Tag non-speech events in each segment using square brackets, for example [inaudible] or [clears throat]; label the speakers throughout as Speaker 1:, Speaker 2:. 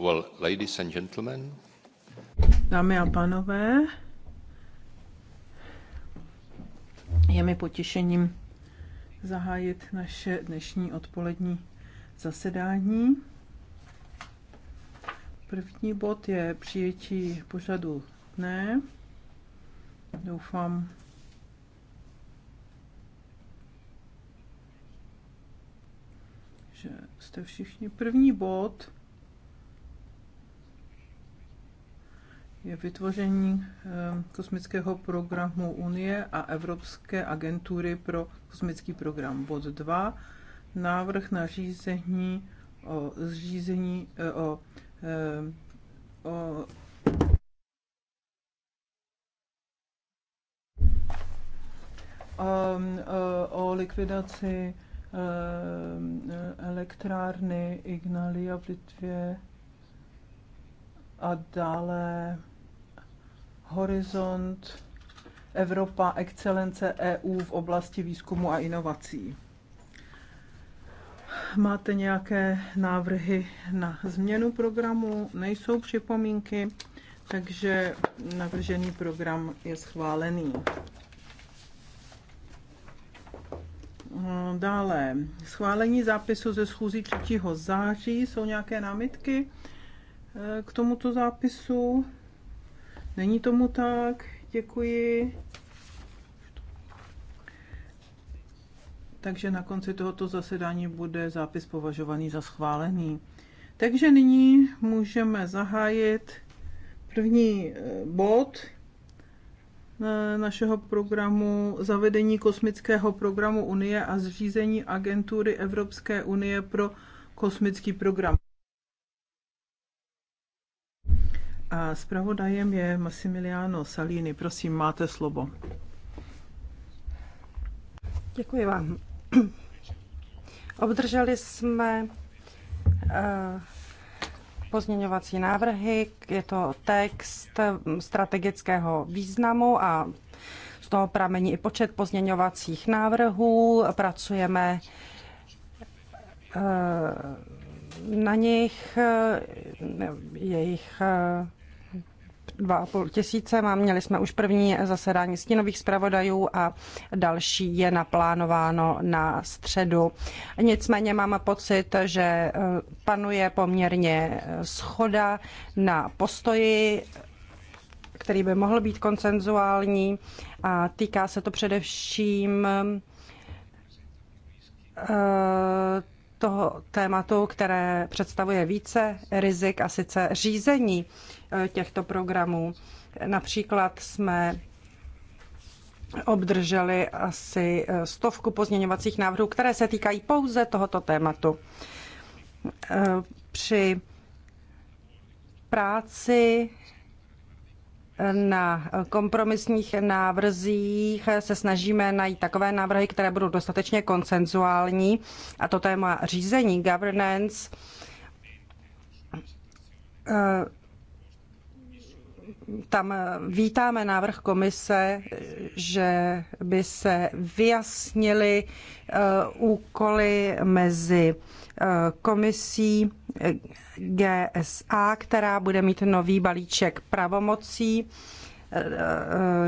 Speaker 1: Well, ladies and gentlemen.
Speaker 2: Dámy a pánové, je mi potěšením zahájit naše dnešní odpolední zasedání. První bod je přijetí pořadu dne. Doufám, že jste všichni. První bod je vytvoření ehm, kosmického programu Unie a Evropské agentury pro kosmický program. Bod 2. Návrh na řízení o zřízení e, o, ehm, o ehm, e, o likvidaci elektrárny Ignalia v Litvě a dále Horizont Evropa Excelence EU v oblasti výzkumu a inovací. Máte nějaké návrhy na změnu programu? Nejsou připomínky, takže navržený program je schválený. Eh, dále, schválení zápisu ze schůzí 3. září. Jsou nějaké námitky eh, k tomuto zápisu? Není tomu tak, děkuji. Takže na konci tohoto zasedání bude zápis považovaný za schválený. Takže nyní můžeme zahájit první eh, bod eh, našeho programu zavedení kosmického programu Unie a zřízení agentury Evropské unie pro kosmický program. A zpravodajem je Massimiliano Salini. Prosím, máte slovo. Děkuji vám. Obdrželi
Speaker 1: jsme eh, pozměňovací návrhy, je to text strategického významu a z toho pramení i počet pozměňovacích návrhů. Pracujeme eh, na nich, eh, jejich 2,5 tisíce. Měli jsme už první zasedání stínových zpravodajů a další je naplánováno na středu. Nicméně mám pocit, že eh, panuje poměrně eh, schoda na postoji který by mohl být konsenzuální a týká se to především eh, toho tématu, které představuje více rizik a sice řízení Eh, těchto programů. Například jsme obdrželi asi eh, stovku pozměňovacích návrhů, které se týkají pouze tohoto tématu. Eh, při práci na kompromisních návrzích se snažíme najít takové návrhy, které budou dostatečně konsenzuální. A to téma řízení, governance, tam eh, vítáme návrh komise, že by se vyjasnily eh, úkoly mezi eh, komisí GSA, která bude mít nový balíček pravomocí,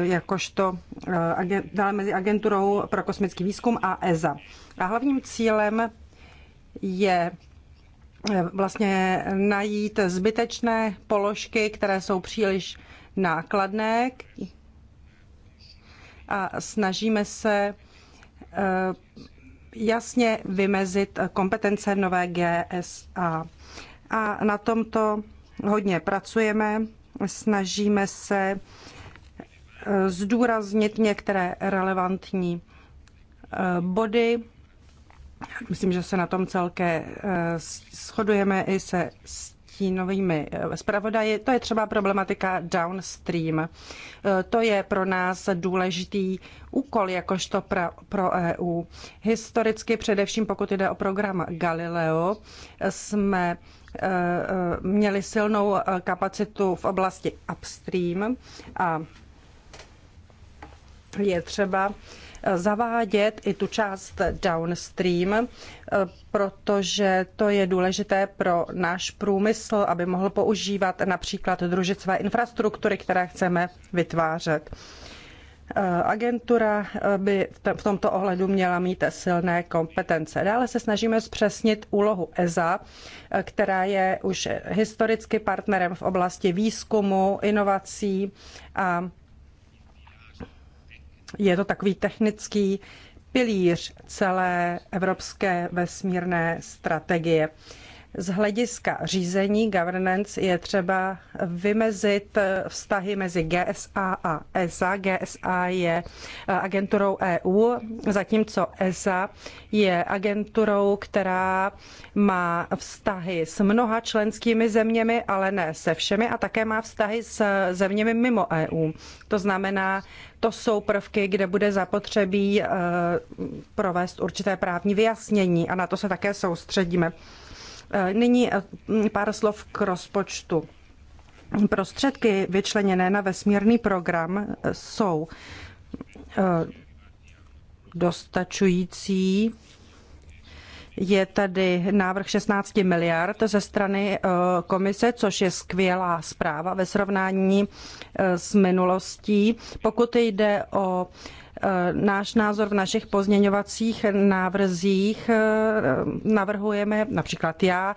Speaker 1: jakožto dále mezi agenturou pro kosmický výzkum a ESA. A hlavním cílem je vlastně najít zbytečné položky, které jsou příliš nákladné a snažíme se eh, jasně vymezit kompetence nové GSA. A na tomto hodně pracujeme, snažíme se eh, zdůraznit některé relevantní eh, body. Myslím, že se na tom celké shodujeme i se s stínovými eh, zpravodaji, to je třeba problematika downstream. Eh, to je pro nás důležitý úkol jakožto pra, pro EU. Historicky, především pokud jde o program Galileo, jsme eh, měli silnou kapacitu v oblasti upstream a je třeba zavádět i tu část downstream, eh, protože to je důležité pro náš průmysl, aby mohl používat například družicové infrastruktury, které chceme vytvářet. Eh, agentura eh, by v tomto ohledu měla mít silné kompetence. Dále se snažíme zpřesnit úlohu ESA, která je už historicky partnerem v oblasti výzkumu, inovací a je to takový technický pilíř celé evropské vesmírné strategie. Z hlediska řízení governance je třeba vymezit eh, vztahy mezi GSA a ESA. GSA je eh, agenturou EU, zatímco ESA je agenturou, která má vztahy s mnoha členskými zeměmi, ale ne se všemi a také má vztahy s eh, zeměmi mimo EU. To znamená, to jsou prvky, kde bude zapotřebí provést určité právní vyjasnění a na to se také soustředíme. Eh, nyní eh, mm, pár slov k rozpočtu. Prostředky vyčleněné na vesmírný program eh, jsou dostačující je tedy návrh 16 miliard ze strany eh, komise, což je skvělá zpráva ve srovnání eh, s minulostí. Pokud jde o eh, náš názor v našich pozměňovacích návrzích navrhujeme, například já,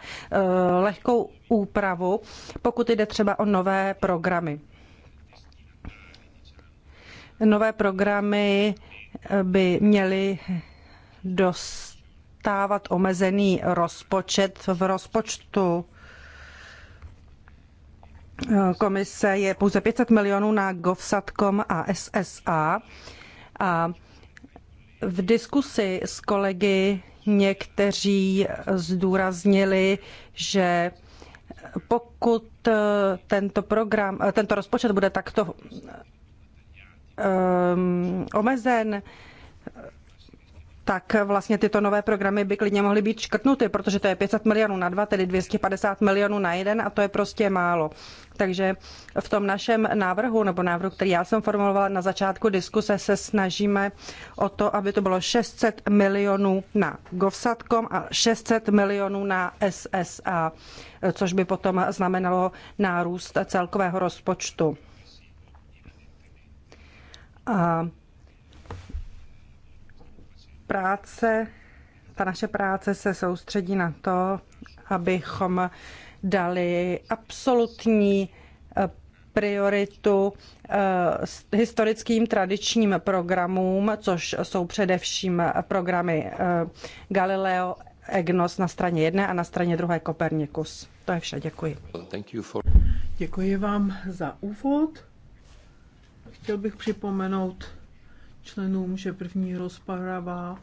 Speaker 1: lehkou úpravu, pokud jde třeba o nové programy. Nové programy by měly dost poptávat omezený rozpočet v rozpočtu komise je pouze 500 milionů na Govsatcom a SSA. A v diskusi s kolegy někteří zdůraznili, že pokud tento program, tento rozpočet bude takto um, omezen, tak vlastně tyto nové programy by klidně mohly být škrtnuty, protože to je 500 milionů na dva, tedy 250 milionů na jeden a to je prostě málo. Takže v tom našem návrhu, nebo návrhu, který já jsem formulovala na začátku diskuse, se snažíme o to, aby to bylo 600 milionů na Govsatkom a 600 milionů na SSA, což by potom znamenalo nárůst celkového rozpočtu. A práce, ta naše práce se soustředí na to, abychom dali absolutní eh, prioritu eh, historickým tradičním programům, což jsou především programy eh, Galileo, EGNOS na straně jedné a na straně druhé Kopernikus. To je vše, děkuji. Děkuji
Speaker 2: vám za úvod. Chtěl bych připomenout členům, že první rozprava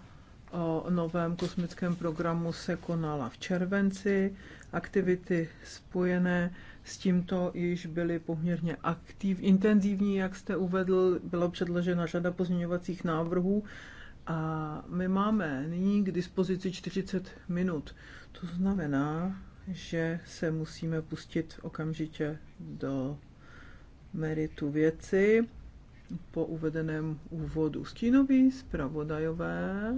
Speaker 2: o novém kosmickém programu se konala v červenci. Aktivity spojené s tímto již byly poměrně aktiv, intenzivní, jak jste uvedl, byla předložena řada pozměňovacích návrhů a my máme nyní k dispozici 40 minut. To znamená, že se musíme pustit okamžitě do meritu věci po uvedeném úvodu stínoví zpravodajové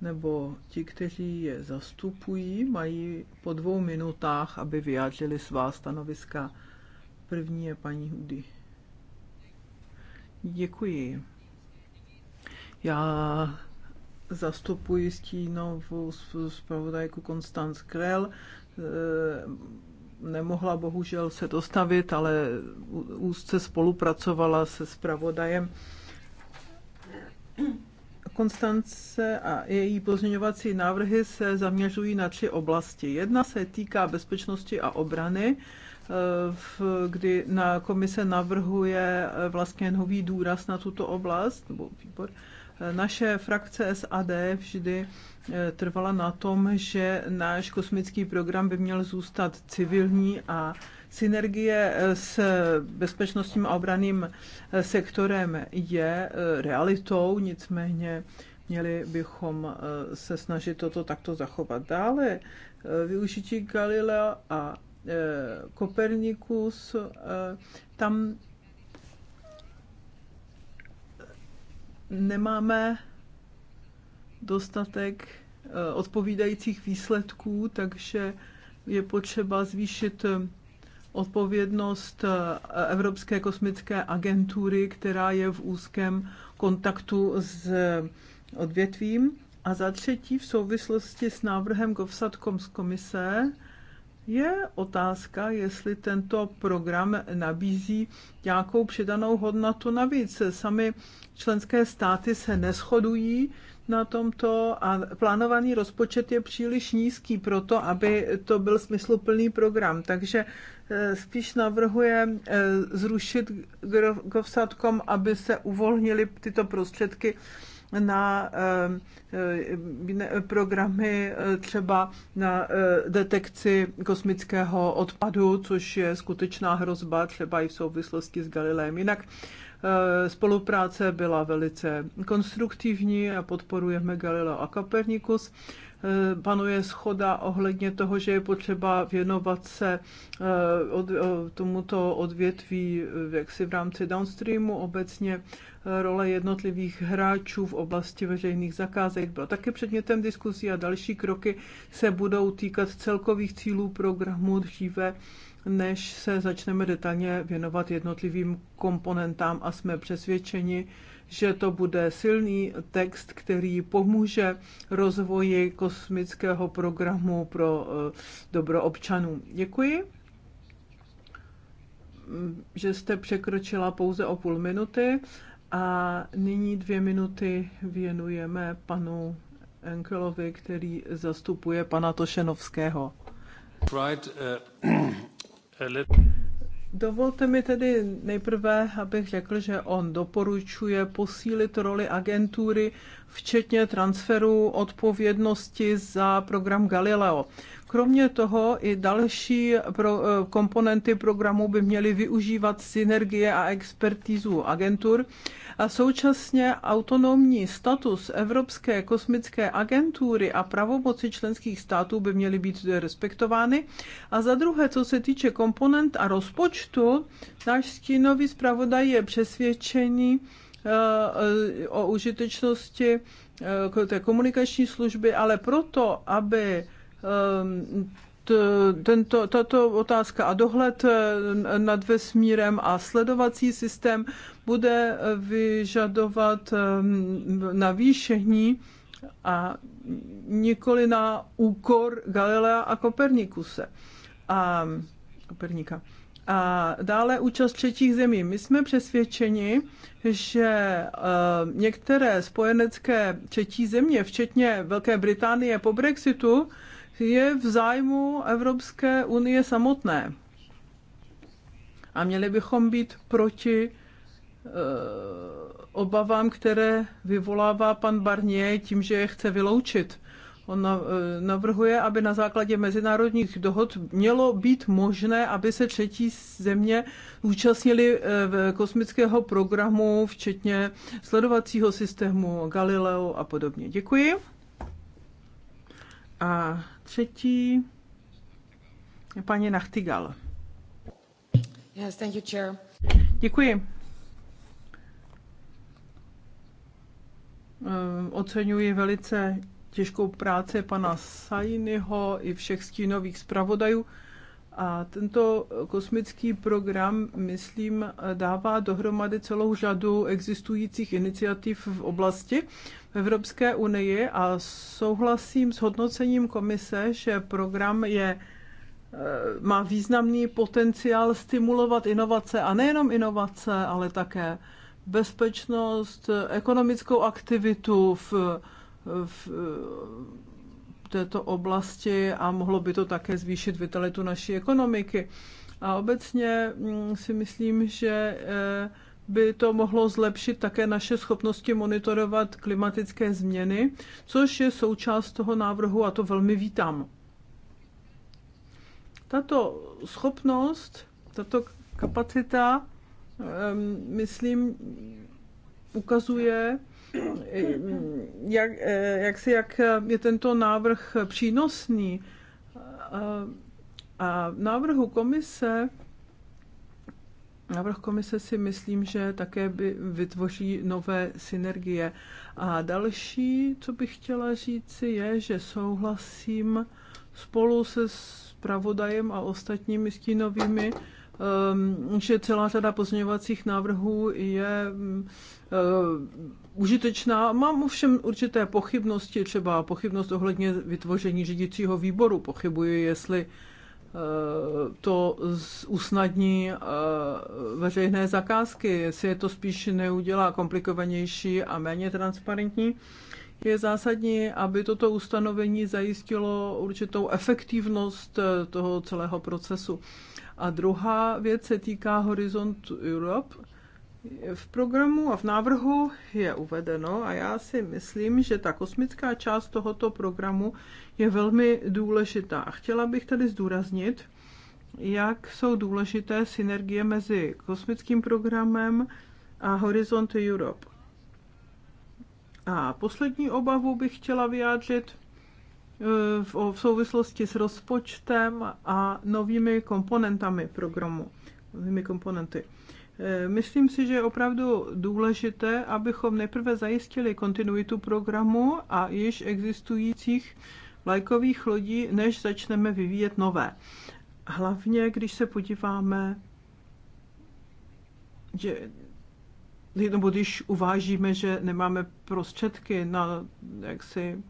Speaker 2: nebo ti, kteří je zastupují, mají po dvou minutách, aby vyjádřili svá stanoviska. První je paní Hudy. Děkuji. Já zastupuji stínovou zpravodajku Konstanc Krell nemohla bohužel se dostavit, ale úzce spolupracovala se zpravodajem. Konstance a její pozměňovací návrhy se zaměřují na tři oblasti. Jedna se týká bezpečnosti a obrany, eh, kdy na komise navrhuje vlastně nový důraz na tuto oblast, nebo výbor. Naše frakce SAD vždy e, trvala na tom, že náš kosmický program by měl zůstat civilní a synergie e, s bezpečnostním a obraným e, sektorem je realitou, nicméně měli bychom se snažit toto takto zachovat. Dále využití Galilea a Kopernikus, tam nemáme dostatek eh, odpovídajících výsledků, takže je potřeba zvýšit eh, odpovědnost eh, Evropské kosmické agentury, která je v úzkém kontaktu s odvětvím. A za třetí, v souvislosti s návrhem GovSatCom z komise, je otázka, jestli tento program nabízí nějakou přidanou hodnotu navíc. Sami členské státy se neschodují na tomto a plánovaný rozpočet je příliš nízký pro to, aby to byl smysluplný program. Takže eh, spíš navrhuje eh, zrušit Govsatkom, aby se uvolnili tyto prostředky na eh, eh, programy eh, třeba na detekci kosmického odpadu, což je skutečná hrozba třeba i v souvislosti s Galileem. Jinak spolupráce byla velice konstruktivní a podporujeme Galileo a Kopernikus. Eh, panuje schoda ohledně toho, že je potřeba věnovat se eh, od, tomuto odvětví eh, jaksi v rámci downstreamu obecně role jednotlivých hráčů v oblasti veřejných zakázek byla také předmětem diskusí a další kroky se budou týkat celkových cílů programu dříve, než se začneme detailně věnovat jednotlivým komponentám a jsme přesvědčeni, že to bude silný text, který pomůže rozvoji kosmického programu pro eh, dobro občanů. Děkuji mm, že jste překročila pouze o půl minuty a nyní dvě minuty věnujeme panu Enkelovi, který zastupuje pana Tošenovského.
Speaker 1: Right, uh, [clears throat]
Speaker 2: Dovolte mi tedy nejprve, abych řekl, že on doporučuje posílit roli agentury, včetně transferu odpovědnosti za program Galileo. Kromě toho i další pro, eh, komponenty programu by měly využívat synergie a expertízu agentur a současně autonomní status Evropské kosmické agentury a pravomoci členských států by měly být respektovány. A za druhé, co se týče komponent a rozpočtu, náš stínový zpravodaj je přesvědčený, eh, o užitečnosti eh, té komunikační služby, ale proto, aby Ehm, tento, tato otázka a dohled eh, nad vesmírem a sledovací systém bude eh, vyžadovat ehm, navýšení a nikoli na úkor Galilea a Kopernikuse. A, Kopernika. A dále účast třetích zemí. My jsme přesvědčeni, že ehm, některé spojenecké třetí země, včetně Velké Británie po Brexitu, je v zájmu Evropské unie samotné. A měli bychom být proti eh, obavám, které vyvolává pan Barnier tím, že je chce vyloučit. On eh, navrhuje, aby na základě mezinárodních dohod mělo být možné, aby se třetí země účastnili eh, v kosmického programu, včetně sledovacího systému Galileo a podobně. Děkuji. A třetí je paní Nachtigal.
Speaker 3: Yes, thank you, chair.
Speaker 2: Děkuji. Ehm, oceňuji velice těžkou práci pana Sajnyho i všech stínových zpravodajů. A tento kosmický program, myslím, dává dohromady celou řadu existujících iniciativ v oblasti v Evropské unii a souhlasím s hodnocením komise, že program je eh, má významný potenciál stimulovat inovace a nejenom inovace, ale také bezpečnost, ekonomickou aktivitu v, v této oblasti a mohlo by to také zvýšit vitalitu naší ekonomiky. A obecně mm, si myslím, že eh, by to mohlo zlepšit také naše schopnosti monitorovat klimatické změny, což je součást toho návrhu a to velmi vítám. Tato schopnost, tato kapacita, myslím, ukazuje, jak, eh, jak, si, jak je tento návrh přínosný. A návrhu komise Návrh komise si myslím, že také by vytvoří nové synergie. A další, co bych chtěla říci, je, že souhlasím spolu se zpravodajem a ostatními stínovými, ehm, že celá řada pozměňovacích návrhů je ehm, užitečná. Mám ovšem určité pochybnosti, třeba pochybnost ohledně vytvoření řídícího výboru. Pochybuji, jestli Eh, to usnadní eh, veřejné zakázky, jestli je to spíš neudělá komplikovanější a méně transparentní. Je zásadní, aby toto ustanovení zajistilo určitou efektivnost eh, toho celého procesu. A druhá věc se týká Horizont Europe, v programu a v návrhu je uvedeno a já si myslím, že ta kosmická část tohoto programu je velmi důležitá. A chtěla bych tady zdůraznit, jak jsou důležité synergie mezi kosmickým programem a Horizont Europe. A poslední obavu bych chtěla vyjádřit eh, v souvislosti s rozpočtem a novými komponentami programu, novými komponenty. Eh, myslím si, že je opravdu důležité, abychom nejprve zajistili kontinuitu programu a již existujících lajkových lodí, než začneme vyvíjet nové. Hlavně, když se podíváme, že nebo když uvážíme, že nemáme prostředky na jaksi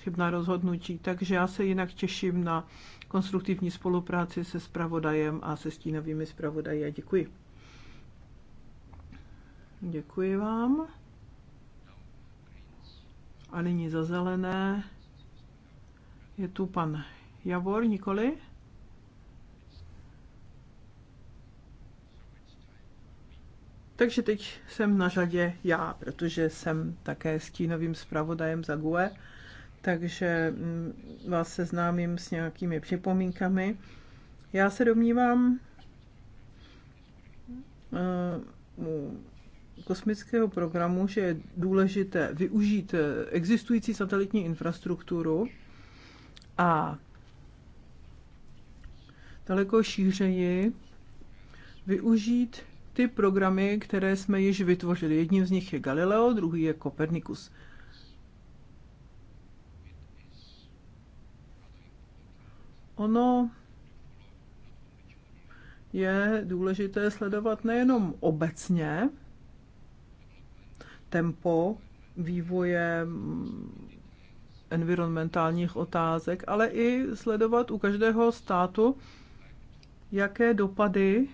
Speaker 2: chybná rozhodnutí. Takže já se jinak těším na konstruktivní spolupráci se spravodajem a se stínovými spravodaji děkuji. Děkuji vám. A nyní za zelené je tu pan Javor, nikoli? Takže teď jsem na řadě já, protože jsem také stínovým zpravodajem za GUE, takže mm, vás seznámím s nějakými připomínkami. Já se domnívám, uh, kosmického programu, že je důležité využít eh, existující satelitní infrastrukturu a daleko šířeji využít ty programy, které jsme již vytvořili. Jedním z nich je Galileo, druhý je Kopernikus. Ono je důležité sledovat nejenom obecně tempo vývoje mm, environmentálních otázek, ale i sledovat u každého státu, jaké dopady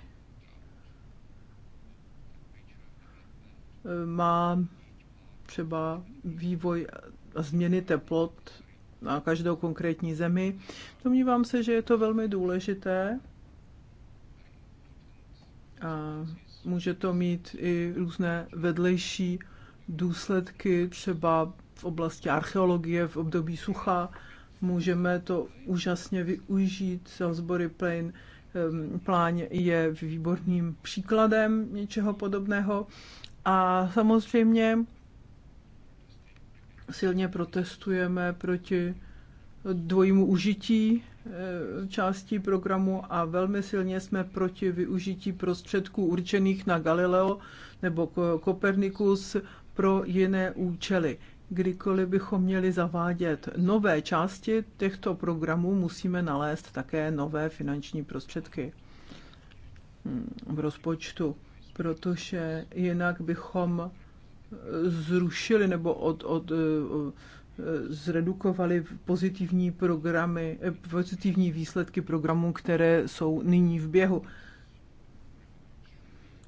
Speaker 2: eh, má třeba vývoj a změny teplot na každou konkrétní zemi. Domnívám se, že je to velmi důležité a může to mít i různé vedlejší důsledky třeba v oblasti archeologie v období sucha. Můžeme to úžasně využít. Salisbury Plain plán je výborným příkladem něčeho podobného. A samozřejmě silně protestujeme proti dvojímu užití eh, části programu a velmi silně jsme proti využití prostředků určených na Galileo nebo Kopernikus pro jiné účely. Kdykoliv bychom měli zavádět nové části těchto programů, musíme nalézt také nové finanční prostředky hm, v rozpočtu, protože jinak bychom eh, zrušili nebo od, od, eh, zredukovali pozitivní programy, eh, pozitivní výsledky programů, které jsou nyní v běhu.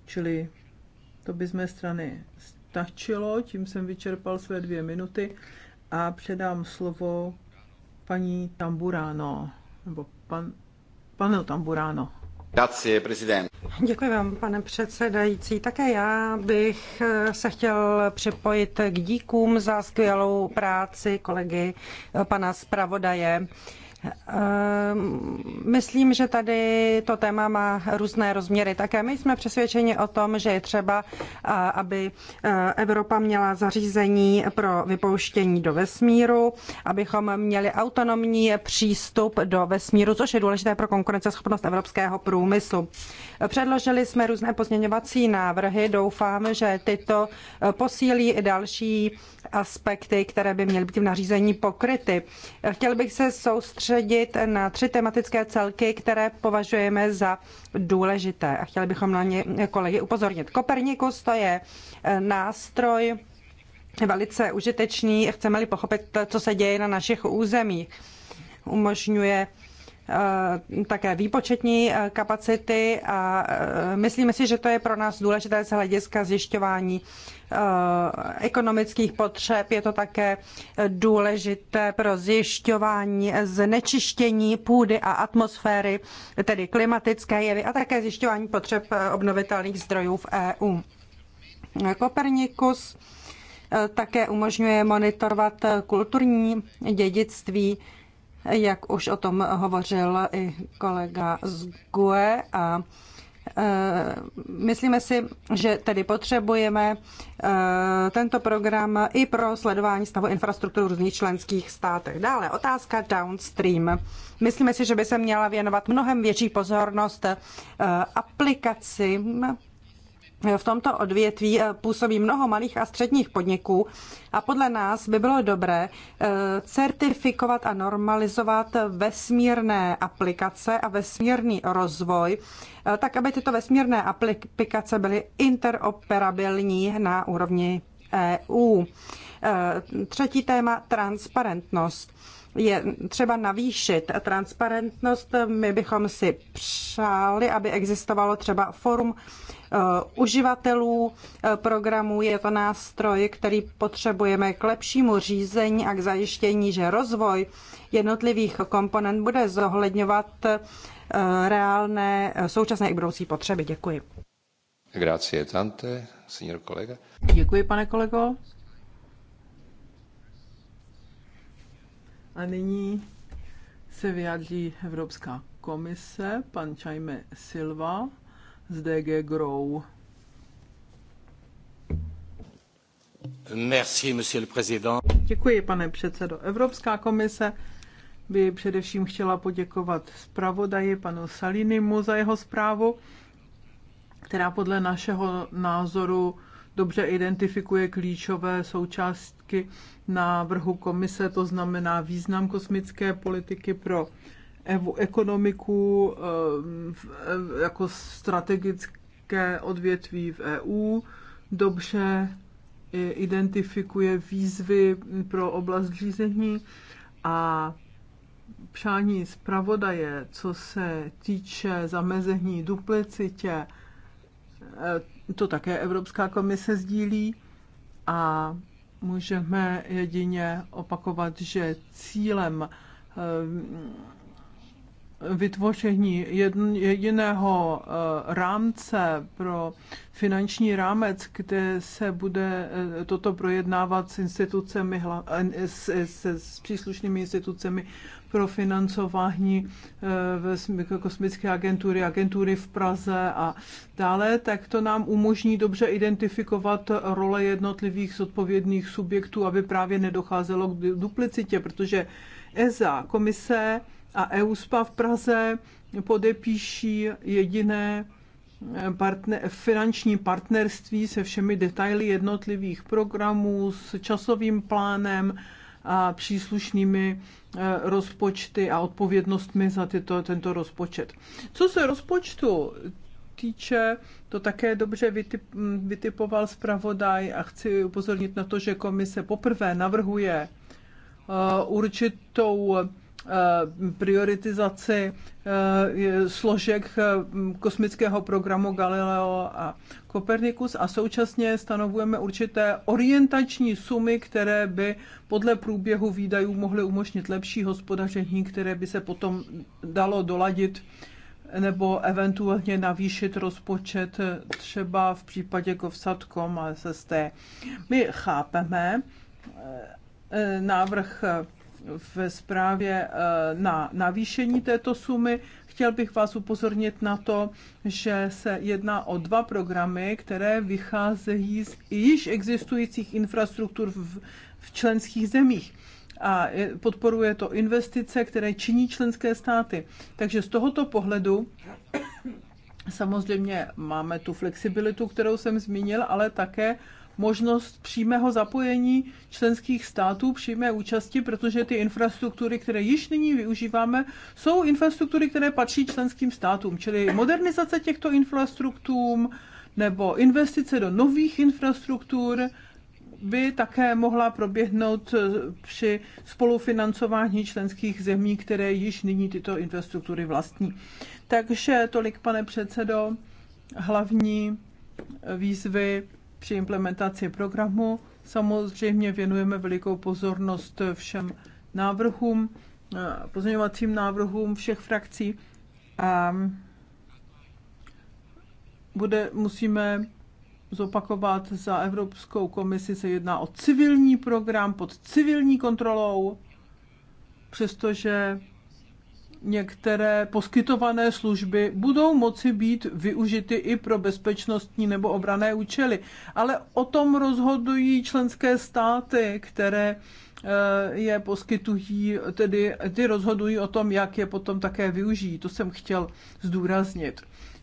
Speaker 2: Čili to by z mé strany stačilo, tím jsem vyčerpal své dvě minuty a předám slovo paní Tamburáno, nebo pan, panu Tamburáno.
Speaker 1: Děkuji vám, pane předsedající. Také já bych eh, se chtěl připojit k díkům za skvělou práci kolegy eh, pana zpravodaje. Ehm, myslím, že tady to téma má různé rozměry. Také my jsme přesvědčeni o tom, že je třeba, aby e, Evropa měla zařízení pro vypouštění do vesmíru, abychom měli autonomní přístup do vesmíru, což je důležité pro konkurenceschopnost evropského průmyslu. Předložili jsme různé pozměňovací návrhy. Doufám, že tyto e, posílí i další aspekty, které by měly být v nařízení pokryty. Chtěl bych se soustředit soustředit na tři tematické celky, které považujeme za důležité. A chtěli bychom na ně kolegy upozornit. Kopernikus to je eh, nástroj velice užitečný, chceme-li pochopit, co se děje na našich územích. Umožňuje eh, také výpočetní eh, kapacity a myslíme si, že to je pro nás důležité z hlediska zjišťování Eh, ekonomických potřeb. Je to také důležité pro zjišťování znečištění půdy a atmosféry, tedy klimatické jevy a také zjišťování potřeb eh, obnovitelných zdrojů v EU. Kopernikus eh, také umožňuje monitorovat kulturní dědictví, jak už o tom hovořil i kolega z GUE a Eh, myslíme si, že tedy potřebujeme eh, tento program i pro sledování stavu infrastruktury v různých členských státech. Dále otázka downstream. Myslíme si, že by se měla věnovat mnohem větší pozornost eh, aplikacím v tomto odvětví eh, působí mnoho malých a středních podniků a podle nás by bylo dobré eh, certifikovat a normalizovat vesmírné aplikace a vesmírný rozvoj, eh, tak aby tyto vesmírné aplikace byly interoperabilní na úrovni EU. Třetí téma transparentnost je třeba navýšit transparentnost. My bychom si přáli, aby existovalo třeba forum eh, uživatelů eh, programů. Je to nástroj, který potřebujeme k lepšímu řízení a k zajištění, že rozvoj jednotlivých komponent bude zohledňovat eh, reálné současné i budoucí potřeby. Děkuji.
Speaker 3: Grazie tante, signor kolega.
Speaker 2: Děkuji, pane kolego. A nyní se vyjádří Evropská komise, pan Čajme Silva z DG Grow.
Speaker 1: Merci, monsieur le président.
Speaker 2: Děkuji, pane předsedo. Evropská komise by především chtěla poděkovat zpravodaji panu Salinimu za jeho zprávu, která podle našeho názoru dobře identifikuje klíčové součástky návrhu komise, to znamená význam kosmické politiky pro ekonomiku eh, eh, jako strategické odvětví v EU, dobře identifikuje výzvy pro oblast řízení a přání zpravodaje, co se týče zamezení duplicitě, eh, to také Evropská komise sdílí a můžeme jedině opakovat, že cílem ehm, vytvoření jediného eh, rámce pro finanční rámec, kde se bude eh, toto projednávat s institucemi, eh, s, s, s příslušnými institucemi pro financování eh, kosmické agentury, agentury v Praze a dále, tak to nám umožní dobře identifikovat role jednotlivých zodpovědných subjektů, aby právě nedocházelo k duplicitě, protože ESA, komise a EUSPA v Praze podepíší jediné eh, partner, finanční partnerství se všemi detaily jednotlivých programů, s časovým plánem a příslušnými Eh, rozpočty a odpovědnostmi za tyto, tento rozpočet. Co se rozpočtu týče, to také dobře vytip, hm, vytipoval zpravodaj a chci upozornit na to, že komise poprvé navrhuje eh, určitou Eh, prioritizaci eh, složek eh, kosmického programu Galileo a Kopernikus a současně stanovujeme určité orientační sumy, které by podle průběhu výdajů mohly umožnit lepší hospodaření, které by se potom dalo doladit nebo eventuálně navýšit rozpočet třeba v případě Govsatcom a SST. My chápeme návrh v zprávě eh, na navýšení této sumy. Chtěl bych vás upozornit na to, že se jedná o dva programy, které vycházejí z již existujících infrastruktur v, v členských zemích a eh, podporuje to investice, které činí členské státy. Takže z tohoto pohledu [coughs] samozřejmě máme tu flexibilitu, kterou jsem zmínil, ale také možnost přímého zapojení členských států, přímé účasti, protože ty infrastruktury, které již nyní využíváme, jsou infrastruktury, které patří členským státům. Čili modernizace těchto infrastruktur nebo investice do nových infrastruktur by také mohla proběhnout eh, při spolufinancování členských zemí, které již nyní tyto infrastruktury vlastní. Takže tolik, pane předsedo, hlavní eh, výzvy při implementaci programu. Samozřejmě věnujeme velikou pozornost všem návrhům, eh, pozměňovacím návrhům všech frakcí a bude, musíme zopakovat za Evropskou komisi, se jedná o civilní program pod civilní kontrolou, přestože některé poskytované služby budou moci být využity i pro bezpečnostní nebo obrané účely. Ale o tom rozhodují členské státy, které eh, je poskytují, tedy ty rozhodují o tom, jak je potom také využijí. To jsem chtěl zdůraznit.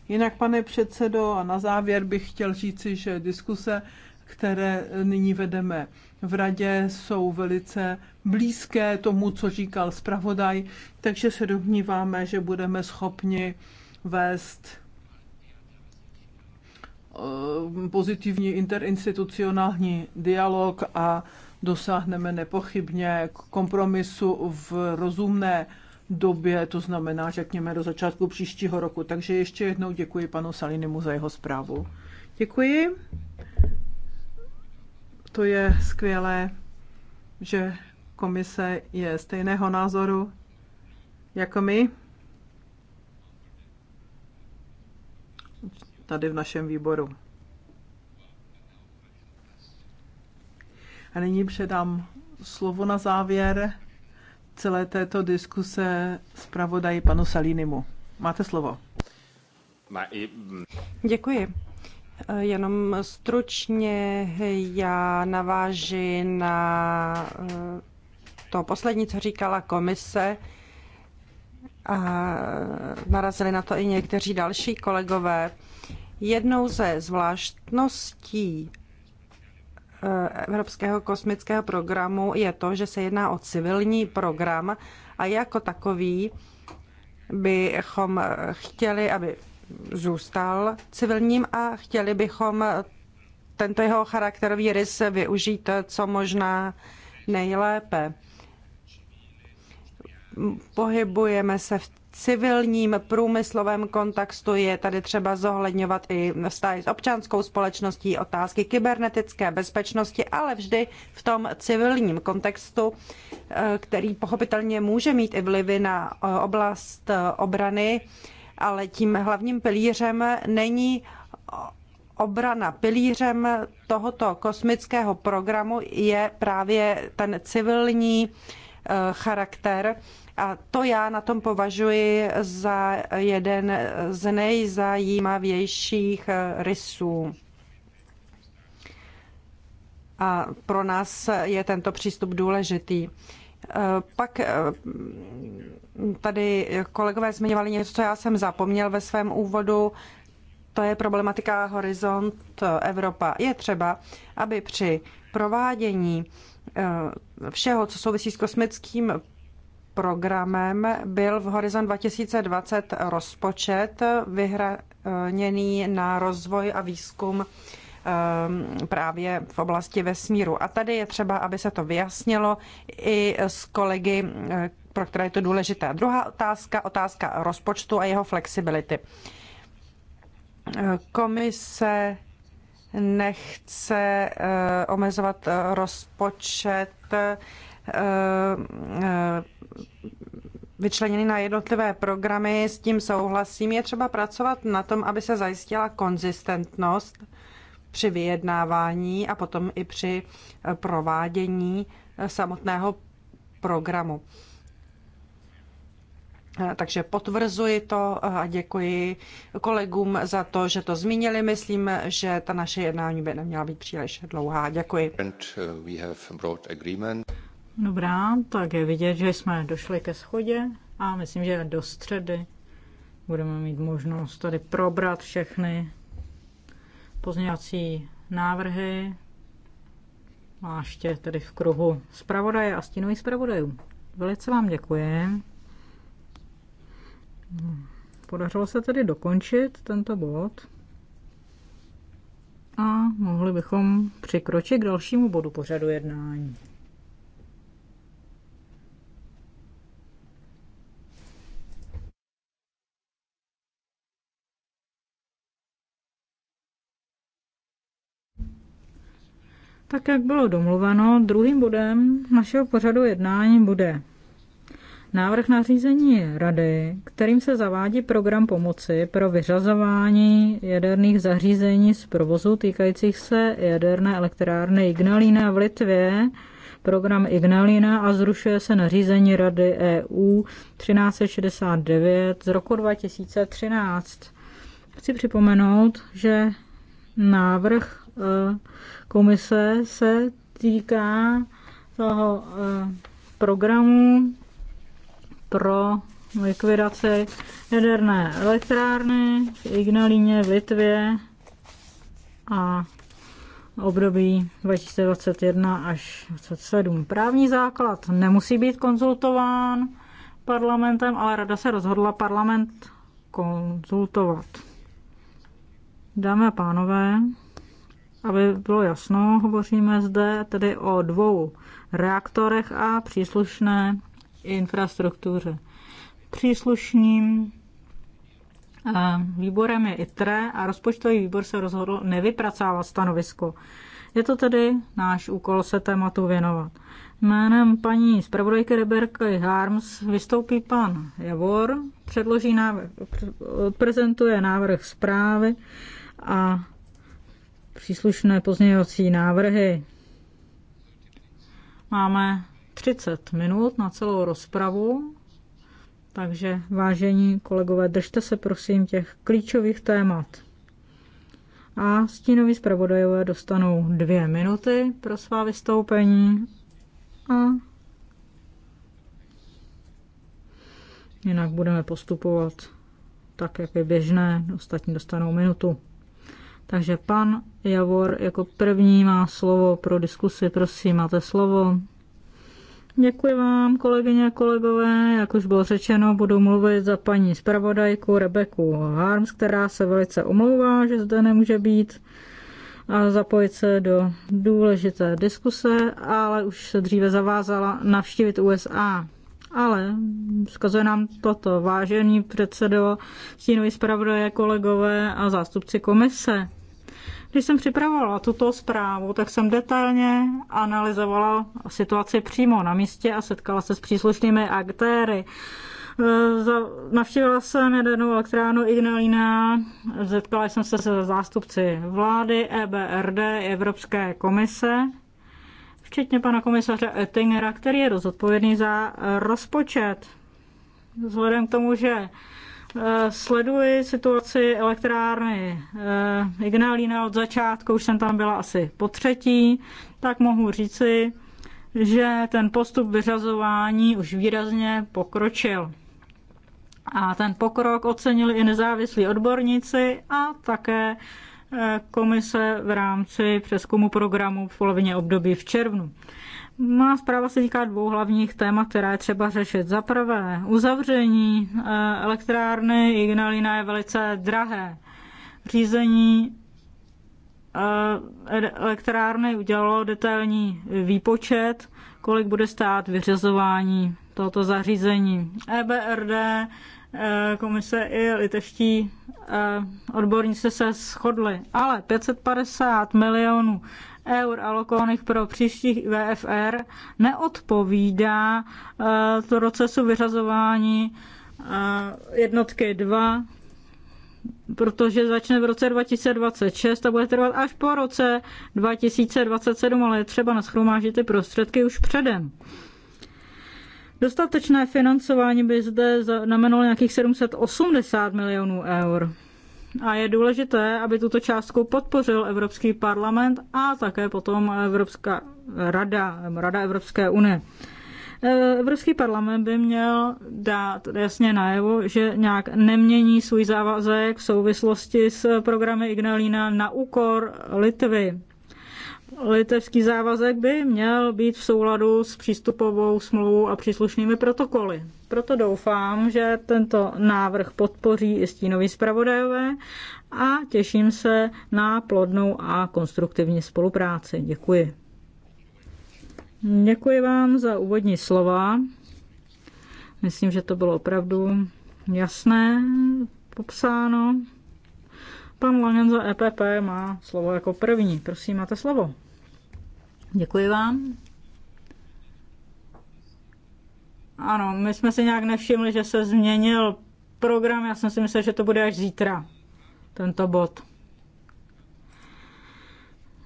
Speaker 2: Jinak, pane předsedo, a na závěr bych chtěl říci, že diskuse, které nyní vedeme v radě jsou velice blízké tomu, co říkal zpravodaj, takže se domníváme, že budeme schopni vést eh, pozitivní interinstitucionální dialog a dosáhneme nepochybně kompromisu v rozumné době, to znamená, řekněme, do začátku příštího roku. Takže ještě jednou děkuji panu Salinimu za jeho zprávu. Děkuji. To je skvělé, že komise je stejného názoru jako my. Tady v našem výboru. A nyní předám slovo na závěr celé této diskuse zpravodaji panu Salinimu. Máte slovo.
Speaker 1: Děkuji. Eh, jenom stručně já naváži na eh, to poslední, co říkala komise. A narazili na to i někteří další kolegové. Jednou ze zvláštností eh, Evropského kosmického programu je to, že se jedná o civilní program a jako takový bychom chtěli, aby zůstal civilním a chtěli bychom tento jeho charakterový rys využít co možná nejlépe. Pohybujeme se v civilním průmyslovém kontextu je tady třeba zohledňovat i vztahy s občanskou společností, otázky kybernetické bezpečnosti, ale vždy v tom civilním kontextu, eh, který pochopitelně může mít i vlivy na eh, oblast eh, obrany ale tím hlavním pilířem není obrana. Pilířem tohoto kosmického programu je právě ten civilní eh, charakter a to já na tom považuji za jeden z nejzajímavějších eh, rysů. A pro nás je tento přístup důležitý. Eh, pak eh, tady kolegové zmiňovali něco, co já jsem zapomněl ve svém úvodu. To je problematika Horizont Evropa. Je třeba, aby při provádění eh, všeho, co souvisí s kosmickým programem, byl v Horizont 2020 rozpočet vyhraněný na rozvoj a výzkum Ehm, právě v oblasti vesmíru. A tady je třeba, aby se to vyjasnilo i s kolegy, eh, pro které je to důležité. druhá otázka, otázka rozpočtu a jeho flexibility. Eh, komise nechce eh, omezovat rozpočet vyčleněný na jednotlivé programy, s tím souhlasím. Je třeba pracovat na tom, aby se zajistila konzistentnost při vyjednávání a potom i při eh, provádění eh, samotného programu. Eh, takže potvrzuji to a děkuji kolegům za to, že to zmínili. Myslím, že ta naše jednání by neměla být příliš dlouhá. Děkuji.
Speaker 3: Dobrá, tak je vidět, že jsme došli ke schodě a myslím, že do středy budeme mít možnost tady probrat všechny pozměňovací návrhy, zvláště tedy v kruhu zpravodaje a stínových zpravodajů. Velice vám děkuji. Podařilo se tedy dokončit tento bod a mohli bychom přikročit k dalšímu bodu pořadu jednání. Tak jak bylo domluveno, druhým bodem našeho pořadu jednání bude návrh nařízení Rady, kterým se zavádí program pomoci pro vyřazování jaderných zařízení z provozu týkajících se jaderné elektrárny Ignalina v Litvě, program Ignalina a zrušuje se nařízení Rady EU 1369 z roku 2013. Chci připomenout, že návrh Eh, komise se týká toho eh, programu pro likvidaci jaderné elektrárny v Ignalíně, v Litvě a období 2021 až 2027. Právní základ nemusí být konzultován parlamentem, ale rada se rozhodla parlament konzultovat. Dámy a pánové, aby bylo jasno, hovoříme zde tedy o dvou reaktorech a příslušné infrastruktuře. Příslušným eh, výborem je ITRE a rozpočtový výbor se rozhodl nevypracávat stanovisko. Je to tedy náš úkol se tématu věnovat. Jménem paní zpravodajky Reberky Harms vystoupí pan Javor, předloží návrh, prezentuje návrh zprávy a příslušné pozměňovací návrhy. Máme 30 minut na celou rozpravu, takže vážení kolegové, držte se prosím těch klíčových témat. A stínoví zpravodajové dostanou dvě minuty pro svá vystoupení a jinak budeme postupovat tak, jak je běžné. Ostatní dostanou minutu. Takže pan Javor jako první má slovo pro diskusi. Prosím, máte slovo. Děkuji vám, kolegyně a kolegové. Jak už bylo řečeno, budu mluvit za paní zpravodajku Rebeku Harms, která se velice omlouvá, že zde nemůže být a zapojit se do důležité diskuse, ale už se dříve zavázala navštívit USA. Ale vzkazuje nám toto, vážený předsedo, stínový zpravodaje, kolegové a zástupci komise. Když jsem připravovala tuto zprávu, tak jsem detailně analyzovala situaci přímo na místě a setkala se s příslušnými aktéry. E, navštívila jsem jadernou elektránu Ignalina, setkala jsem se se zástupci vlády, EBRD, Evropské komise, včetně pana komisaře Ettingera, který je rozodpovědný za rozpočet. Vzhledem k tomu, že Eh, sleduji situaci elektrárny eh, Ignalina od začátku, už jsem tam byla asi po třetí, tak mohu říci, že ten postup vyřazování už výrazně pokročil. A ten pokrok ocenili i nezávislí odborníci a také eh, komise v rámci přeskumu programu v polovině období v červnu. Má zpráva se týká dvou hlavních témat, která je třeba řešit. Za prvé, uzavření eh, elektrárny Ignalina je velice drahé. Řízení eh, elektrárny udělalo detailní výpočet, kolik bude stát vyřazování tohoto zařízení. EBRD, eh, komise i liteští odborníci se shodli, ale 550 milionů eur alokovaných pro příští VFR neodpovídá eh, to procesu vyřazování eh, jednotky 2, protože začne v roce 2026 a bude trvat až po roce 2027, ale je třeba naschromážit ty prostředky už předem. Dostatečné financování by zde znamenalo nějakých 780 milionů eur. A je důležité, aby tuto částku podpořil Evropský parlament a také potom Evropská rada, Rada Evropské unie. E, Evropský parlament by měl dát jasně najevo, že nějak nemění svůj závazek v souvislosti s programy Ignalina na úkor Litvy. Litevský závazek by měl být v souladu s přístupovou smlouvou a příslušnými protokoly. Proto doufám, že tento návrh podpoří i stínoví zpravodajové a těším se na plodnou a konstruktivní spolupráci. Děkuji. Děkuji vám za úvodní slova. Myslím, že to bylo opravdu jasné popsáno. Pan Langen za EPP má slovo jako první. Prosím, máte slovo. Děkuji vám. Ano, my jsme si nějak nevšimli, že se změnil program. Já jsem si myslel, že to bude až zítra, tento bod.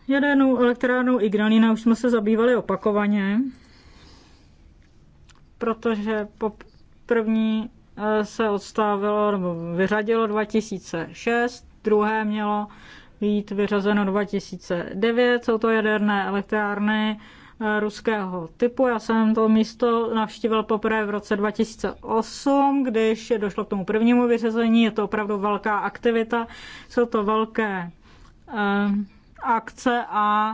Speaker 3: Jadernou elektrárnou Ignalina už jsme se zabývali opakovaně, protože po první eh, se odstávilo nebo vyřadilo 2006 druhé mělo být vyřazeno 2009. Jsou to jaderné elektrárny eh, ruského typu. Já jsem to místo navštívil poprvé v roce 2008, když došlo k tomu prvnímu vyřazení. Je to opravdu velká aktivita. Jsou to velké eh, akce a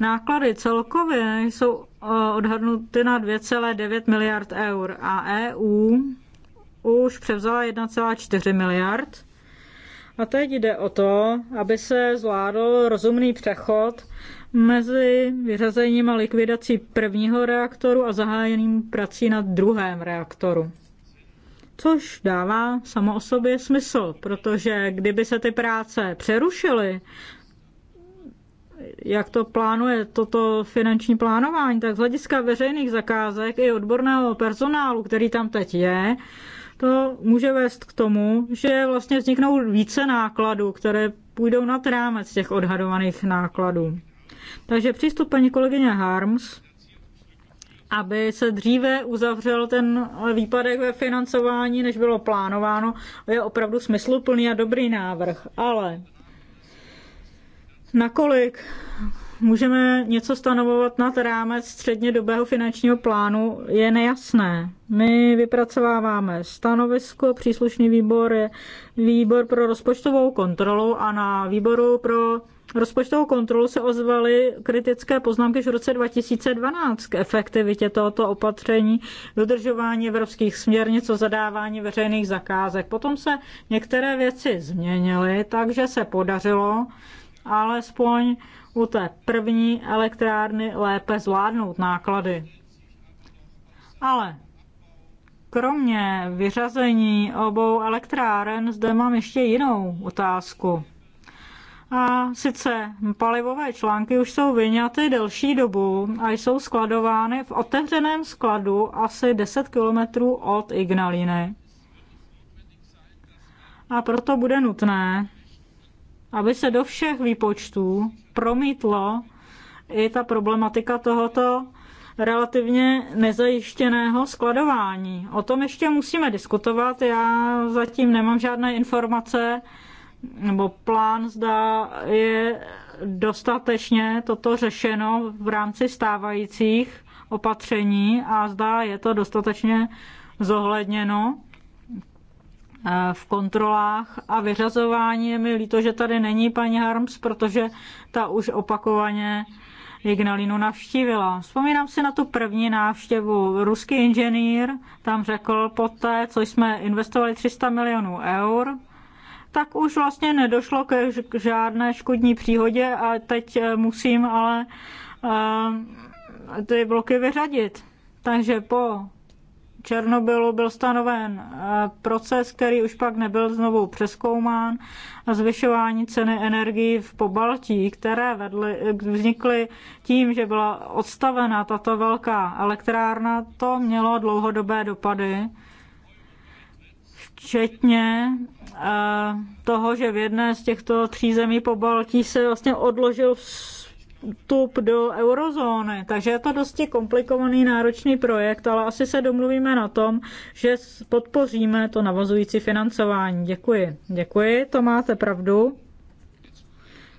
Speaker 3: náklady celkově jsou eh, odhadnuty na 2,9 miliard eur a EU už převzala 1,4 miliard a teď jde o to, aby se zvládl rozumný přechod mezi vyřazením a likvidací prvního reaktoru a zahájením prací na druhém reaktoru. Což dává samo o sobě smysl, protože kdyby se ty práce přerušily, jak to plánuje toto finanční plánování, tak z hlediska veřejných zakázek i odborného personálu, který tam teď je, to může vést k tomu, že vlastně vzniknou více nákladů, které půjdou nad rámec těch odhadovaných nákladů. Takže přístup paní kolegyně Harms, aby se dříve uzavřel ten výpadek ve financování, než bylo plánováno, je opravdu smysluplný a dobrý návrh. Ale nakolik můžeme něco stanovovat nad rámec dobého finančního plánu, je nejasné. My vypracováváme stanovisko, příslušný výbor je výbor pro rozpočtovou kontrolu a na výboru pro rozpočtovou kontrolu se ozvaly kritické poznámky už v roce 2012 k efektivitě tohoto opatření, dodržování evropských směrnic o zadávání veřejných zakázek. Potom se některé věci změnily, takže se podařilo alespoň u té první elektrárny lépe zvládnout náklady. Ale kromě vyřazení obou elektráren zde mám ještě jinou otázku. A sice palivové články už jsou vyňaty delší dobu a jsou skladovány v otevřeném skladu asi 10 kilometrů od Ignaliny. A proto bude nutné, aby se do všech výpočtů promítlo i ta problematika tohoto relativně nezajištěného skladování. O tom ještě musíme diskutovat. Já zatím nemám žádné informace nebo plán, zda je dostatečně toto řešeno v rámci stávajících opatření a zda je to dostatečně zohledněno Eh, v kontrolách a vyřazování. Je mi líto, že tady není paní Harms, protože ta už opakovaně Ignalinu navštívila. Vzpomínám si na tu první návštěvu. Ruský inženýr tam řekl poté, co jsme investovali 300 milionů eur, tak už vlastně nedošlo k žádné škodní příhodě a teď eh, musím ale uh, ty bloky vyřadit. Takže po Černobylu byl stanoven eh, proces, který už pak nebyl znovu přeskoumán a zvyšování ceny energii v Pobaltí, které vedly, vznikly tím, že byla odstavena tato velká elektrárna, to mělo dlouhodobé dopady, včetně eh, toho, že v jedné z těchto tří zemí Pobaltí se vlastně odložil vstup do eurozóny. Takže je to dosti komplikovaný, náročný projekt, ale asi se domluvíme na tom, že podpoříme to navazující financování. Děkuji. Děkuji, to máte pravdu.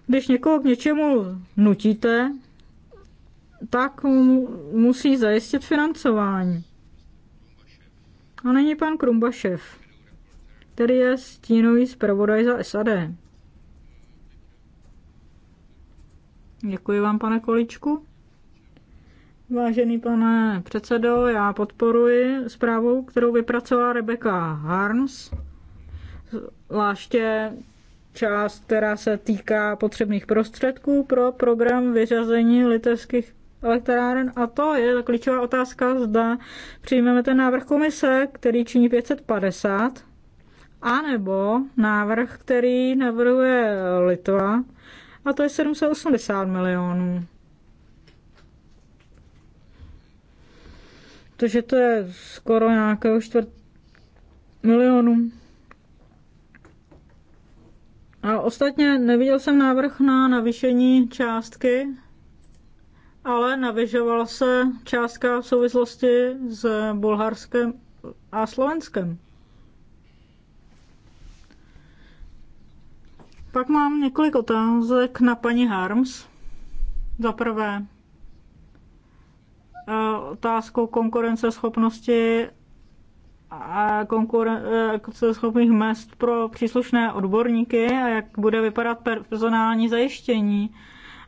Speaker 3: Když někoho k něčemu nutíte, tak musí zajistit financování. A není pan Krumbašev, který je stínový zpravodaj za SAD. Děkuji vám, pane Količku. Vážený pane předsedo, já podporuji zprávu, kterou vypracovala Rebecca Harms, zvláště část, která se týká potřebných prostředků pro program vyřazení litevských elektráren. A to je klíčová otázka, zda přijmeme ten návrh komise, který činí 550, anebo návrh, který navrhuje Litva, a to je 780 milionů. Takže to je skoro nějakého čtvrt milionů. A ostatně neviděl jsem návrh na navýšení částky, ale navyžovala se částka v souvislosti s Bulharskem a Slovenskem. Pak mám několik otázek na paní Harms. Za prvé, eh, otázkou konkurenceschopnosti a konkurenceschopných mest pro příslušné odborníky a jak bude vypadat personální zajištění.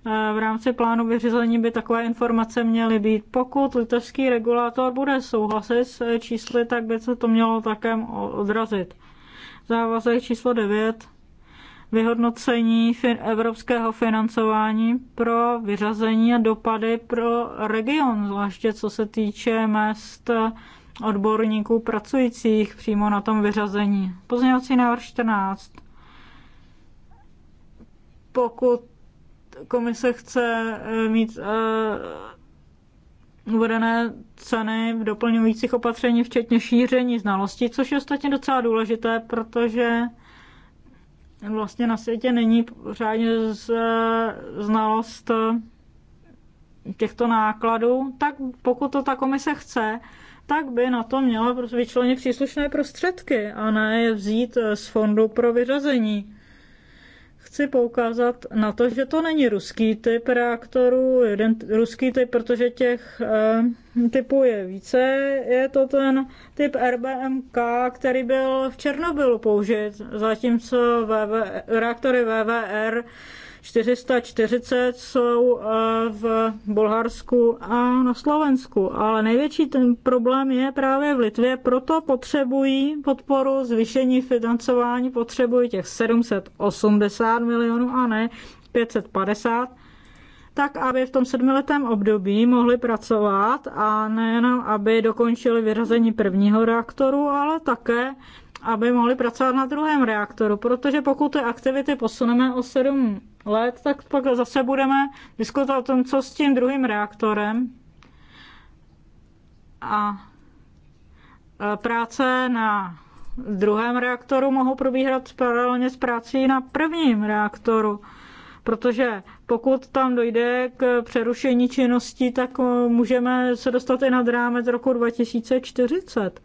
Speaker 3: Eh, v rámci plánu vyřízení by takové informace měly být. Pokud litevský regulátor bude souhlasit s čísly, tak by se to mělo také odrazit. Závazek číslo 9 vyhodnocení fin- evropského financování pro vyřazení a dopady pro region, zvláště co se týče mest odborníků pracujících přímo na tom vyřazení. Pozměňovací návrh 14. Pokud komise chce eh, mít uh, uvedené ceny v doplňujících opatření, včetně šíření znalostí, což je ostatně docela důležité, protože vlastně na světě není pořádně znalost eh, těchto nákladů, tak pokud to ta komise chce, tak by na to měla vyčlenit příslušné prostředky a ne je vzít eh, z fondu pro vyřazení chci poukázat na to, že to není ruský typ reaktorů, jeden ruský typ, protože těch e, typů je více. Je to ten typ RBMK, který byl v Černobylu použit, zatímco VV, reaktory VVR 440 jsou eh, v Bulharsku a na Slovensku, ale největší ten problém je právě v Litvě, proto potřebují podporu, zvýšení financování, potřebují těch 780 milionů a ne 550 tak aby v tom sedmiletém období mohli pracovat a nejenom, aby dokončili vyrazení prvního reaktoru, ale také aby mohli pracovat na druhém reaktoru, protože pokud ty aktivity posuneme o 7 let, tak pak zase budeme diskutovat o tom, co s tím druhým reaktorem. A e, práce na druhém reaktoru mohou probíhat paralelně s prací na prvním reaktoru, protože pokud tam dojde k přerušení činnosti, tak můžeme se dostat i na rámec roku 2040.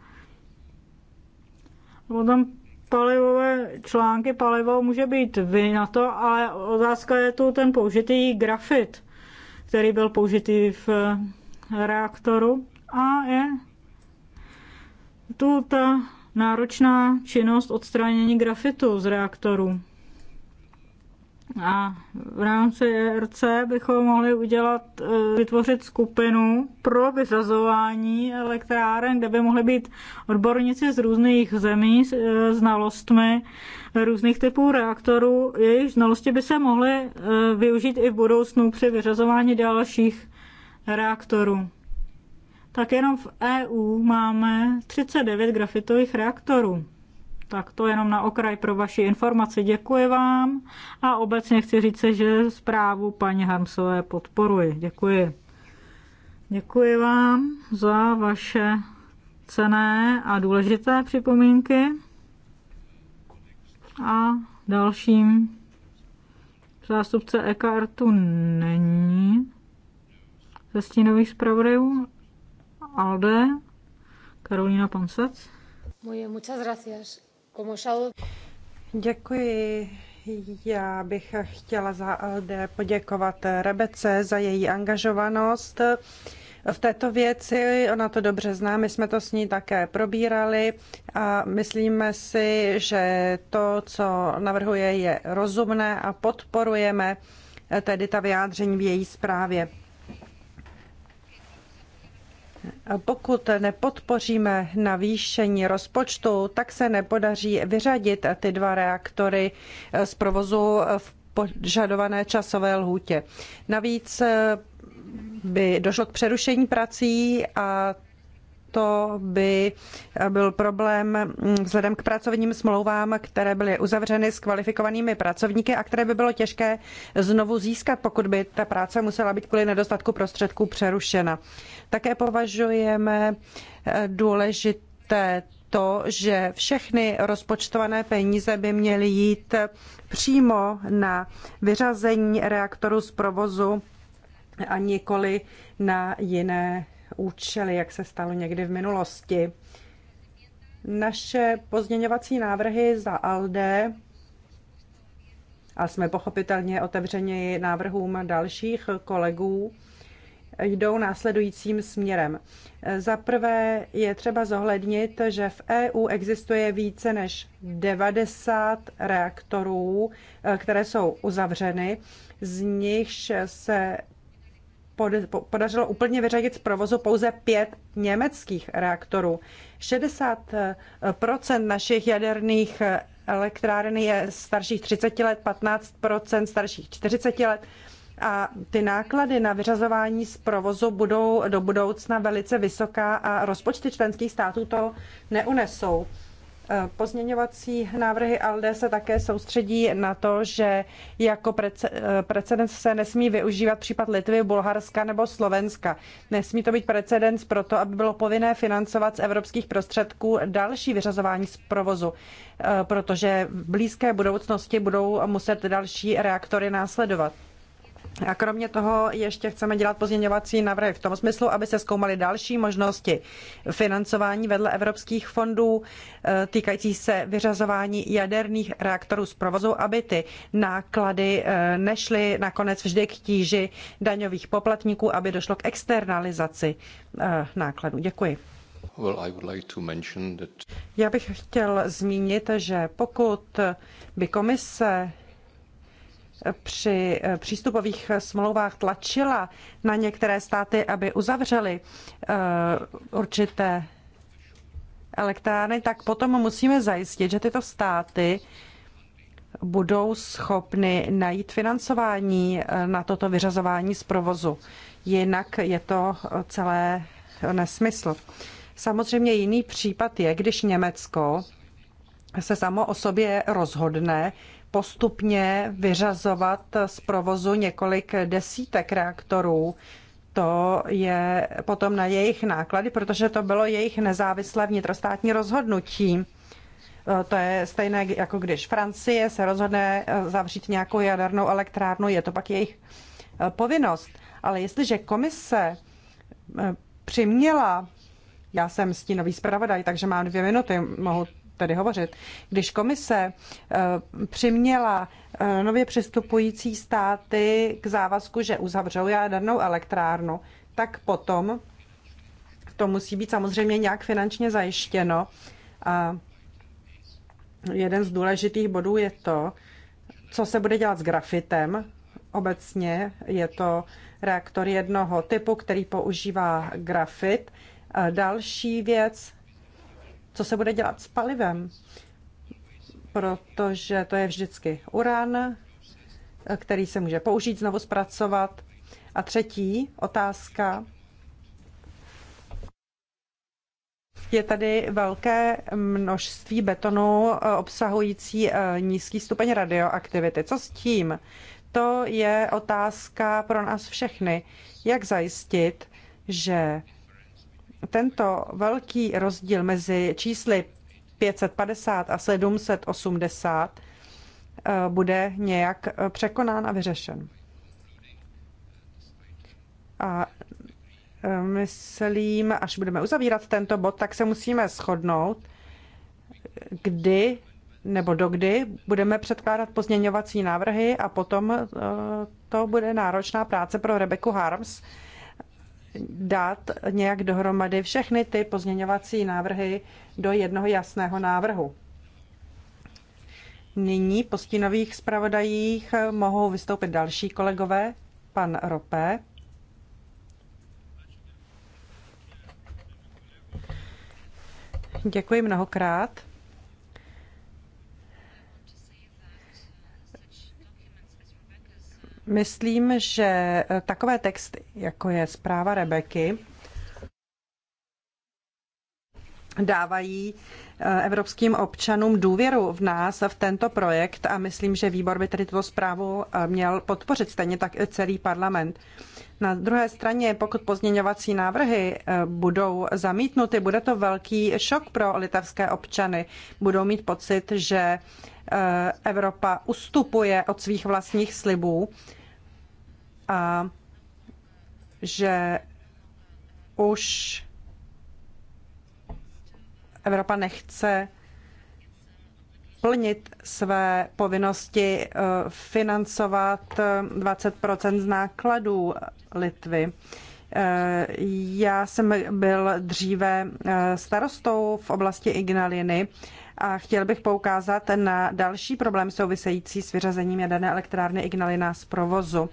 Speaker 3: Potom palivové články palivo může být vy na to, ale otázka je tu ten použitý grafit, který byl použitý v eh, reaktoru a je tu ta náročná činnost odstranění grafitu z reaktoru. A v rámci ERC bychom mohli udělat, e, vytvořit skupinu pro vyřazování elektráren, kde by mohli být odborníci z různých zemí s e, znalostmi různých typů reaktorů. Jejich znalosti by se mohly e, využít i v budoucnu při vyřazování dalších reaktorů. Tak jenom v EU máme 39 grafitových reaktorů. Tak to jenom na okraj pro vaši informaci. Děkuji vám a obecně chci říct, že zprávu paní Harmsové podporuji. Děkuji. Děkuji vám za vaše cené a důležité připomínky. A dalším zástupce EKR tu není ze stínových zpravodajů. Alde, Karolina Pansac. Muy bien, muchas gracias.
Speaker 1: Děkuji. Já bych chtěla za LD poděkovat Rebece za její angažovanost v této věci. Ona to dobře zná, my jsme to s ní také probírali a myslíme si, že to, co navrhuje, je rozumné a podporujeme tedy ta vyjádření v její zprávě pokud nepodpoříme navýšení rozpočtu, tak se nepodaří vyřadit ty dva reaktory z provozu v požadované časové lhůtě. Navíc by došlo k přerušení prací a to by byl problém vzhledem k pracovním smlouvám, které byly uzavřeny s kvalifikovanými pracovníky a které by bylo těžké znovu získat, pokud by ta práce musela být kvůli nedostatku prostředků přerušena. Také považujeme eh, důležité to, že všechny rozpočtované peníze by měly jít eh, přímo na vyřazení reaktoru z provozu a nikoli na jiné účely, jak se stalo někdy v minulosti. Naše pozměňovací návrhy za ALDE a jsme pochopitelně otevřeni návrhům dalších kolegů, jdou následujícím směrem. Za prvé je třeba zohlednit, že v EU existuje více než 90 reaktorů, eh, které jsou uzavřeny, z nichž se podařilo úplně vyřadit z provozu pouze pět německých reaktorů. 60 eh, našich jaderných eh, elektráren je starších 30 let, 15 starších 40 let. A ty náklady na vyřazování z provozu budou do budoucna velice vysoká a rozpočty členských států to neunesou. Eh, pozměňovací návrhy ALDE se také soustředí na to, že jako eh, precedens se nesmí využívat případ Litvy, Bulharska nebo Slovenska. Nesmí to být precedens to, aby bylo povinné financovat z evropských prostředků další vyřazování z provozu, eh, protože v blízké budoucnosti budou muset další reaktory následovat. A kromě toho ještě chceme dělat pozměňovací návrhy v tom smyslu, aby se zkoumaly další možnosti financování vedle evropských fondů eh, týkající se vyřazování jaderných reaktorů z provozu, aby ty náklady eh, nešly nakonec vždy k tíži daňových poplatníků, aby došlo k externalizaci eh, nákladů. Děkuji. Já bych chtěl zmínit, že pokud by komise při eh, přístupových smlouvách tlačila na některé státy, aby uzavřeli eh, určité elektrárny, tak potom musíme zajistit, že tyto státy budou schopny najít financování eh, na toto vyřazování z provozu. Jinak je to celé nesmysl. Samozřejmě jiný případ je, když Německo se samo o sobě rozhodne, postupně vyřazovat z provozu několik desítek reaktorů. To je potom na jejich náklady, protože to bylo jejich nezávislé vnitrostátní rozhodnutí. E, to je stejné, jako když Francie se rozhodne e, zavřít nějakou jadernou elektrárnu, je to pak jejich e, povinnost. Ale jestliže komise přiměla, já jsem stínový zpravodaj, takže mám dvě minuty, mohu tady hovořit. Když komise eh, přiměla eh, nově přistupující státy k závazku, že uzavřou jadernou elektrárnu, tak potom to musí být samozřejmě nějak finančně zajištěno. A jeden z důležitých bodů je to, co se bude dělat s grafitem. Obecně je to reaktor jednoho typu, který používá grafit. Další věc co se bude dělat s palivem, protože to je vždycky uran, který se může použít, znovu zpracovat. A třetí otázka. Je tady velké množství betonu obsahující eh, nízký stupeň radioaktivity. Co s tím? To je otázka pro nás všechny. Jak zajistit, že tento velký rozdíl mezi čísly 550 a 780 eh, bude nějak eh, překonán a vyřešen. A eh, myslím, až budeme uzavírat tento bod, tak se musíme shodnout, kdy nebo dokdy budeme předkládat pozměňovací návrhy a potom to bude náročná práce pro Rebeku Harms, dát nějak dohromady všechny ty pozměňovací návrhy do jednoho jasného návrhu. Nyní po stínových zpravodajích mohou vystoupit další kolegové. Pan Ropé. Děkuji mnohokrát. Myslím, že eh, takové texty, jako je zpráva Rebeky, dávají eh, evropským občanům důvěru v nás, v tento projekt a myslím, že výbor by tedy tuto zprávu eh, měl podpořit, stejně tak i celý parlament. Na druhé straně, pokud pozměňovací návrhy budou zamítnuty, bude to velký šok pro litevské občany. Budou mít pocit, že Evropa ustupuje od svých vlastních slibů a že už Evropa nechce plnit své povinnosti eh, financovat 20 eh, z nákladů Litvy. Eh, já jsem byl dříve starostou v oblasti Ignaliny a chtěl bych poukázat na další problém související s vyřazením jaderné elektrárny Ignalina z provozu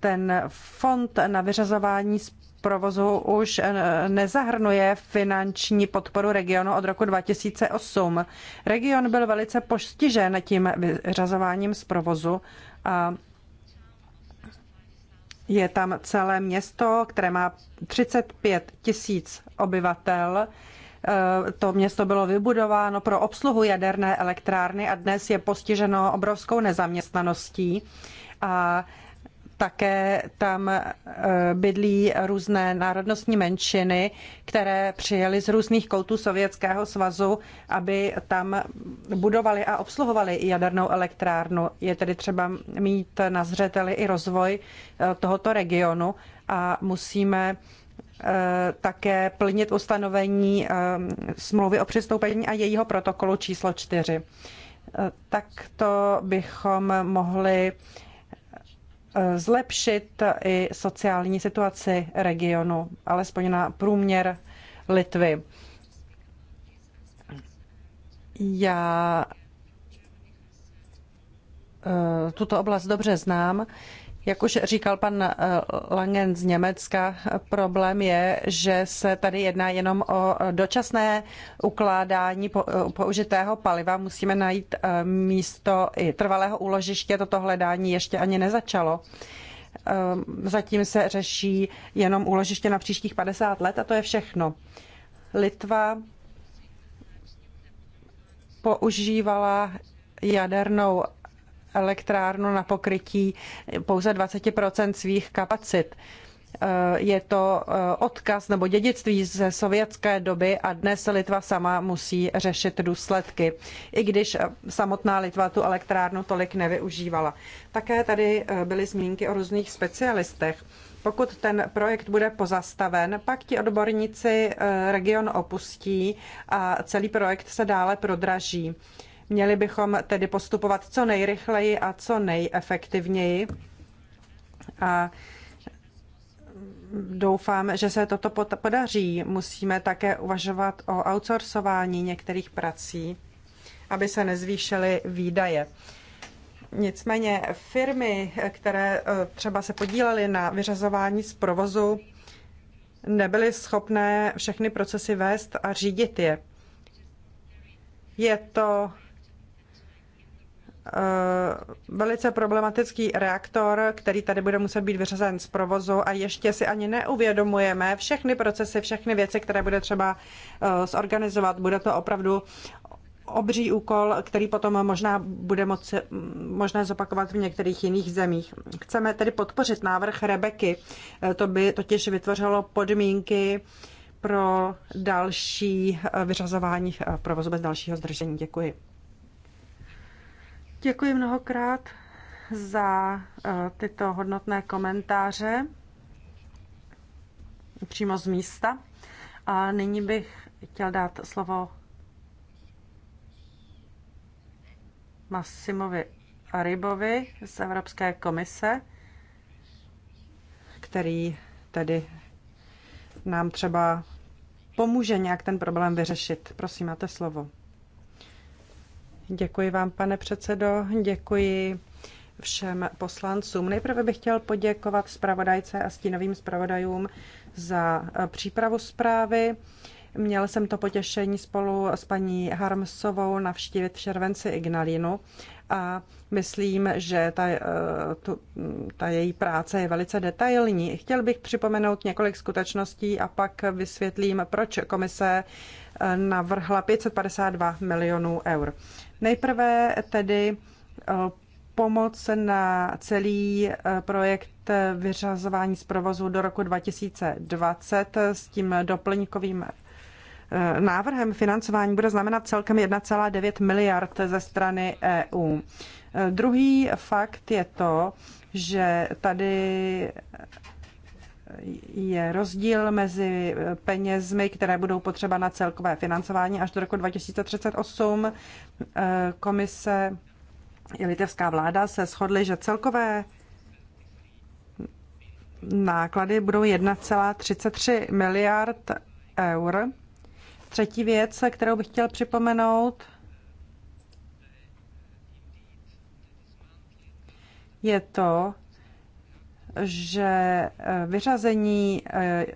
Speaker 1: ten fond na vyřazování z provozu už nezahrnuje finanční podporu regionu od roku 2008. Region byl velice postižen tím vyřazováním z provozu a je tam celé město, které má 35 tisíc obyvatel. Eh, to město bylo vybudováno pro obsluhu jaderné elektrárny a dnes je postiženo obrovskou nezaměstnaností. A také tam eh, bydlí různé národnostní menšiny, které přijeli z různých koutů Sovětského svazu, aby tam budovali a obsluhovali jadernou elektrárnu. Je tedy třeba mít na zřeteli i rozvoj eh, tohoto regionu a musíme eh, také plnit ustanovení smlouvy o přistoupení a jejího protokolu číslo 4. Takto bychom mohli Eh, zlepšit i sociální situaci regionu, alespoň na průměr Litvy. Já eh, tuto oblast dobře znám. Jak už říkal pan eh, Langen z Německa, problém je, že se tady jedná jenom o eh, dočasné ukládání eh, použitého paliva. Musíme najít místo i trvalého úložiště. Toto hledání ještě ani nezačalo. Zatím se řeší jenom úložiště na příštích 50 let a to je všechno. Litva používala jadernou elektrárnu na pokrytí pouze 20 svých kapacit. Eh, je to eh, odkaz nebo dědictví ze sovětské doby a dnes Litva sama musí řešit důsledky, i když eh, samotná Litva tu elektrárnu tolik nevyužívala. Také tady byly zmínky o různých specialistech. Pokud ten projekt bude pozastaven, pak ti odborníci region opustí a celý projekt se dále prodraží. Měli bychom tedy postupovat co nejrychleji a co nejefektivněji. A doufám, že se toto podaří. Musíme také uvažovat o outsourcování některých prací, aby se nezvýšily výdaje. Nicméně firmy, které eh, třeba se podílely na vyřazování z provozu, nebyly schopné všechny procesy vést a řídit je. Je to Eh, velice problematický reaktor, který tady bude muset být vyřazen z provozu a ještě si ani neuvědomujeme všechny procesy, všechny věci, které bude třeba eh, zorganizovat. Bude to opravdu obří úkol, který potom možná bude moci, mm, možné zopakovat v některých jiných zemích. Chceme tedy podpořit návrh Rebeky. Eh, to by totiž vytvořilo podmínky pro další vyřazování provozu bez dalšího zdržení. Děkuji. Děkuji mnohokrát za eh, tyto hodnotné komentáře přímo z místa. A nyní bych chtěl dát slovo Massimovi Aribovi z Evropské komise, který tedy nám třeba pomůže nějak ten problém vyřešit. Prosím, máte slovo. Děkuji vám, pane předsedo, děkuji všem poslancům. Nejprve bych chtěl poděkovat zpravodajce a stínovým zpravodajům za eh, přípravu zprávy. Měl jsem to potěšení spolu s paní Harmsovou navštívit v červenci Ignalinu a myslím, že ta, eh, tu, ta její práce je velice detailní. Chtěl bych připomenout několik skutečností a pak vysvětlím, proč komise eh, navrhla 552 milionů eur. Nejprve tedy eh, pomoc na celý eh, projekt eh, vyřazování z provozu do roku 2020 s tím doplňkovým návrhem financování bude znamenat celkem 1,9 miliard ze strany EU. Druhý fakt je to, že tady je rozdíl mezi penězmi, které budou potřeba na celkové financování až do roku 2038. Komise i litevská vláda se shodly, že celkové náklady budou 1,33 miliard eur. Třetí věc, kterou bych chtěl připomenout, je to, že eh, vyřazení eh,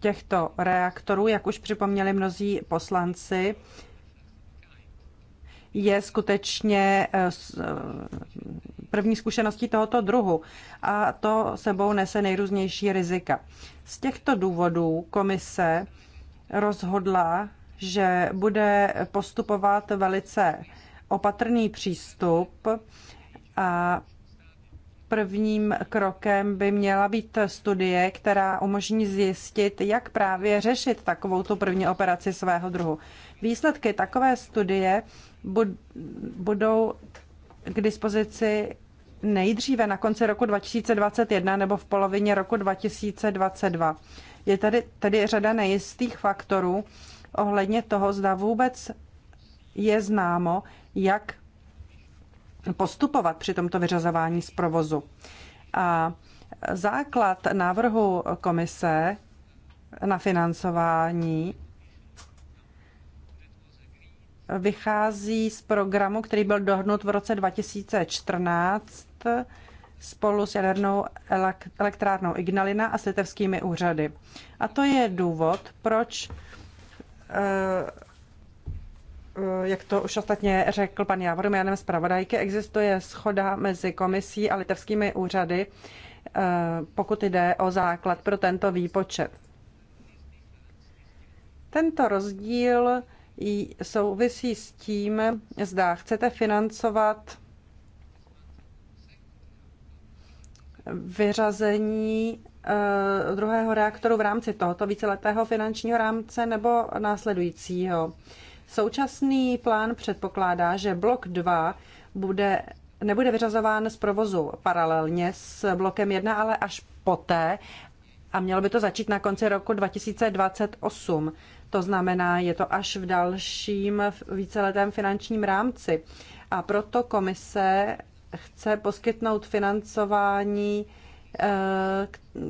Speaker 1: těchto reaktorů, jak už připomněli mnozí poslanci, je skutečně eh, první zkušeností tohoto druhu a to sebou nese nejrůznější rizika. Z těchto důvodů komise rozhodla, že bude postupovat velice opatrný přístup a prvním krokem by měla být studie, která umožní zjistit, jak právě řešit takovou tu první operaci svého druhu. Výsledky takové studie budou k dispozici nejdříve na konci roku 2021 nebo v polovině roku 2022. Je tady, tady řada nejistých faktorů ohledně toho, zda vůbec je známo, jak postupovat při tomto vyřazování z provozu. A základ návrhu komise na financování vychází z programu, který byl dohnut v roce 2014 spolu s jadernou elektrárnou Ignalina a s litevskými úřady. A to je důvod, proč eh, Eh, jak to už ostatně řekl pan Javor jménem zpravodajky, existuje schoda mezi komisí a litevskými úřady, eh, pokud jde o základ pro tento výpočet. Tento rozdíl souvisí s tím, zda chcete financovat vyřazení eh, druhého reaktoru v rámci tohoto víceletého finančního rámce nebo následujícího. Současný plán předpokládá, že blok 2 bude, nebude vyřazován z provozu paralelně s blokem 1, ale až poté a mělo by to začít na konci roku 2028. To znamená, je to až v dalším víceletém finančním rámci. A proto komise chce poskytnout financování Eh,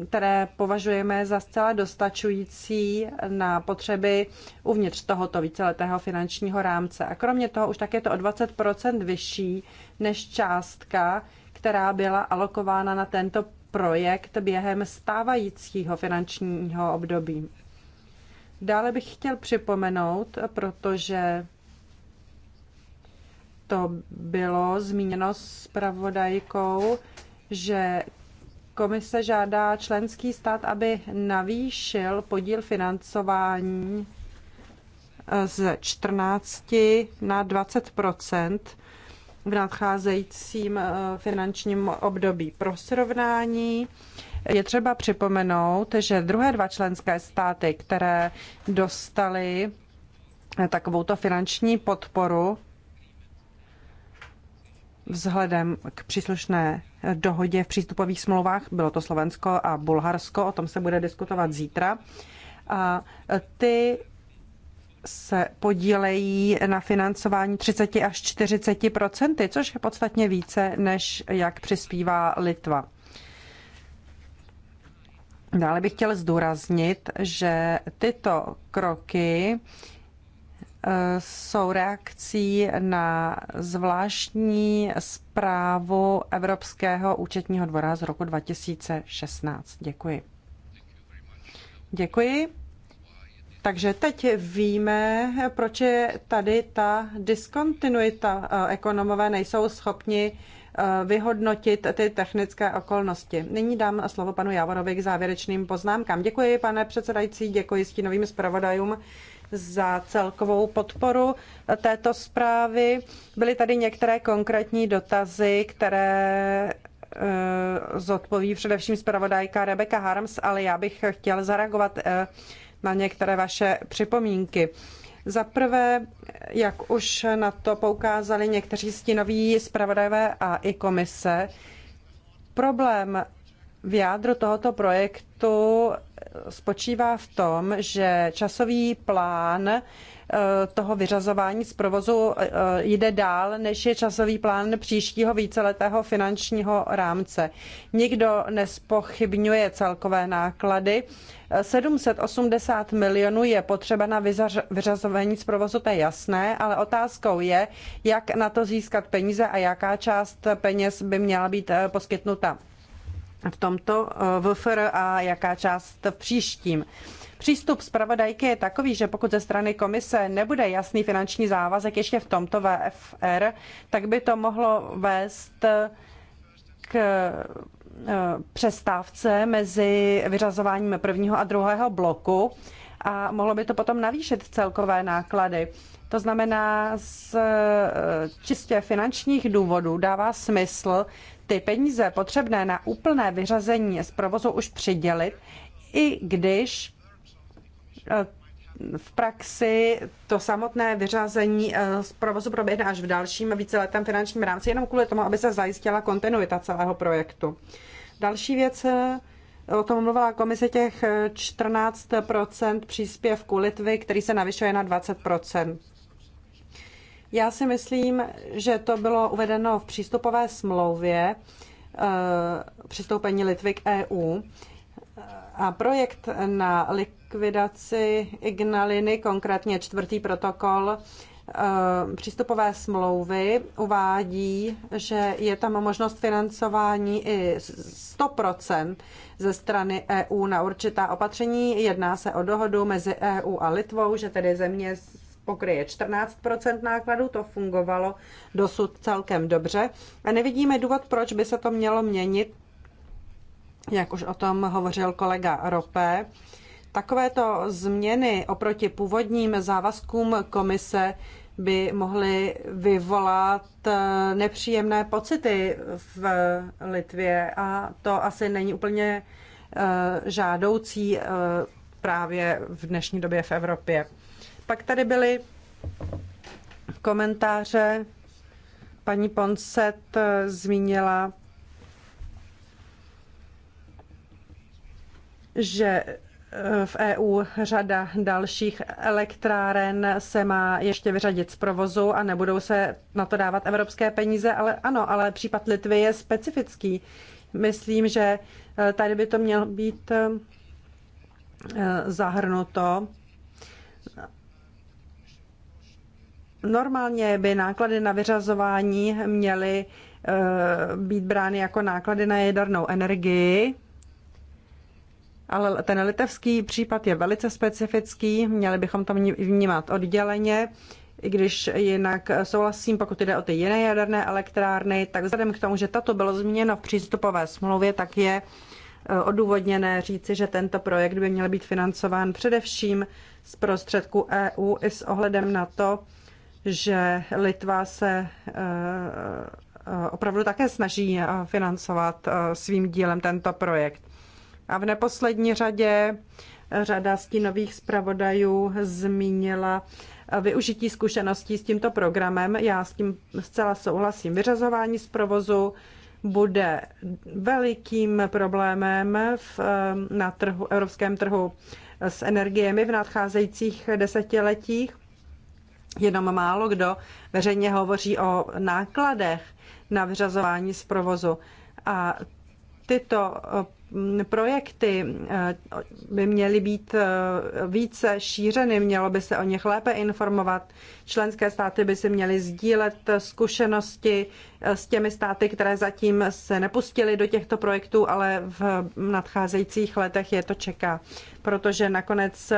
Speaker 1: které považujeme za zcela dostačující na potřeby uvnitř tohoto víceletého finančního rámce. A kromě toho už tak je to o 20 vyšší než částka, která byla alokována na tento projekt během stávajícího finančního období. Dále bych chtěl připomenout, protože to bylo zmíněno s pravodajkou, že Komise žádá členský stát, aby navýšil podíl financování eh, z 14 na 20 v nadcházejícím eh, finančním období. Pro srovnání je třeba připomenout, že druhé dva členské státy, které dostaly eh, takovouto finanční podporu, vzhledem k příslušné dohodě v přístupových smlouvách. Bylo to Slovensko a Bulharsko, o tom se bude diskutovat zítra. A ty se podílejí na financování 30 až 40 což je podstatně více, než jak přispívá Litva. Dále bych chtěl zdůraznit, že tyto kroky jsou reakcí na zvláštní zprávu Evropského účetního dvora z roku 2016. Děkuji. Děkuji. Takže teď víme, proč je tady ta diskontinuita. Ekonomové nejsou schopni eh, vyhodnotit ty technické okolnosti. Nyní dám slovo panu Javorovi k závěrečným poznámkám. Děkuji, pane předsedající, děkuji stínovým zpravodajům za celkovou podporu této zprávy. Byly tady některé konkrétní dotazy, které eh, zodpoví především zpravodajka Rebecca Harms, ale já bych chtěl zareagovat eh, na některé vaše připomínky. Za prvé, jak už na to poukázali někteří stínoví zpravodajové a i komise, problém v jádru tohoto projektu spočívá v tom, že časový plán eh, toho vyřazování z provozu eh, jde dál, než je časový plán příštího víceletého finančního rámce. Nikdo nespochybňuje celkové náklady. 780 eh, milionů je potřeba na vyřazování z provozu, to je jasné, ale otázkou je, jak na to získat peníze a jaká část peněz by měla být poskytnuta v tomto eh, VFR a jaká část v příštím. Přístup zpravodajky je takový, že pokud ze strany komise nebude jasný finanční závazek ještě v tomto VFR, tak by to mohlo vést eh, k eh, přestávce mezi vyřazováním prvního a druhého bloku a mohlo by to potom navýšit celkové náklady. To znamená, z e, čistě finančních důvodů dává smysl ty peníze potřebné na úplné vyřazení z provozu už přidělit, i když e, v praxi to samotné vyřazení e, z provozu proběhne až v dalším víceletém finančním rámci, jenom kvůli tomu, aby se zajistila kontinuita celého projektu. Další věc, O tom mluvila komise těch 14 eh, příspěvku Litvy, který se navyšuje na 20 Já si myslím, že to bylo uvedeno v přístupové smlouvě eh, přistoupení Litvy k EU. A projekt na likvidaci Ignaliny, konkrétně čtvrtý protokol, Eh, přístupové smlouvy uvádí, že je tam možnost financování i 100% ze strany EU na určitá opatření. Jedná se o dohodu mezi EU a Litvou, že tedy země pokryje 14 nákladů, to fungovalo dosud celkem dobře. A nevidíme důvod, proč by se to mělo měnit, jak už o tom hovořil kolega Rope Takovéto změny oproti původním závazkům komise by mohly vyvolat eh, nepříjemné pocity v Litvě a to asi není úplně eh, žádoucí eh, právě v dnešní době v Evropě. Pak tady byly komentáře. Paní Ponset zmínila, že v EU řada dalších elektráren se má ještě vyřadit z provozu a nebudou se na to dávat evropské peníze, ale ano, ale případ Litvy je specifický. Myslím, že eh, tady by to mělo být eh, zahrnuto. Normálně by náklady na vyřazování měly eh, být brány jako náklady na jadernou energii, ale ten litevský případ je velice specifický, měli bychom to vnímat odděleně i když jinak souhlasím, pokud jde o ty jiné jaderné elektrárny, tak vzhledem k tomu, že tato bylo změněno v přístupové smlouvě, tak je e, odůvodněné říci, že tento projekt by měl být financován především z prostředků EU i s ohledem na to, že Litva se e, e, opravdu také snaží financovat svým dílem tento projekt. A v neposlední řadě eh, řada stínových zpravodajů zmínila eh, využití zkušeností s tímto programem. Já s tím zcela souhlasím. Vyřazování z provozu bude velikým problémem v, eh, na trhu, evropském trhu s energiemi v nadcházejících desetiletích. Jenom málo kdo veřejně hovoří o nákladech na vyřazování z provozu. A tyto projekty eh, by měly být eh, více šířeny, mělo by se o nich lépe informovat. Členské státy by si měly sdílet eh, zkušenosti s těmi státy, které zatím se nepustily do těchto projektů, ale v nadcházejících letech je to čeká, protože nakonec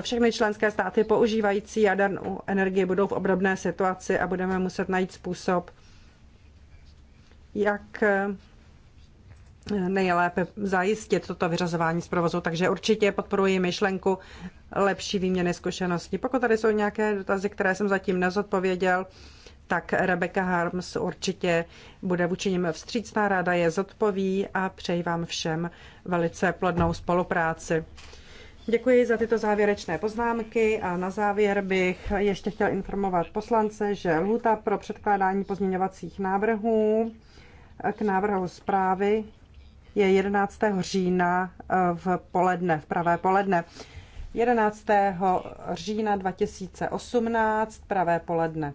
Speaker 1: všechny členské státy používající jadernou energii budou v obdobné situaci a budeme muset najít způsob, jak nejlépe zajistit toto vyřazování z provozu. Takže určitě podporuji myšlenku lepší výměny zkušeností. Pokud tady jsou nějaké dotazy, které jsem zatím nezodpověděl, tak Rebecca Harms určitě bude vůči nim vstřícná, ráda je zodpoví a přeji vám všem velice plodnou spolupráci. Děkuji za tyto závěrečné poznámky a na závěr bych ještě chtěl informovat poslance, že lhuta pro předkládání pozměňovacích návrhů k návrhu zprávy je 11. října eh, v poledne, v pravé poledne. 11. října 2018, pravé poledne.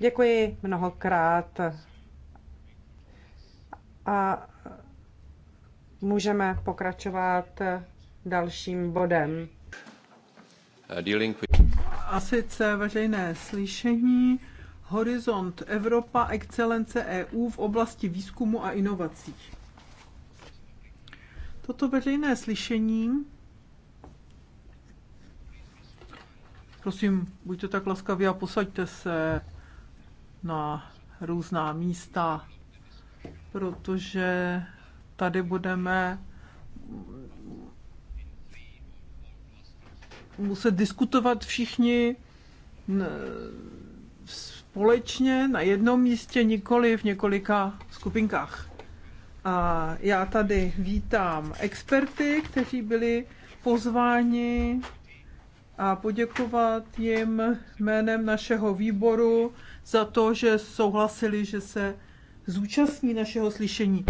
Speaker 1: Děkuji mnohokrát a můžeme pokračovat
Speaker 2: dalším bodem. Uh, a sice veřejné slyšení Horizont Evropa Excelence EU v oblasti výzkumu a inovací. Toto veřejné slyšení Prosím, buďte tak laskaví a posaďte se na různá místa, protože tady budeme muset diskutovat všichni společně na jednom místě, nikoli v několika skupinkách. A já tady vítám experty, kteří byli pozváni a poděkovat jim jménem našeho výboru za to, že souhlasili, že se zúčastní našeho slyšení.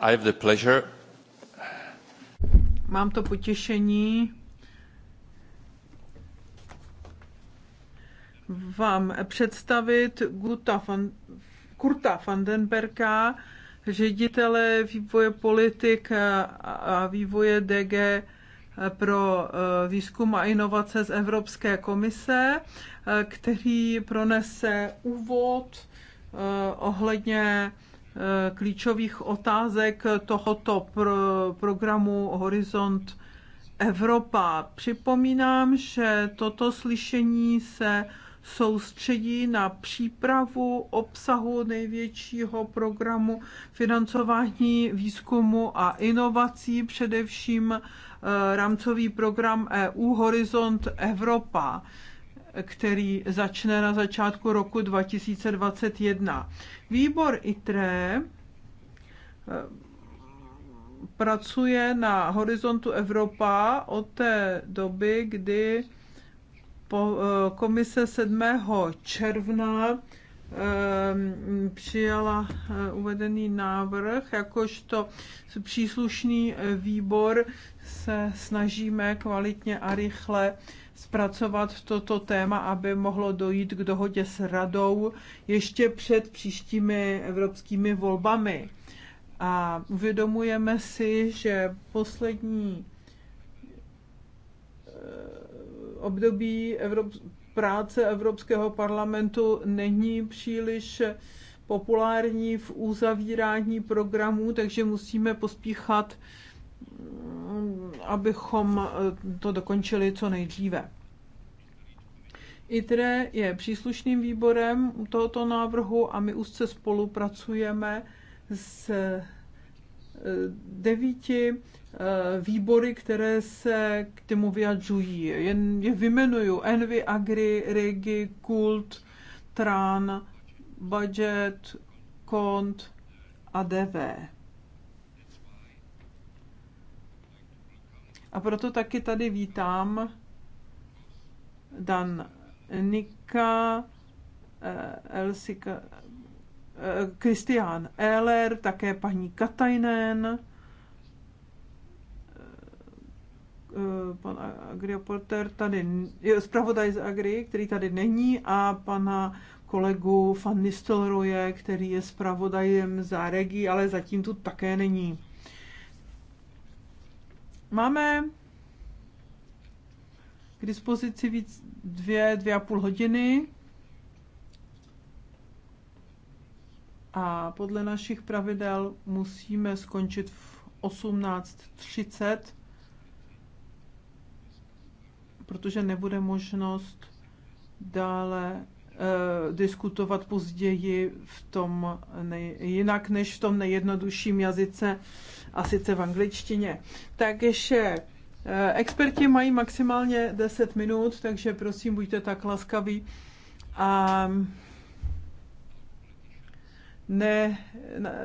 Speaker 3: I have the pleasure.
Speaker 2: Mám to potěšení vám představit Guta van, Kurta Vandenberka, ředitele vývoje politik a vývoje DG pro eh, výzkum a inovace z Evropské komise, eh, který pronese úvod eh, ohledně Eh, klíčových otázek tohoto pro programu Horizont Evropa. Připomínám, že toto slyšení se soustředí na přípravu obsahu největšího programu financování výzkumu a inovací, především eh, rámcový program EU Horizont Evropa který začne na začátku roku 2021. Výbor ITRE eh, pracuje na horizontu Evropa od té doby, kdy eh, komise 7. června eh, přijala uvedený návrh, jakožto příslušný výbor se snažíme kvalitně a rychle zpracovat toto téma, aby mohlo dojít k dohodě s radou ještě před příštími evropskými volbami. A uvědomujeme si, že poslední eh, období Evrop- práce Evropského parlamentu není příliš populární v uzavírání programů, takže musíme pospíchat abychom eh, to dokončili co nejdříve. ITRE je příslušným výborem tohoto návrhu a my úzce spolupracujeme s eh, devíti eh, výbory, které se k tomu vyjadřují. Jen je vymenuju. Envy, Agri, Regi, Kult, Tran, Budget, Kont a DV. A proto taky tady vítám Dan Nika, eh, Elsika, eh, Kristián Eller, také paní Katajnen, eh, pan Agrioporter tady, zpravodaj z Agri, který tady není, a pana kolegu Van Nistelroje, který je zpravodajem za Regi, ale zatím tu také není. Máme k dispozici víc, dvě, dvě a půl hodiny. A podle našich pravidel musíme skončit v 18.30, protože nebude možnost dále eh, diskutovat později v tom nej, jinak než v tom nejjednodušším jazyce a sice v angličtině. Takže eh, experti mají maximálně 10 minut, takže prosím, buďte tak laskaví a ne,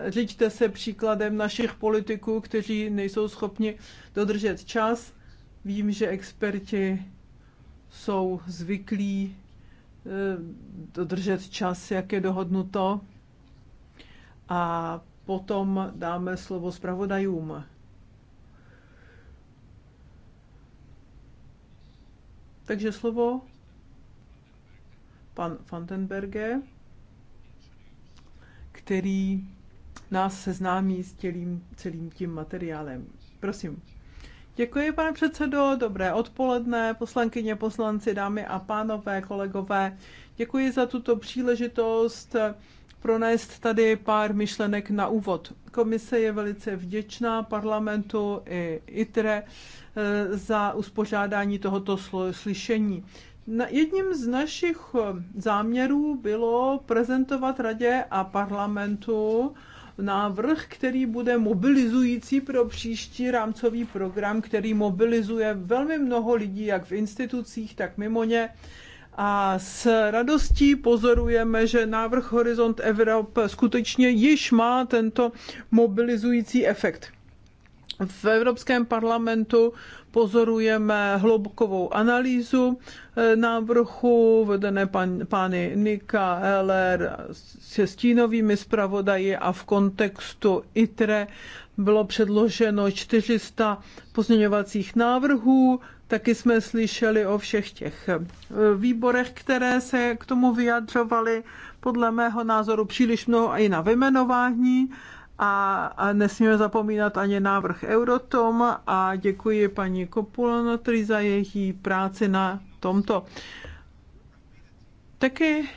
Speaker 2: řiďte se příkladem našich politiků, kteří nejsou schopni dodržet čas. Vím, že experti jsou zvyklí eh, dodržet čas, jak je dohodnuto. A potom dáme slovo zpravodajům. Takže slovo pan Fantenberge, který nás seznámí s celým, celým tím materiálem. Prosím. Děkuji, pane předsedo, dobré odpoledne, poslankyně, poslanci, dámy a pánové, kolegové. Děkuji za tuto příležitost pronést tady pár myšlenek na úvod. Komise je velice vděčná parlamentu i ITRE eh, za uspořádání tohoto slyšení. Jedním z našich eh, záměrů bylo prezentovat radě a parlamentu návrh, který bude mobilizující pro příští rámcový program, který mobilizuje velmi mnoho lidí, jak v institucích, tak mimo ně a s radostí pozorujeme, že návrh Horizont Evropa skutečně již má tento mobilizující efekt. V Evropském parlamentu pozorujeme hloubkovou analýzu eh, návrhu vedené pány Nika Eller se stínovými zpravodaji a v kontextu ITRE bylo předloženo 400 pozměňovacích návrhů Taky jsme slyšeli o všech těch eh, výborech, které se k tomu vyjadřovaly. Podle mého názoru příliš mnoho i na vymenování. A, a nesmíme zapomínat ani návrh Eurotom a děkuji paní Kopulanotry za její práci na tomto. Taky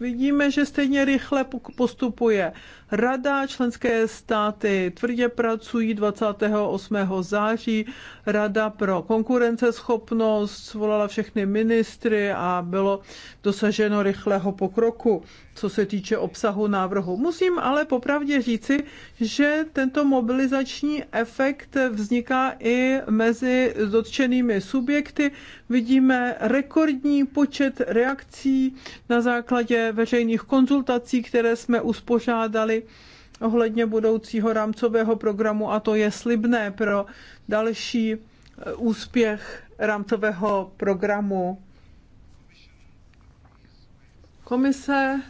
Speaker 2: vidíme, že stejně rychle postupuje Rada členské státy tvrdě pracují 28. září. Rada pro konkurenceschopnost svolala všechny ministry a bylo dosaženo rychlého pokroku, co se týče obsahu návrhu. Musím ale popravdě říci, že tento mobilizační efekt vzniká i mezi dotčenými subjekty. Vidíme rekordní počet reakcí na základě veřejných konzultací, které jsme uspořádali ohledně budoucího rámcového programu a to je slibné pro další eh, úspěch rámcového programu. Komise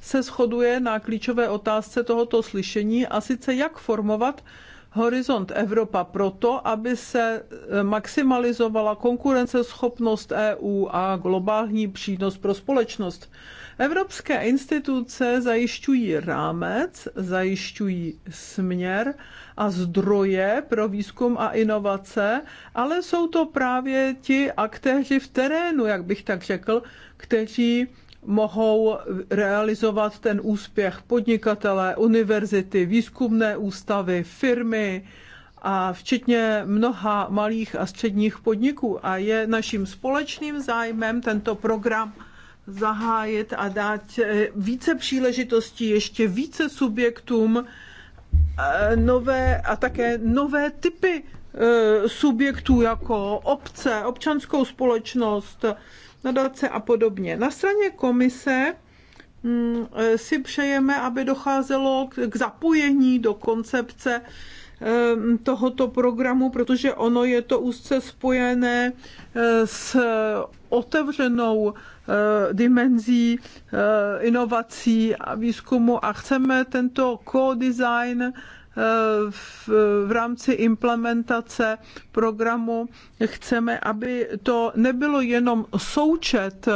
Speaker 2: se shoduje na klíčové otázce tohoto slyšení a sice jak formovat Horizont Evropa proto, aby se eh, maximalizovala konkurenceschopnost EU a globální přínos pro společnost. Evropské instituce zajišťují rámec, zajišťují směr a zdroje pro výzkum a inovace, ale jsou to právě ti aktéři v terénu, jak bych tak řekl, kteří mohou realizovat ten úspěch podnikatele, univerzity, výzkumné ústavy, firmy, a včetně mnoha malých a středních podniků. A je naším společným zájmem tento program zahájit a dát eh, více příležitostí ještě více subjektům, eh, nové a také nové typy eh, subjektů jako obce, občanskou společnost, nadace a podobně. Na straně komise hm, si přejeme, aby docházelo k zapojení do koncepce tohoto programu, protože ono je to úzce spojené s otevřenou Eh, dimenzí eh, inovací a výzkumu a chceme tento co-design eh, v, v rámci implementace programu chceme, aby to nebylo jenom součet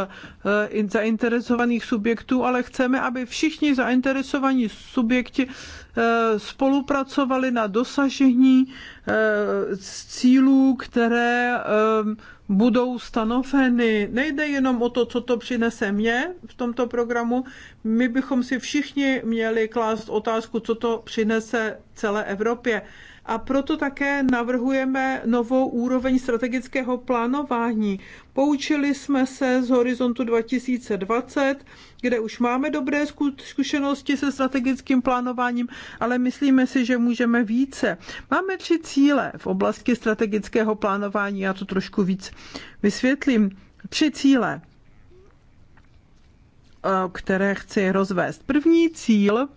Speaker 2: Eh, zainteresovaných subjektů, ale chceme, aby všichni zainteresovaní subjekti eh, spolupracovali na dosažení eh, cílů, které budou stanoveny. Nejde jenom o to, co to přinese mě v tomto programu. My bychom si všichni měli klást otázku, co to přinese celé Evropě a proto také navrhujeme novou úroveň strategického plánování. Poučili jsme se z horizontu 2020, kde už máme dobré zkušenosti se strategickým plánováním, ale myslíme si, že můžeme více. Máme tři cíle v oblasti strategického plánování, já to trošku víc vysvětlím. Tři cíle, eh, které chci rozvést. První cíl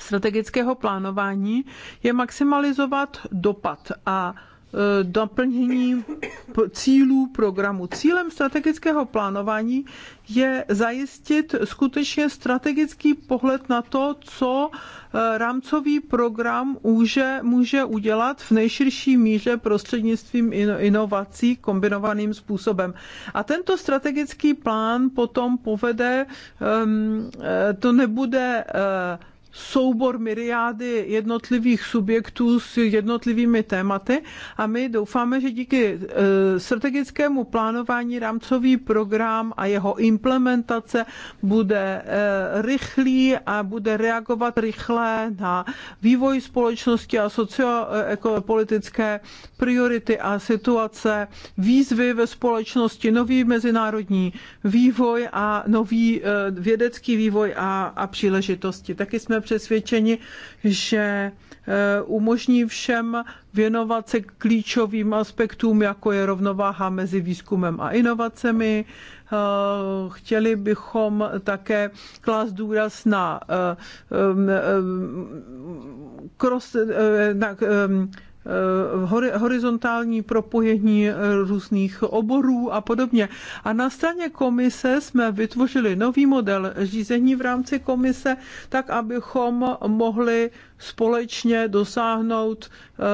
Speaker 2: strategického plánování je maximalizovat dopad a e, doplnění cílů programu. Cílem strategického plánování je zajistit skutečně strategický pohled na to, co e, rámcový program může, může udělat v nejširší míře prostřednictvím inovací kombinovaným způsobem. A tento strategický plán potom povede, e, to nebude soubor myriády jednotlivých subjektů s jednotlivými tématy a my doufáme, že díky eh, strategickému plánování rámcový program a jeho implementace bude eh, rychlý a bude reagovat rychle na vývoj společnosti a sociopolitické priority a situace, výzvy ve společnosti, nový mezinárodní vývoj a nový eh, vědecký vývoj a, a příležitosti. Taky jsme přesvědčeni, že eh, umožní všem věnovat se klíčovým aspektům, jako je rovnováha mezi výzkumem a inovacemi. Eh, chtěli bychom také klást důraz na, eh, na Eh, horizontální propojení eh, různých oborů a podobně. A na straně komise jsme vytvořili nový model řízení v rámci komise, tak abychom mohli společně dosáhnout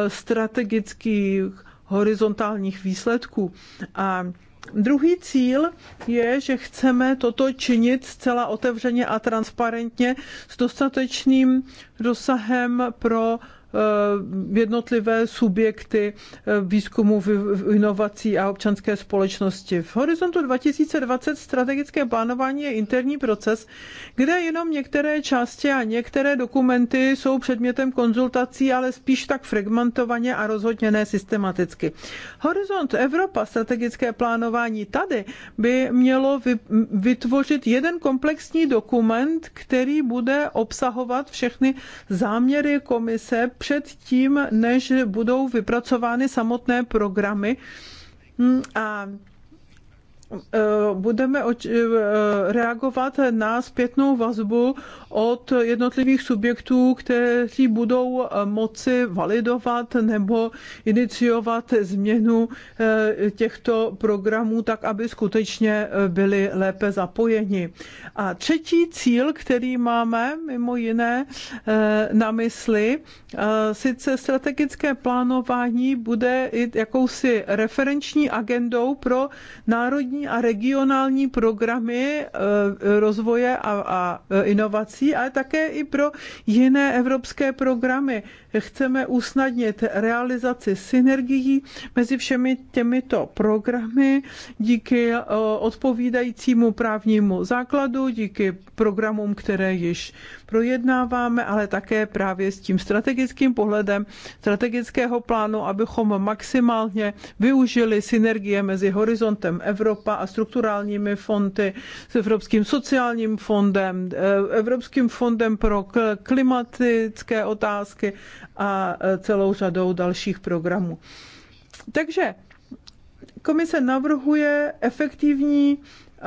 Speaker 2: eh, strategických horizontálních výsledků. A Druhý cíl je, že chceme toto činit zcela otevřeně a transparentně s dostatečným dosahem pro Eh, jednotlivé subjekty eh, výzkumu, inovací a občanské společnosti. V Horizontu 2020 strategické plánování je interní proces, kde jenom některé části a některé dokumenty jsou předmětem konzultací, ale spíš tak fragmentovaně a rozhodně ne systematicky. Horizont Evropa strategické plánování tady by mělo vytvořit jeden komplexní dokument, který bude obsahovat všechny záměry komise před tím, než budou vypracovány samotné programy. Hmm, a Eh, budeme eh, reagovat na zpětnou vazbu od jednotlivých subjektů, kteří budou eh, moci validovat nebo iniciovat změnu těchto programů tak, aby skutečně byli lépe zapojeni. A třetí cíl, který máme mimo jiné na mysli, sice strategické plánování bude jakousi referenční agendou pro národní a regionální programy eh, rozvoje a, a eh, inovací, ale také i pro jiné evropské programy chceme usnadnit realizaci synergií mezi všemi těmito programy díky eh, odpovídajícímu právnímu základu, díky programům, které již projednáváme, ale také právě s tím strategickým pohledem strategického plánu, abychom maximálně využili synergie mezi horizontem Evropa a strukturálními fondy s Evropským sociálním fondem, eh, Evropským fondem pro klimatické otázky a e, celou řadou dalších programů. Takže komise navrhuje efektivní e,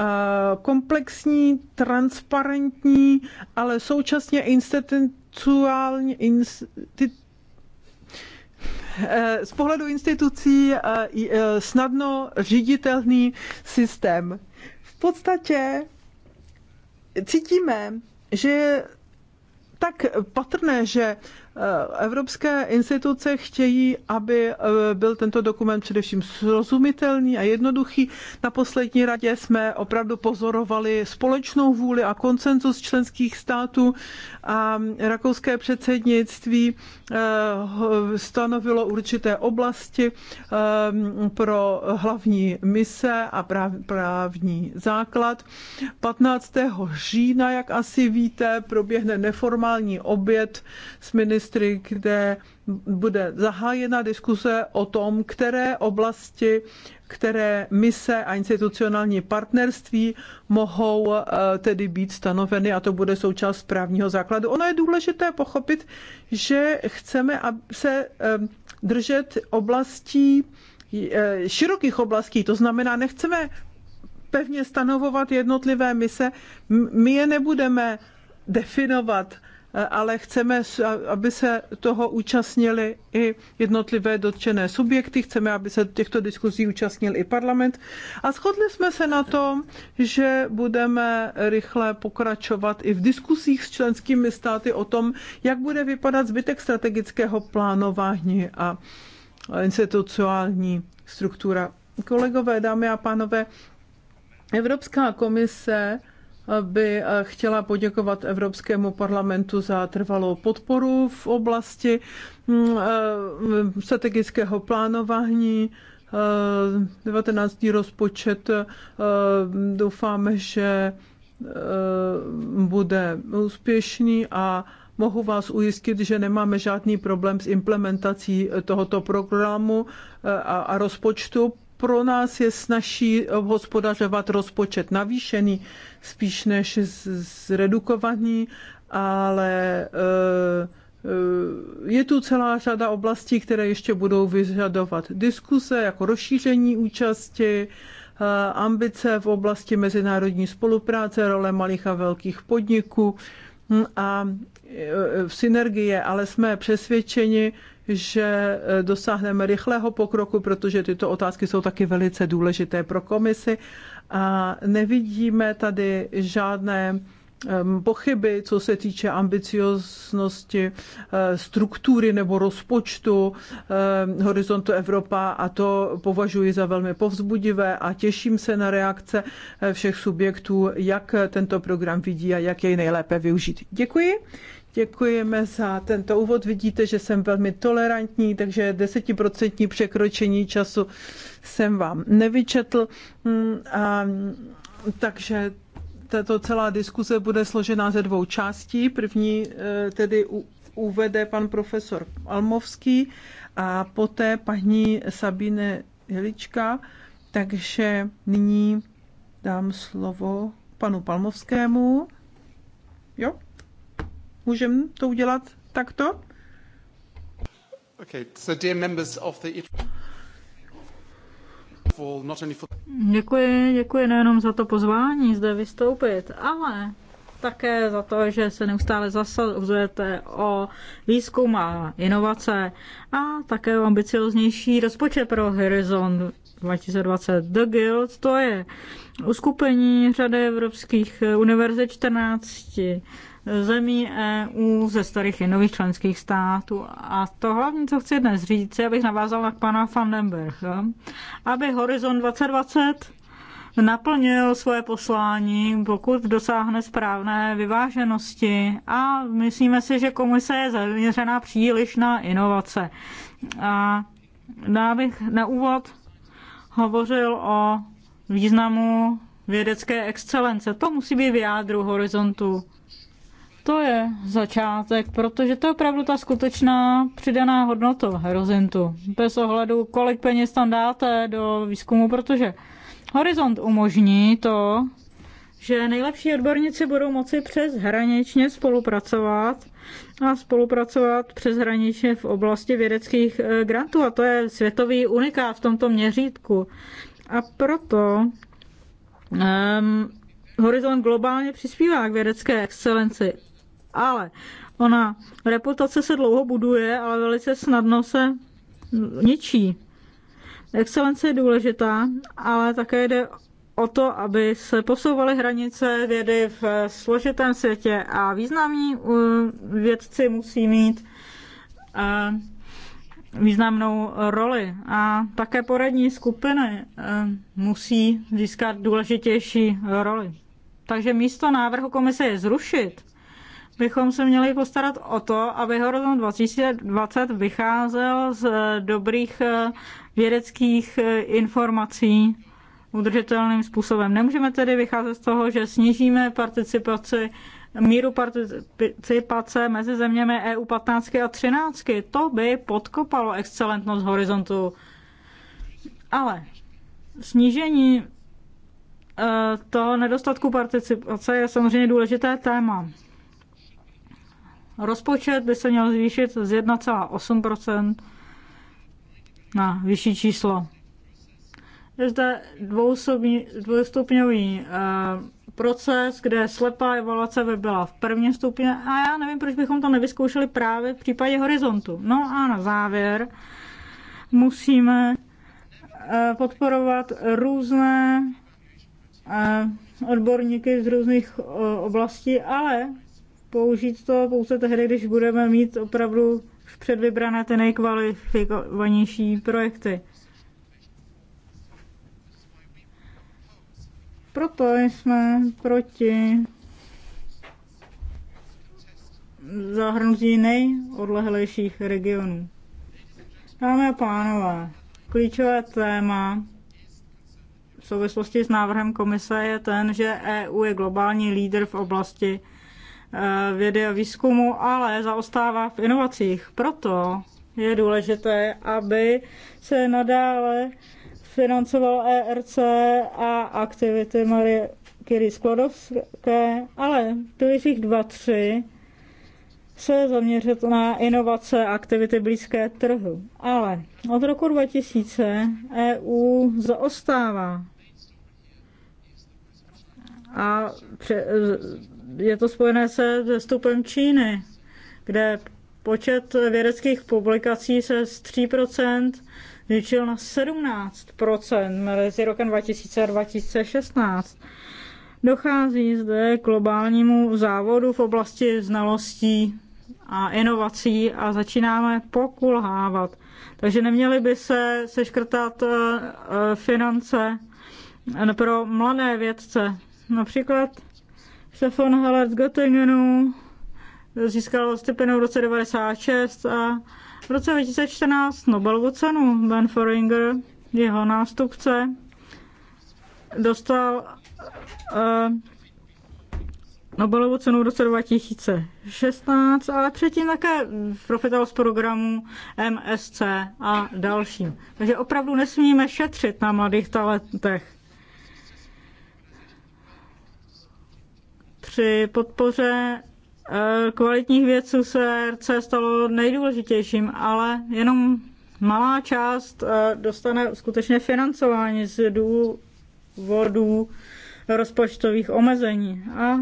Speaker 2: komplexní, transparentní, ale současně institucionální, instit, e, z pohledu institucí snadno říditelný systém. V podstatě cítíme, že je tak patrné, že Eh, evropské instituce chtějí, aby eh, byl tento dokument především srozumitelný a jednoduchý. Na poslední radě jsme opravdu pozorovali společnou vůli a koncenzus členských států a rakouské předsednictví eh, stanovilo určité oblasti pro hlavní mise a právní základ. 15. října, jak asi víte, proběhne neformální oběd s ministrem ministry, kde bude zahájena diskuse o tom, které oblasti, které mise a institucionální partnerství mohou eh, tedy být stanoveny a to bude součást právního základu. Ono je důležité pochopit, že chceme se eh, držet oblastí, eh, širokých oblastí, to znamená, nechceme pevně stanovovat jednotlivé mise, my je nebudeme definovat ale chceme, aby se toho účastnili i jednotlivé dotčené subjekty, chceme, aby se těchto diskuzí účastnil i parlament. A shodli jsme se na tom, že budeme rychle pokračovat i v diskuzích s členskými státy o tom, jak bude vypadat zbytek strategického plánování a institucionální struktura. Kolegové, dámy a pánové, Evropská komise by eh, chtěla poděkovat Evropskému parlamentu za trvalou podporu v oblasti mm, eh, strategického plánování. 19. Eh, rozpočet doufáme, že bude úspěšný a mohu vás ujistit, že nemáme žádný problém s implementací tohoto programu a, rozpočtu, pro nás je snaží hospodařovat rozpočet navýšený, spíš než zredukovaný, ale eh, eh, je tu celá řada oblastí, které ještě budou vyžadovat diskuse, jako rozšíření účasti, eh, ambice v oblasti mezinárodní spolupráce, role malých a velkých podniků hm, a v synergie, ale jsme přesvědčeni, že eh, dosáhneme rychlého pokroku, protože tyto otázky jsou taky velice důležité pro komisi a nevidíme tady žádné ehm, pochyby, co se týče ambicioznosti eh, struktury nebo rozpočtu ehm, Horizontu Evropa a to považuji za velmi povzbudivé a těším se na reakce eh, všech subjektů, jak tento program vidí a jak jej nejlépe využít. Děkuji. Děkujeme za tento úvod. Vidíte, že jsem velmi tolerantní, takže desetiprocentní překročení času jsem vám nevyčetl. Mm, a, takže tato celá diskuze bude složená ze dvou částí. První e, tedy uvede pan profesor Almovský a poté paní Sabine Jelička. Takže nyní dám slovo panu Palmovskému. Jo? Můžeme to udělat takto? Okay, so dear members of the
Speaker 3: Děkuji, děkuji nejenom za to pozvání zde vystoupit, ale také za to, že se neustále zasazujete o výzkum a inovace a také o ambicioznější rozpočet pro Horizon 2020. The Guild to je uskupení řady evropských univerzit 14 zemí EU, ze starých i nových členských států. A to hlavní, co chci dnes říct, abych navázal na pana Vandenberg, aby Horizon 2020 naplnil svoje poslání, pokud dosáhne správné vyváženosti a myslíme si, že komise je zaměřená příliš na inovace. A já bych na úvod hovořil o významu vědecké excelence. To musí být v jádru horizontu to je začátek, protože to je opravdu ta skutečná přidaná hodnota horizontu. Bez ohledu, kolik peněz tam dáte do výzkumu, protože Horizont umožní to, že nejlepší odborníci budou moci přeshraničně spolupracovat a spolupracovat přeshraničně v oblasti vědeckých eh, grantů a to je světový unikát v tomto měřítku. A proto um, Horizont globálně přispívá k vědecké excelenci ale ona reputace se dlouho buduje, ale velice snadno se ničí. Excelence je důležitá, ale také jde o to, aby se posouvaly hranice vědy v složitém světě a významní uh, vědci musí mít uh, významnou roli. A také poradní skupiny uh, musí získat důležitější roli. Takže místo návrhu komise je zrušit bychom se měli postarat o to, aby Horizon 2020 vycházel z dobrých eh, vědeckých eh, informací udržitelným způsobem. Nemůžeme tedy vycházet z toho, že snížíme participaci míru participace mezi zeměmi EU 15 a 13. To by podkopalo excelentnost horizontu. Ale snížení eh, toho nedostatku participace je samozřejmě důležité téma. Rozpočet by se měl zvýšit z 1,8 na vyšší číslo. Je zde dvoustupňový eh, proces, kde slepá evaluace by byla v prvním stupni a já nevím, proč bychom to nevyzkoušeli právě v případě horizontu. No a na závěr musíme eh, podporovat různé eh, odborníky z různých oblastí, ale použít to pouze tehdy, když budeme mít opravdu předvybrané ty nejkvalifikovanější projekty. Proto jsme proti zahrnutí nejodlehlejších regionů. Dámy a pánové, klíčové téma v souvislosti s návrhem komise je ten, že EU je globální lídr v oblasti Eh, vědy a výzkumu, ale zaostává v inovacích. Proto je důležité, aby se nadále financoval ERC a aktivity Marie Curie Sklodovské, ale pilířích 2-3 se zaměřit na inovace a aktivity blízké trhu. Ale od roku 2000 EU zaostává a je to spojené se stupem Číny, kde počet vědeckých publikací se z 3% zvýšil na 17% mezi rokem 2000 a 2016. Dochází zde k globálnímu závodu v oblasti znalostí a inovací a začínáme pokulhávat. Takže neměly by se seškrtat eh, eh, finance pro mladé vědce. Například se von z Göttingenu získal stipendu v roce 96 a v roce 2014 Nobelovu cenu Ben Foringer, jeho nástupce, dostal uh, Nobelovu cenu v roce 2016, ale předtím také profitoval z programu MSC a dalším. Takže opravdu nesmíme šetřit na mladých talentech. Při podpoře eh, kvalitních vědců se RC stalo nejdůležitějším, ale jenom malá část eh, dostane skutečně financování z důvodů rozpočtových omezení. A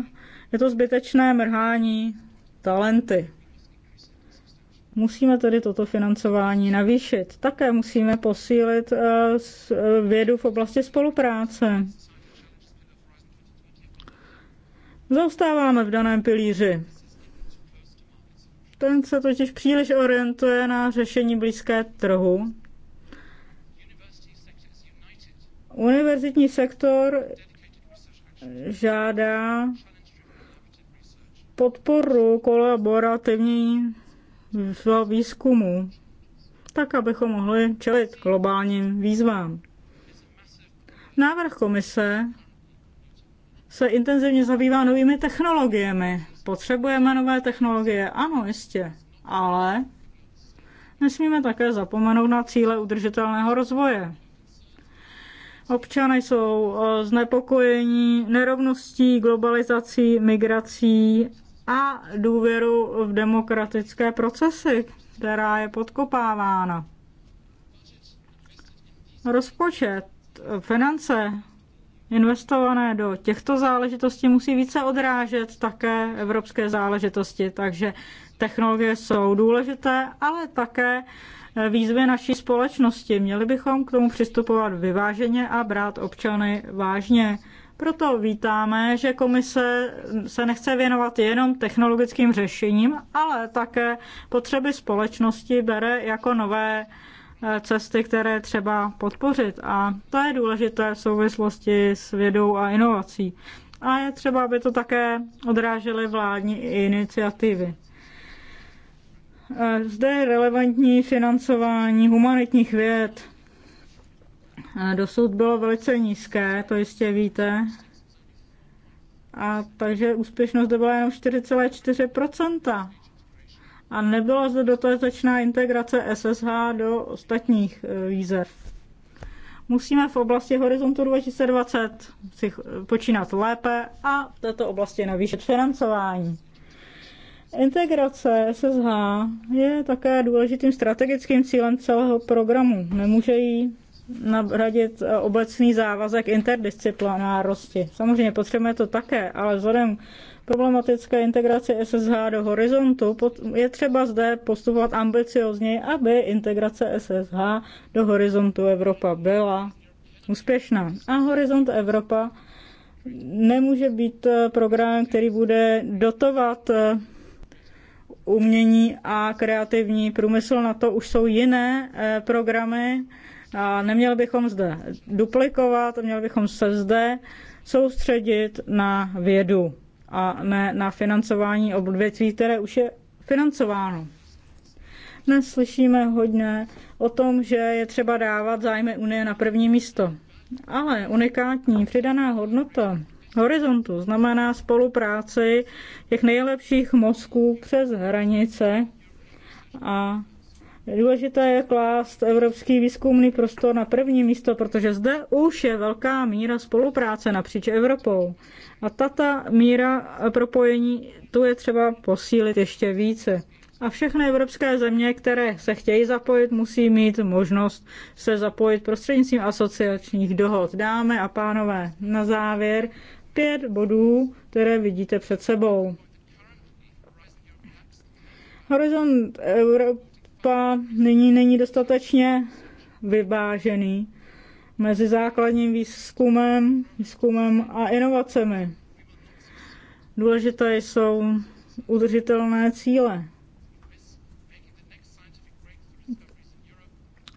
Speaker 3: je to zbytečné mrhání talenty. Musíme tedy toto financování navýšit. Také musíme posílit eh, vědu v oblasti spolupráce. Zůstáváme v daném pilíři. Ten se totiž příliš orientuje na řešení blízké trhu. Univerzitní sektor žádá podporu kolaborativní výzkumu, tak abychom mohli čelit globálním výzvám. Návrh komise se intenzivně zabývá novými technologiemi. Potřebujeme nové technologie, ano, jistě, ale nesmíme také zapomenout na cíle udržitelného rozvoje. Občany jsou eh, znepokojení nerovností, globalizací, migrací a důvěru v demokratické procesy, která je podkopávána. Rozpočet, eh, finance investované do těchto záležitostí musí více odrážet také evropské záležitosti. Takže technologie jsou důležité, ale také eh, výzvy naší společnosti. Měli bychom k tomu přistupovat vyváženě a brát občany vážně. Proto vítáme, že komise se nechce věnovat jenom technologickým řešením, ale také potřeby společnosti bere jako nové Eh, cesty, které třeba podpořit. A to je důležité v souvislosti s vědou a inovací. A je třeba, aby to také odrážely vládní iniciativy. Eh, zde je relevantní financování humanitních věd. Eh, dosud bylo velice nízké, to jistě víte. A takže úspěšnost byla jenom 4,4% a nebyla zde dostatečná integrace SSH do ostatních e, výzev. Musíme v oblasti Horizontu 2020 počínat lépe a v této oblasti navýšit financování. Integrace SSH je také důležitým strategickým cílem celého programu. Nemůže jí nabradit e, obecný závazek interdisciplinárnosti. Samozřejmě potřebujeme to také, ale vzhledem problematické integraci SSH do horizontu, je třeba zde postupovat ambiciozněji, aby integrace SSH do horizontu Evropa byla úspěšná. A horizont Evropa nemůže být eh, program, který bude dotovat eh, umění a kreativní průmysl. Na to už jsou jiné eh, programy a neměli bychom zde duplikovat, měli bychom se zde soustředit na vědu a ne na financování odvětví, které už je financováno. Dnes slyšíme hodně o tom, že je třeba dávat zájmy Unie na první místo. Ale unikátní přidaná hodnota horizontu znamená spolupráci těch nejlepších mozků přes hranice a Důležité je klást evropský výzkumný prostor na první místo, protože zde už je velká míra spolupráce napříč Evropou. A tata míra propojení tu je třeba posílit ještě více. A všechny evropské země, které se chtějí zapojit, musí mít možnost se zapojit prostřednictvím asociačních dohod. Dámy a pánové, na závěr pět bodů, které vidíte před sebou. Horizont Evropy Evropa nyní není dostatečně vyvážený mezi základním výzkumem, výzkumem a inovacemi. Důležité jsou udržitelné cíle.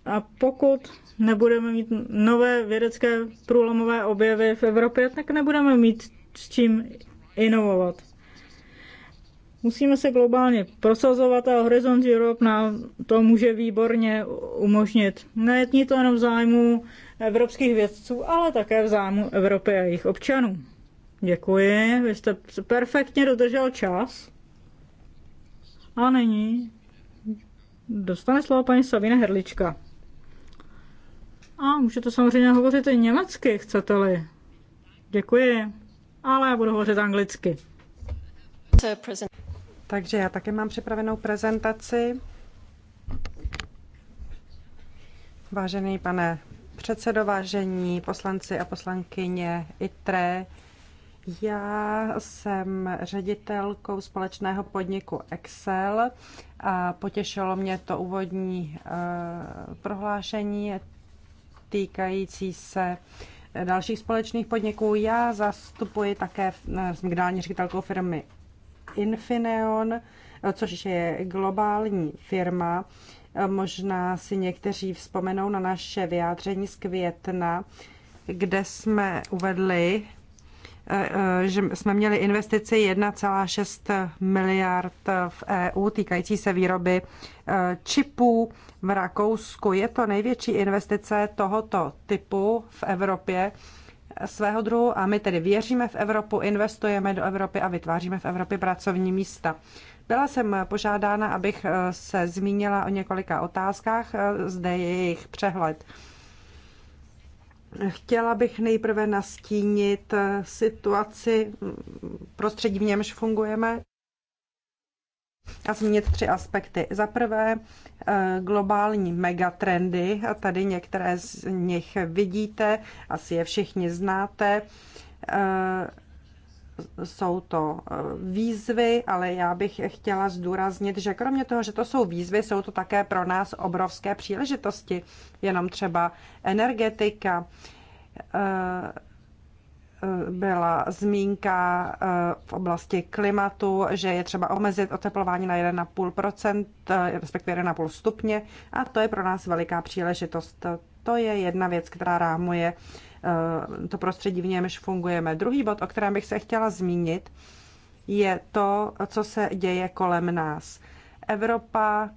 Speaker 3: A pokud nebudeme mít nové vědecké průlomové objevy v Evropě, tak nebudeme mít s čím inovovat. Musíme se globálně prosazovat a Horizon Europe nám to může výborně umožnit. Není to jenom v zájmu evropských vědců, ale také v zájmu Evropy a jejich občanů. Děkuji, vy jste perfektně dodržel čas. A nyní dostane slovo paní Sabine Herlička. A můžete samozřejmě hovořit i německy, chcete-li. Děkuji, ale já budu hovořit anglicky. Takže já také mám připravenou prezentaci.
Speaker 1: Vážený pane předsedo, vážení poslanci a poslankyně ITRE, já jsem ředitelkou společného podniku Excel a potěšilo mě to úvodní eh, prohlášení týkající se dalších společných podniků. Já zastupuji také, eh, jsem generální ředitelkou firmy Infineon, což je globální firma. Možná si někteří vzpomenou na naše vyjádření z května, kde jsme uvedli, eh, eh, že jsme měli investici 1,6 miliard v EU týkající se výroby eh, čipů v Rakousku. Je to největší investice tohoto typu v Evropě svého druhu a my tedy věříme v Evropu, investujeme do Evropy a vytváříme v Evropě pracovní místa. Byla jsem požádána, abych eh, se zmínila o několika otázkách, eh, zde je jejich přehled. Chtěla bych nejprve nastínit eh, situaci mm, prostředí, v němž fungujeme a zmínit tři aspekty. Za prvé eh, globální megatrendy, a tady některé z nich vidíte, asi je všichni znáte. Eh, jsou to eh, výzvy, ale já bych chtěla zdůraznit, že kromě toho, že to jsou výzvy, jsou to také pro nás obrovské příležitosti, jenom třeba energetika byla zmínka eh, v oblasti klimatu, že je třeba omezit oteplování na 1,5%, eh, respektive 1,5 stupně a to je pro nás veliká příležitost. To je jedna věc, která rámuje eh, to prostředí, v němž fungujeme. Druhý bod, o kterém bych se chtěla zmínit, je to, co se děje kolem nás. Evropa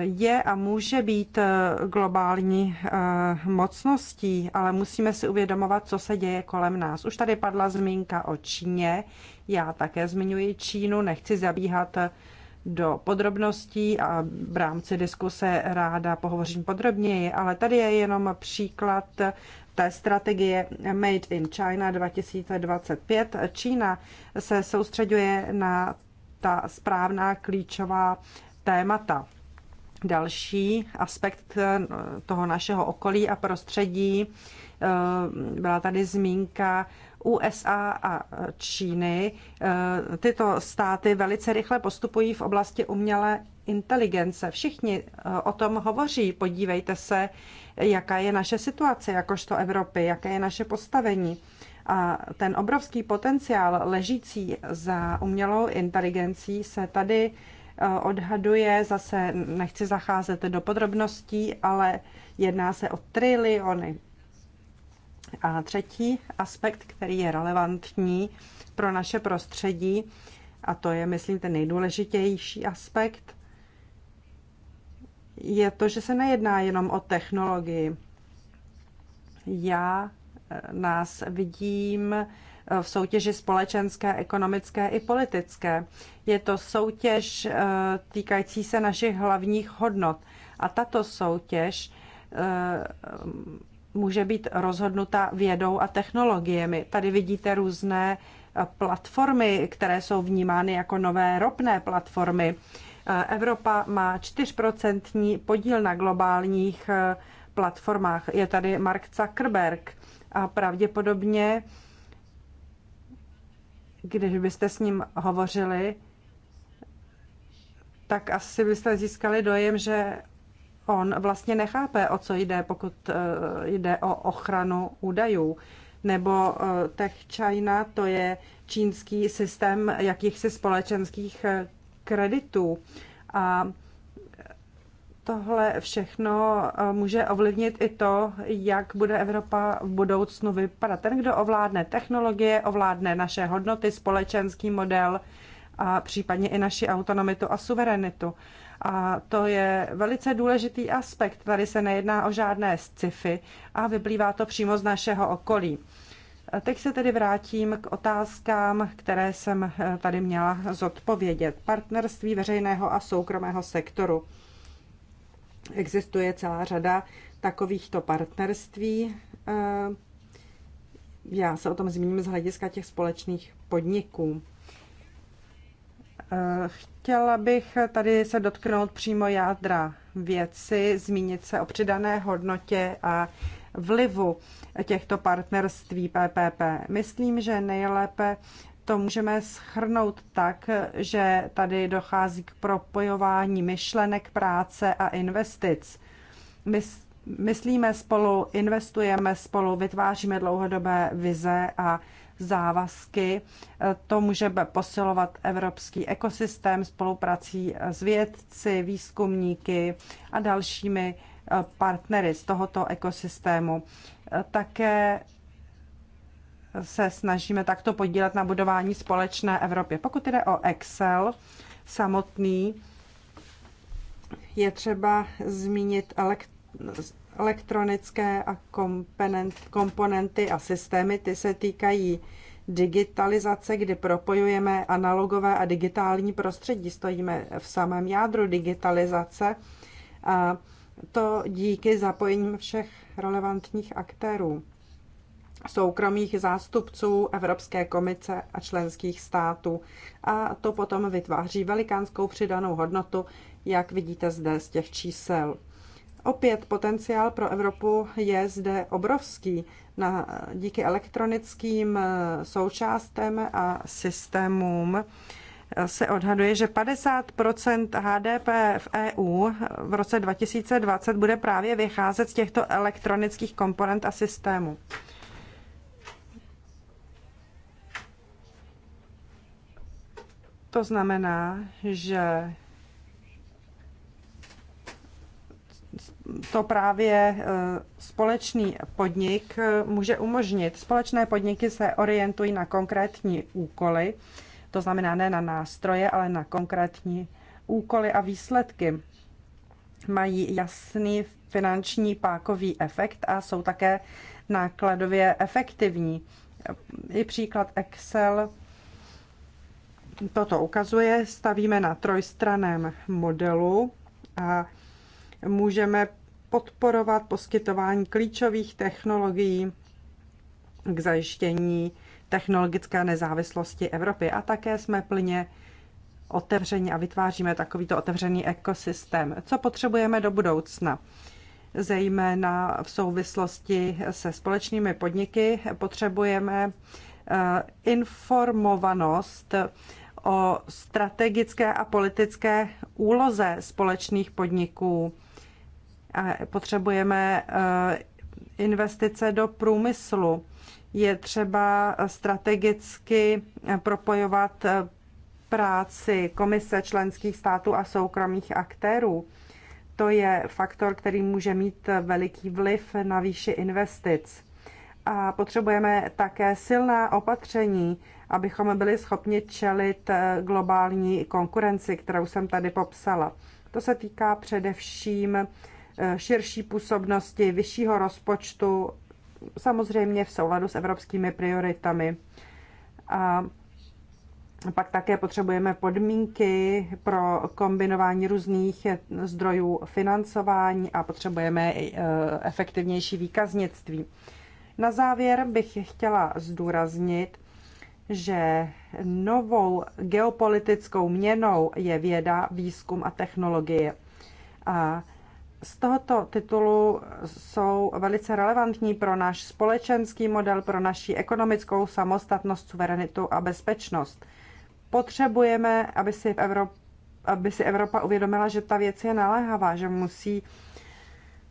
Speaker 1: je a může být eh, globální eh, mocností, ale musíme si uvědomovat, co se děje kolem nás. Už tady padla zmínka o Číně, já také zmiňuji Čínu, nechci zabíhat eh, do podrobností a v rámci diskuse ráda pohovořím podrobněji, ale tady je jenom příklad té strategie Made in China 2025. Čína se soustředuje na ta správná klíčová témata. Další aspekt eh, toho našeho okolí a prostředí eh, byla tady zmínka USA a Číny. Eh, tyto státy velice rychle postupují v oblasti umělé inteligence. Všichni o tom hovoří. Podívejte se, jaká je naše situace jakožto Evropy, jaké je naše postavení. A ten obrovský potenciál ležící za umělou inteligencí se tady odhaduje, zase nechci zacházet do podrobností, ale jedná se o triliony. A třetí aspekt, který je relevantní pro naše prostředí, a to je, myslím, ten nejdůležitější aspekt, je to, že se nejedná jenom o technologii. Já eh, nás vidím v soutěži společenské, ekonomické i politické. Je to soutěž eh, týkající se našich hlavních hodnot. A tato soutěž eh, může být rozhodnuta vědou a technologiemi. Tady vidíte různé eh, platformy, které jsou vnímány jako nové ropné platformy. Evropa má 4% podíl na globálních platformách. Je tady Mark Zuckerberg a pravděpodobně když byste s ním hovořili, tak asi byste získali dojem, že on vlastně nechápe, o co jde, pokud eh, jde o ochranu údajů. Nebo eh, Tech China, to je čínský systém jakýchsi společenských eh, kreditů. A tohle všechno eh, může ovlivnit i to, jak bude Evropa v budoucnu vypadat. Ten, kdo ovládne technologie, ovládne naše hodnoty, společenský model a případně i naši autonomitu a suverenitu. A to je velice důležitý aspekt. Tady se nejedná o žádné sci-fi a vyplývá to přímo z našeho okolí. Teď se tedy vrátím k otázkám, které jsem eh, tady měla zodpovědět. Partnerství veřejného a soukromého sektoru. Existuje celá řada takovýchto partnerství. Eh, já se o tom zmíním z hlediska těch společných podniků. Eh, chtěla bych tady se dotknout přímo jádra věci, zmínit se o přidané hodnotě a vlivu těchto partnerství PPP. Myslím, že nejlépe to můžeme schrnout tak, že tady dochází k propojování myšlenek, práce a investic. My myslíme spolu, investujeme spolu, vytváříme dlouhodobé vize a závazky. To může posilovat evropský ekosystém spoluprací s vědci, výzkumníky a dalšími eh, partnery z tohoto ekosystému. Také se snažíme takto podílet na budování společné Evropy. Pokud jde o Excel samotný, je třeba zmínit elektronické a komponenty a systémy. Ty se týkají digitalizace, kdy propojujeme analogové a digitální prostředí. Stojíme v samém jádru digitalizace. A to díky zapojení všech relevantních aktérů soukromých zástupců Evropské komise a členských států. A to potom vytváří velikánskou přidanou hodnotu, jak vidíte zde z těch čísel. Opět potenciál pro Evropu je zde obrovský na, díky elektronickým eh, součástem a systémům eh, se odhaduje, že 50 HDP v EU eh, v roce 2020 bude právě vycházet z těchto elektronických komponent a systémů. To znamená, že to právě e, společný podnik e, může umožnit. Společné podniky se orientují na konkrétní úkoly, to znamená ne na nástroje, ale na konkrétní úkoly a výsledky. Mají jasný finanční pákový efekt a jsou také nákladově efektivní. E, I příklad Excel toto ukazuje, stavíme na trojstraném modelu a můžeme podporovat poskytování klíčových technologií k zajištění technologické nezávislosti Evropy. A také jsme plně otevření a vytváříme takovýto otevřený ekosystém. Co potřebujeme do budoucna? Zejména v souvislosti se společnými podniky potřebujeme eh, informovanost o strategické a politické úloze společných podniků. potřebujeme eh, investice do průmyslu. Je třeba strategicky eh, propojovat eh, práci Komise členských států a soukromých aktérů. To je faktor, který může mít veliký vliv na výši investic. A potřebujeme také silná opatření abychom byli schopni čelit eh, globální konkurenci, kterou jsem tady popsala. To se týká především eh, širší působnosti, vyššího rozpočtu, samozřejmě v souladu s evropskými prioritami. A pak také potřebujeme podmínky pro kombinování různých zdrojů financování a potřebujeme i eh, efektivnější výkaznictví. Na závěr bych chtěla zdůraznit, že novou geopolitickou měnou je věda, výzkum a technologie. A z tohoto titulu jsou velice relevantní pro náš společenský model, pro naši ekonomickou samostatnost, suverenitu a bezpečnost. Potřebujeme, aby si, Evropa, aby si Evropa uvědomila, že ta věc je naléhavá, že musí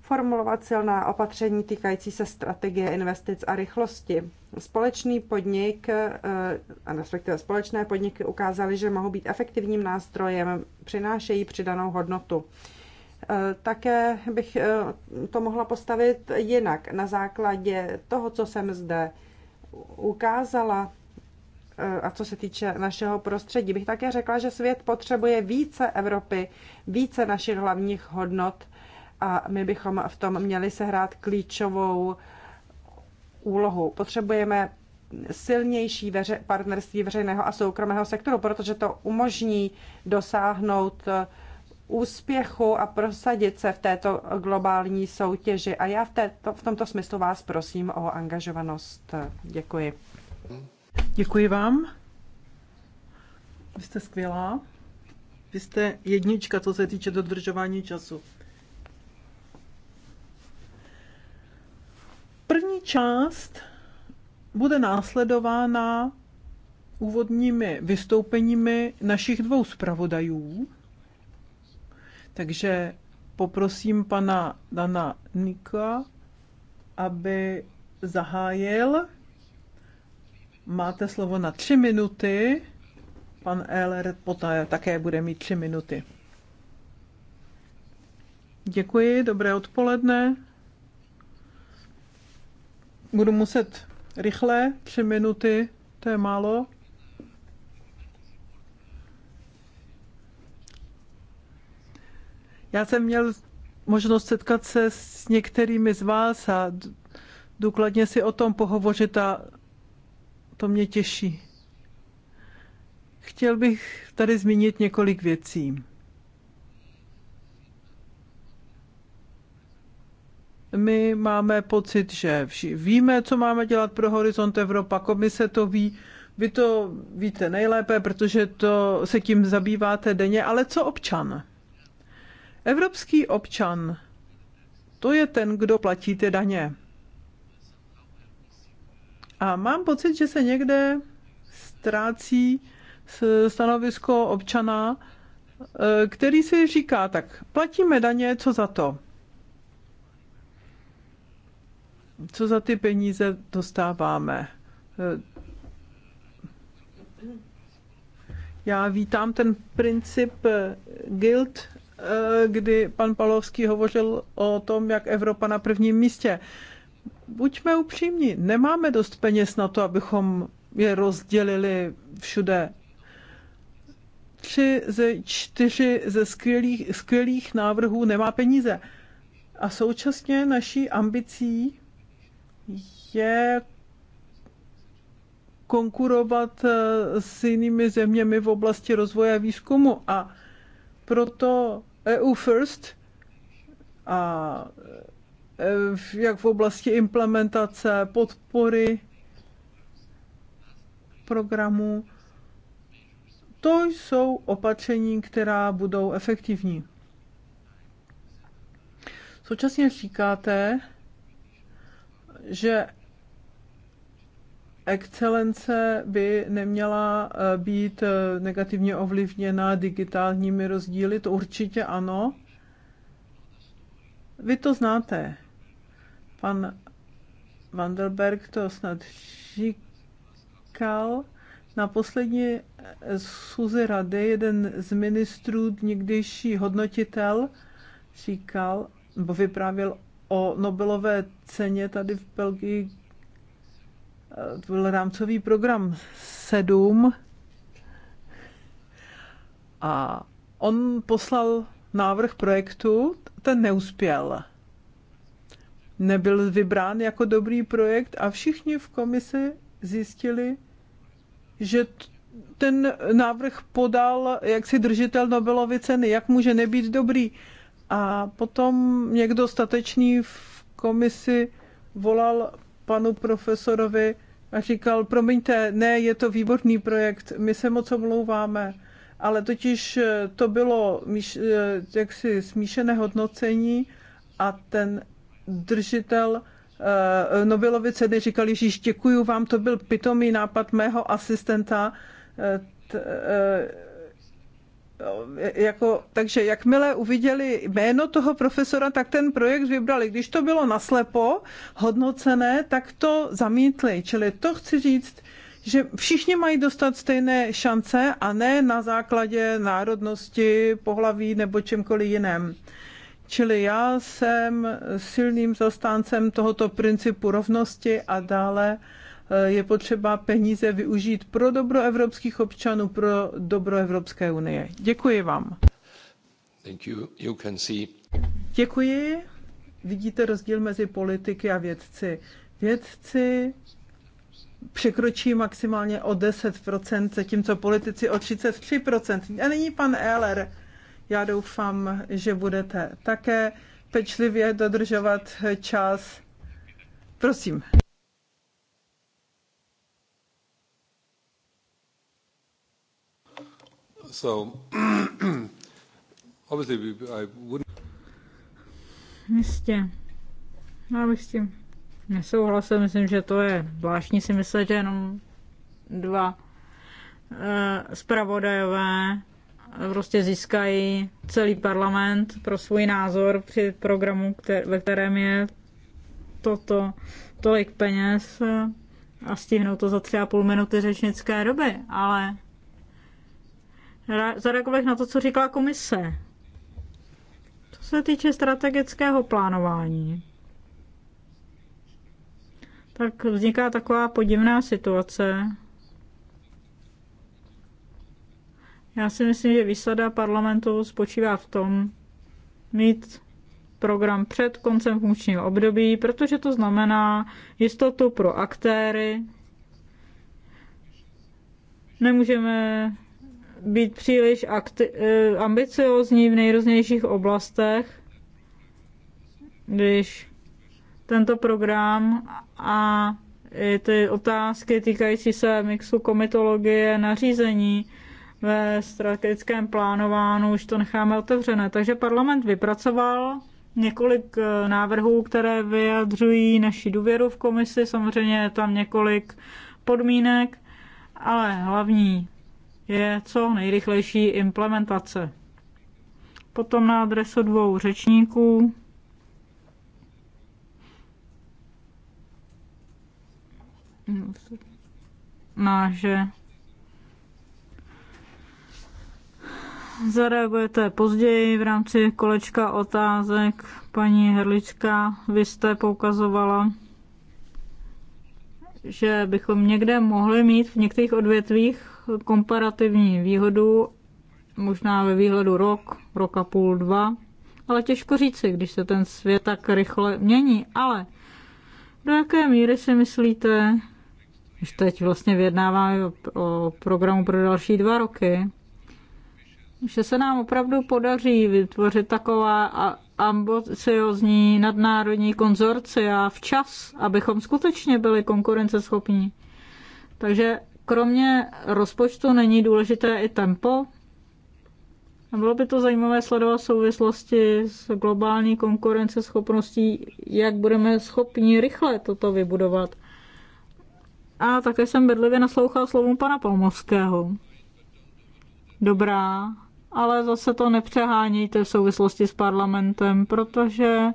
Speaker 1: formulovat silná opatření týkající se strategie investic a rychlosti. Společný podnik, eh, a respektive společné podniky ukázaly, že mohou být efektivním nástrojem, přinášejí přidanou hodnotu. Eh, také bych eh, to mohla postavit jinak. Na základě toho, co jsem zde ukázala, a co se týče našeho prostředí, bych také řekla, že svět potřebuje více Evropy, více našich hlavních hodnot, a my bychom v tom měli sehrát klíčovou úlohu. Potřebujeme silnější veře, partnerství veřejného a soukromého sektoru, protože to umožní dosáhnout eh, úspěchu a prosadit se v této globální soutěži. A já v, této, v tomto smyslu vás
Speaker 2: prosím o angažovanost. Děkuji. Děkuji vám. Vy jste skvělá. Vy jste jednička, co se týče dodržování času. První část bude následována úvodními vystoupeními našich dvou zpravodajů. Takže poprosím pana Dana Nika, aby zahájil. Máte slovo na tři minuty. Pan Eller poté také bude mít tři minuty. Děkuji, dobré odpoledne. Budu muset rychle, tři minuty, to je málo. Já jsem měl možnost setkat se s některými z vás a důkladně si o tom pohovořit a to mě těší. Chtěl bych tady zmínit několik věcí. my máme pocit, že víme, co máme dělat pro Horizont Evropa, komise to ví, vy to víte nejlépe, protože to se tím zabýváte denně, ale co občan? Evropský občan, to je ten, kdo platí ty daně. A mám pocit, že se někde ztrácí stanovisko občana, e, který si říká, tak platíme daně, co za to? co za ty peníze dostáváme. Já vítám ten princip guild, kdy pan Palovský hovořil o tom, jak Evropa na prvním místě. Buďme upřímní, nemáme dost peněz na to, abychom je rozdělili všude tři ze čtyři ze skvělých, skvělých návrhů nemá peníze. A současně naší ambicí je konkurovat eh, s jinými zeměmi v oblasti rozvoje a výzkumu. A proto EU First a eh, jak v oblasti implementace, podpory programů, to jsou opatření, která budou efektivní. Současně říkáte, že excelence by neměla eh, být eh, negativně ovlivněna digitálními rozdíly, to určitě ano. Vy to znáte. Pan Vandelberg to snad říkal. Na poslední eh, schůzi rady jeden z ministrů, někdejší hodnotitel, říkal, nebo vyprávěl o Nobelové ceně tady v Belgii eh, byl rámcový program 7 a on poslal návrh projektu, ten neuspěl. Nebyl vybrán jako dobrý projekt a všichni v komisi zjistili, že ten návrh podal jaksi držitel Nobelovy ceny, jak může nebýt dobrý. A potom někdo statečný v komisi volal panu profesorovi a říkal, promiňte, ne, je to výborný projekt, my se moc omlouváme, ale totiž eh, to bylo eh, jaksi smíšené hodnocení a ten držitel eh, Nobelovy ceny říkal, Ježíš, děkuji vám, to byl pitomý nápad mého asistenta, Eh, jako, takže jakmile uviděli jméno toho profesora, tak ten projekt vybrali. Když to bylo naslepo hodnocené, tak to zamítli. Čili to chci říct, že všichni mají dostat stejné šance a ne na základě národnosti, pohlaví nebo čemkoliv jiném. Čili já jsem silným zastáncem tohoto principu rovnosti a dále Eh, je potřeba peníze využít pro dobro evropských občanů, pro dobro Evropské unie. Děkuji vám.
Speaker 1: Thank you. You
Speaker 3: can see.
Speaker 2: Děkuji. Vidíte rozdíl mezi politiky a vědci. Vědci překročí maximálně o 10%, zatímco politici o 33%. A nyní pan Eller. Já doufám, že budete také pečlivě dodržovat čas. Prosím.
Speaker 3: [clears throat] Jistě. Já bych s tím nesouhlasil. Myslím, že to je zvláštní si myslet, že jenom dva e, zpravodajové eh, prostě získají celý parlament pro svůj názor při programu, kter- ve kterém je toto tolik peněz eh, a stihnou to za tři a půl minuty řečnické doby, ale zareagoval na to, co říkala komise. Co se týče strategického plánování, tak vzniká taková podivná situace. Já si myslím, že výsada parlamentu spočívá v tom mít program před koncem funkčního období, protože to znamená jistotu pro aktéry. Nemůžeme být příliš akti- eh, ambiciozní v nejrůznějších oblastech, když tento program a i ty otázky týkající se mixu komitologie, nařízení ve strategickém plánování už to necháme otevřené. Takže parlament vypracoval několik eh, návrhů, které vyjadřují naši důvěru v komisi. Samozřejmě je tam několik podmínek, ale hlavní je co nejrychlejší implementace. Potom na adresu dvou řečníků na, že zareagujete později v rámci kolečka otázek. Paní Herlička, vy jste poukazovala, že bychom někde mohli mít v některých odvětvích komparativní výhodu, možná ve výhledu rok, roka půl, dva, ale těžko říci, když se ten svět tak rychle mění. Ale do jaké míry si myslíte, když teď vlastně vyjednáváme o programu pro další dva roky, že se nám opravdu podaří vytvořit taková ambiciozní nadnárodní konzorcia včas, abychom skutečně byli konkurenceschopní. Takže Kromě rozpočtu není důležité i tempo. A bylo by to zajímavé sledovat souvislosti s globální konkurenceschopností, jak budeme schopni rychle toto vybudovat. A také jsem bedlivě naslouchal slovům pana Palmovského. Dobrá, ale zase to nepřehánějte v souvislosti s parlamentem, protože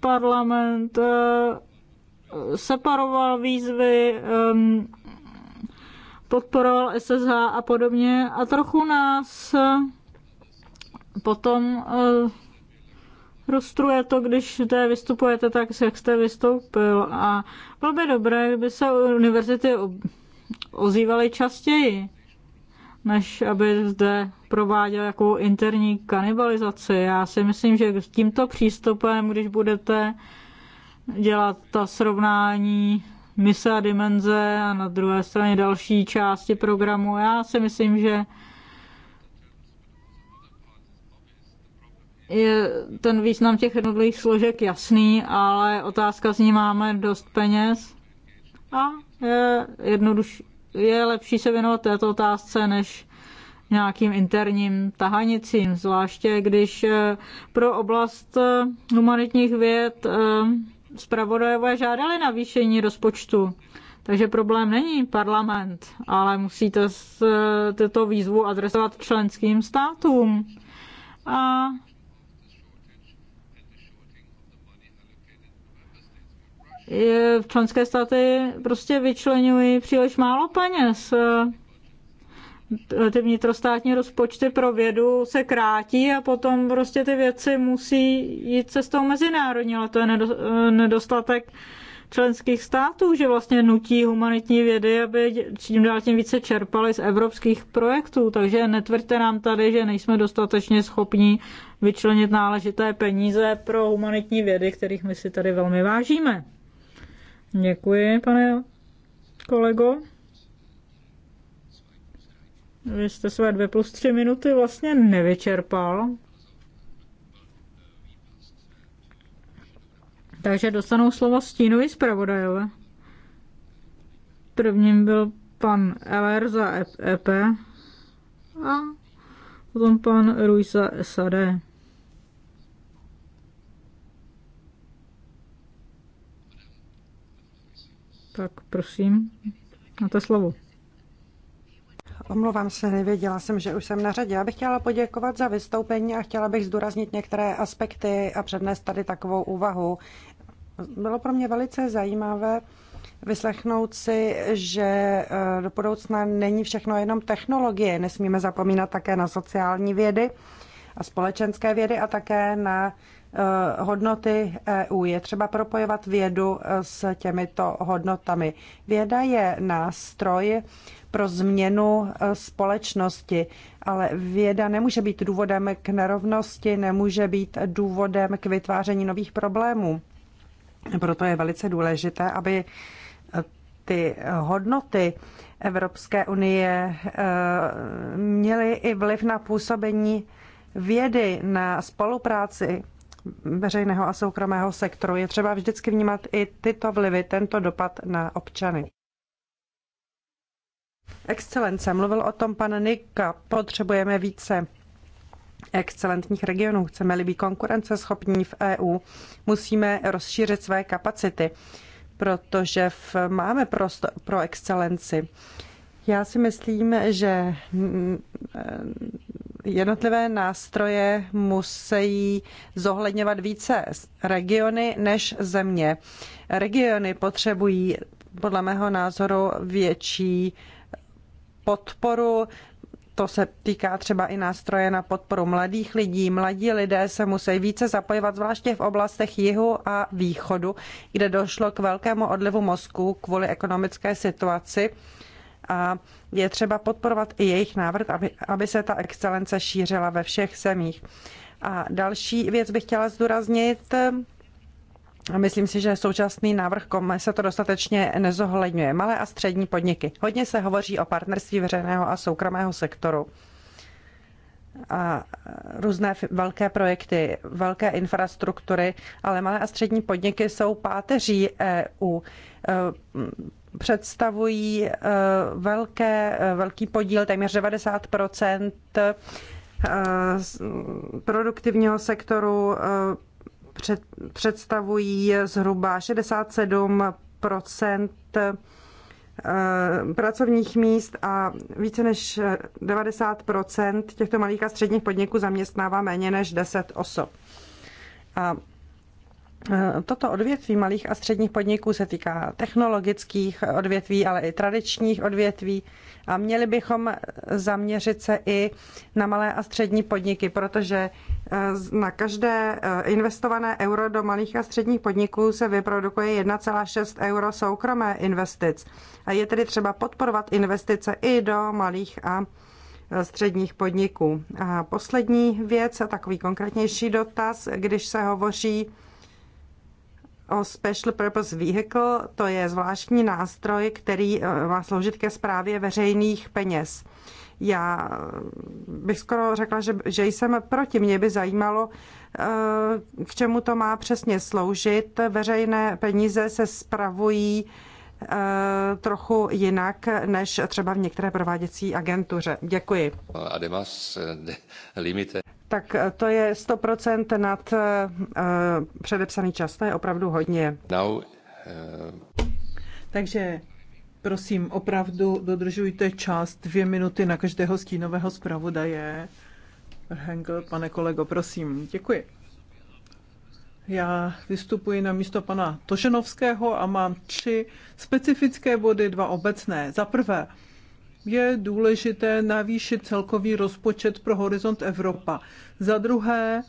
Speaker 3: parlament eh, separoval výzvy podporoval SSH a podobně a trochu nás eh, potom eh, roztruje to, když té vystupujete tak, jak jste vystoupil. A bylo by dobré, kdyby se univerzity ozývaly častěji, než aby zde prováděl jakou interní kanibalizaci. Já si myslím, že s tímto přístupem, když budete dělat ta srovnání mise a dimenze a na druhé straně další části programu. Já si myslím, že je ten význam těch jednotlivých složek jasný, ale otázka z ní máme dost peněz a je, jednodušší, je lepší se věnovat této otázce, než nějakým interním tahanicím, zvláště když eh, pro oblast eh, humanitních věd eh, zpravodajové žádali navýšení rozpočtu. Takže problém není parlament, ale musíte s, tuto výzvu adresovat členským státům. A v členské státy prostě vyčlenují příliš málo peněz ty vnitrostátní rozpočty pro vědu se krátí a potom prostě ty věci musí jít cestou mezinárodní, ale to je nedostatek členských států, že vlastně nutí humanitní vědy, aby čím dál tím více čerpali z evropských projektů. Takže netvrďte nám tady, že nejsme dostatečně schopní vyčlenit náležité peníze pro humanitní vědy, kterých my si tady velmi vážíme. Děkuji, pane kolego. Vy jste své dvě plus tři minuty vlastně nevyčerpal. Takže dostanou slovo stínový zpravodajové. Prvním byl pan LR za EP e a potom pan Ruiz za SAD. Tak prosím, máte slovo.
Speaker 1: Omlouvám se, nevěděla jsem, že už jsem na řadě. Já bych chtěla poděkovat za vystoupení a chtěla bych zdůraznit některé aspekty a přednést tady takovou úvahu. Bylo pro mě velice zajímavé vyslechnout si, že eh, do budoucna není všechno jenom technologie. Nesmíme zapomínat také na sociální vědy a společenské vědy a také na eh, hodnoty EU. Je třeba propojovat vědu eh, s těmito hodnotami. Věda je nástroj pro změnu eh, společnosti. Ale věda nemůže být důvodem k nerovnosti, nemůže být důvodem k vytváření nových problémů. Proto je velice důležité, aby eh, ty hodnoty Evropské unie eh, měly i vliv na působení vědy, na spolupráci veřejného a soukromého sektoru. Je třeba vždycky vnímat i tyto vlivy, tento dopad na občany. Excelence, mluvil o tom pan Nika, potřebujeme více excelentních regionů. Chceme-li být konkurenceschopní v EU, musíme rozšířit své kapacity, protože v, máme prostor pro excelenci. Já si myslím, že mm, e, jednotlivé nástroje musí zohledňovat více regiony než země. Regiony potřebují podle mého názoru větší podporu. To se týká třeba i nástroje na podporu mladých lidí. Mladí lidé se musí více zapojovat, zvláště v oblastech jihu a východu, kde došlo k velkému odlivu mozku kvůli ekonomické situaci. A je třeba podporovat i jejich návrh, aby, aby se ta excelence šířila ve všech zemích. A další věc bych chtěla zdůraznit, a myslím si, že současný návrh komise to dostatečně nezohledňuje. Malé a střední podniky. Hodně se hovoří o partnerství veřejného a soukromého sektoru a různé velké projekty, velké infrastruktury, ale malé a střední podniky jsou páteří EU. E, představují e, velké, e, velký podíl, téměř 90 produktivního sektoru před, představují zhruba 67 eh, pracovních míst a více než 90 těchto malých a středních podniků zaměstnává méně než 10 osob. A eh, Toto odvětví malých a středních podniků se týká technologických odvětví, ale i tradičních odvětví a měli bychom zaměřit se i na malé a střední podniky, protože Eh, na každé eh, investované euro do malých a středních podniků se vyprodukuje 1,6 euro soukromé investic. A je tedy třeba podporovat investice i do malých a eh, středních podniků. A poslední věc, a takový konkrétnější dotaz, když se hovoří o Special Purpose Vehicle, to je zvláštní nástroj, který má sloužit ke zprávě veřejných peněz. Já bych skoro řekla, že, že jsem proti. Mě by zajímalo, eh, k čemu to má přesně sloužit. Veřejné peníze se spravují eh, trochu jinak než třeba v některé prováděcí agentuře. Děkuji. Además, eh, limite. Tak to je 100% nad předepsaný čas, to je opravdu hodně.
Speaker 2: Now, uh... Takže Prosím, opravdu dodržujte čas dvě minuty na každého stínového zpravodaje. Hengel, pane kolego, prosím. Děkuji. Já vystupuji na místo pana Toženovského a mám tři specifické body, dva obecné. Za prvé, je důležité navýšit celkový rozpočet pro Horizont Evropa. Za druhé,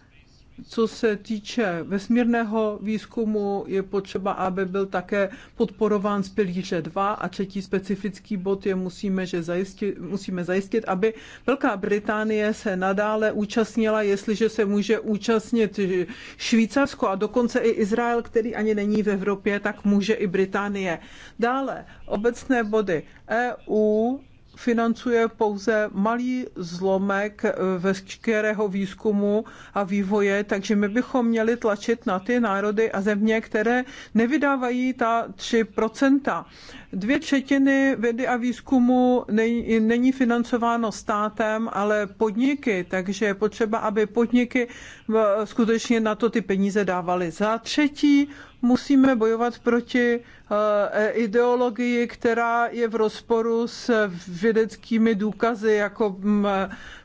Speaker 2: co se týče vesmírného výzkumu, je potřeba, aby byl také podporován z pilíře 2 a třetí specifický bod je, musíme, že zajistit, musíme zajistit, aby Velká Británie se nadále účastnila, jestliže se může účastnit Švýcarsko a dokonce i Izrael, který ani není v Evropě, tak může i Británie. Dále obecné body EU financuje pouze malý zlomek veškerého výzkumu a vývoje, takže my bychom měli tlačit na ty národy a země, které nevydávají ta 3%. Dvě třetiny vědy a výzkumu není financováno státem, ale podniky, takže je potřeba, aby podniky skutečně na to ty peníze dávaly. Za třetí, musíme bojovat proti eh, e, ideologii, která je v rozporu s vědeckými důkazy, jako mm,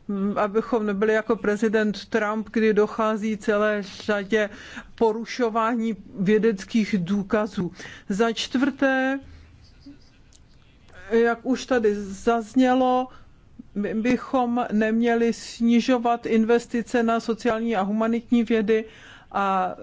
Speaker 2: mm, abychom nebyli jako prezident Trump, kdy dochází celé řadě porušování vědeckých důkazů. Za čtvrté, jak už tady zaznělo, my bychom neměli snižovat investice na sociální a humanitní vědy a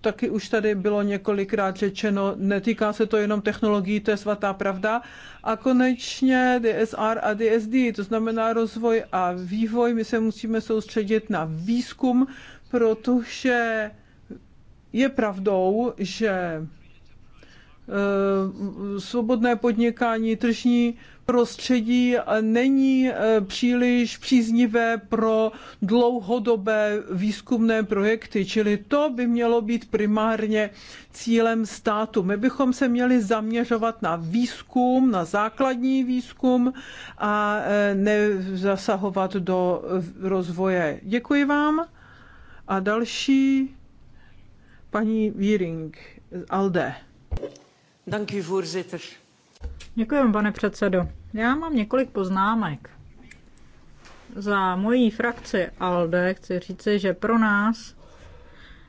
Speaker 2: taky už tady bylo několikrát řečeno, netýká se to jenom technologií, to je svatá pravda. A konečně DSR a DSD, to znamená rozvoj a vývoj, my se musíme soustředit na výzkum, protože je pravdou, že Eh, svobodné podnikání, tržní prostředí není eh, příliš příznivé pro dlouhodobé výzkumné projekty, čili to by mělo být primárně cílem státu. My bychom se měli zaměřovat na výzkum, na základní výzkum a eh, nezasahovat do rozvoje. Děkuji vám. A další paní Víring, Alde. Dank u, voorzitter.
Speaker 3: Děkuji, pane předsedo. Já mám několik poznámek. Za mojí frakci ALDE chci říci, že pro nás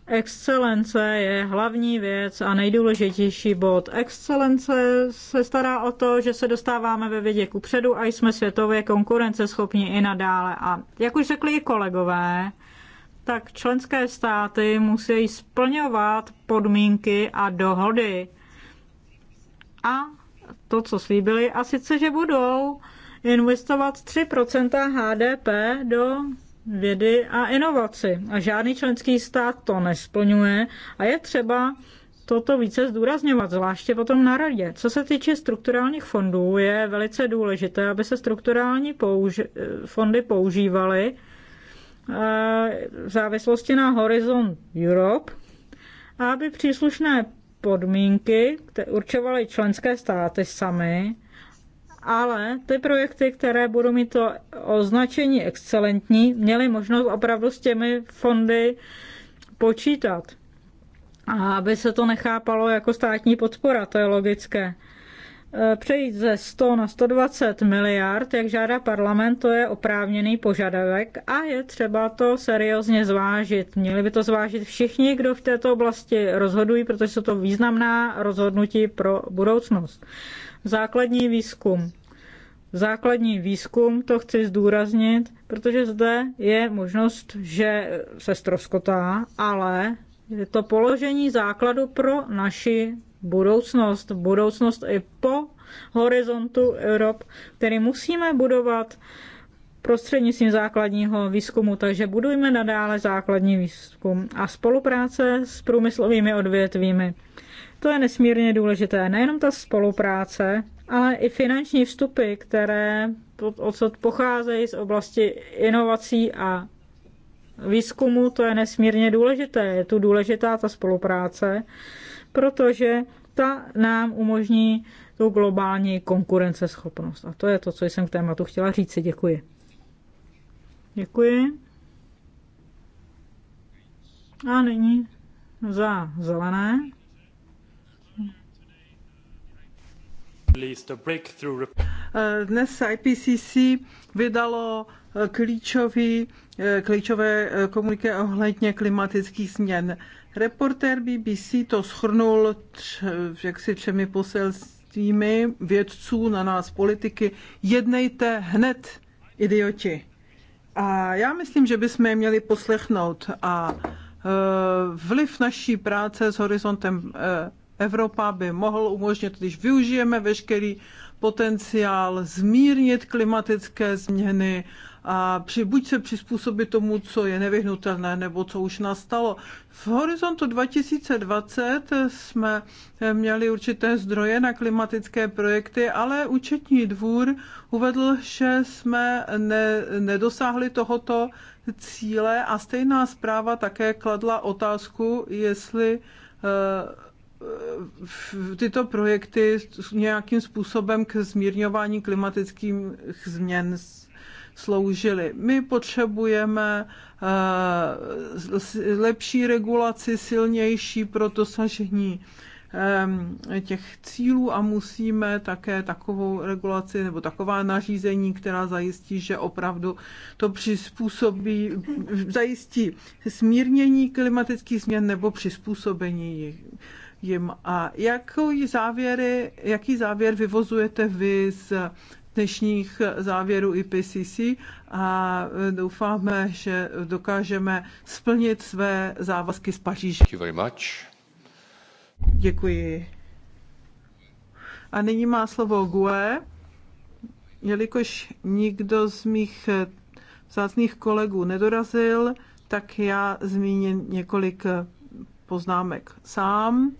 Speaker 3: excelence je hlavní věc a nejdůležitější bod. Excelence se stará o to, že se dostáváme ve vědě kupředu a jsme světově konkurenceschopní i nadále. A jak už řekli i kolegové, tak členské státy musí splňovat podmínky a dohody a to, co slíbili, a sice, že budou investovat 3% HDP do vědy a inovaci. A žádný členský stát to nesplňuje a je třeba toto více zdůrazňovat, zvláště potom na radě. Co se týče strukturálních fondů, je velice důležité, aby se strukturální použi- fondy používaly eh, v závislosti na Horizon Europe, a aby příslušné podmínky, které určovaly členské státy samy, ale ty projekty, které budou mít to označení excelentní, měly možnost opravdu s těmi fondy počítat. A aby se to nechápalo jako státní podpora, to je logické. Eh, přejít ze 100 na 120 miliard, jak žádá parlament, to je oprávněný požadavek a je třeba to seriózně zvážit. Měli by to zvážit všichni, kdo v této oblasti rozhodují, protože jsou to významná rozhodnutí pro budoucnost. Základní výzkum. Základní výzkum, to chci zdůraznit, protože zde je možnost, že se stroskotá, ale je to položení základu pro naši budoucnost, budoucnost i po horizontu Evrop, který musíme budovat prostřednictvím základního výzkumu, takže budujme nadále základní výzkum a spolupráce s průmyslovými odvětvími. To je nesmírně důležité, nejenom ta spolupráce, ale i finanční vstupy, které odsud pocházejí z oblasti inovací a výzkumu, to je nesmírně důležité. Je tu důležitá ta spolupráce protože ta nám umožní tu globální konkurenceschopnost. A to je to, co jsem k tématu chtěla říct. Si děkuji. Děkuji. A nyní za zelené.
Speaker 2: Eh, dnes IPCC vydalo eh, klíčový, eh, klíčové komuniké ohledně klimatických změn. Reportér BBC to schrnul tř, jaksi třemi poselstvími vědců na nás politiky. Jednejte hned, idioti. A já myslím, že bychom je měli poslechnout a e, vliv naší práce s horizontem e, Evropa by mohl umožnit, když využijeme veškerý potenciál, zmírnit klimatické změny a při, buď se přizpůsobit tomu, co je nevyhnutelné nebo co už nastalo. V horizontu 2020 jsme měli určité zdroje na klimatické projekty, ale účetní dvůr uvedl, že jsme ne, nedosáhli tohoto cíle a stejná zpráva také kladla otázku, jestli eh, tyto projekty nějakým způsobem k zmírňování klimatických změn sloužili. My potřebujeme eh, lepší regulaci, silnější pro dosažení eh, těch cílů a musíme také takovou regulaci nebo taková nařízení, která zajistí, že opravdu to přizpůsobí, zajistí smírnění klimatických změn nebo přizpůsobení jim. A jaký závěry, jaký závěr vyvozujete vy z dnešních závěrů IPCC a e, doufáme, že dokážeme splnit své závazky z Paříže. Děkuji. A nyní má slovo GUE, jelikož nikdo z mých e, vzácných kolegů nedorazil, tak já zmíním několik e, poznámek sám.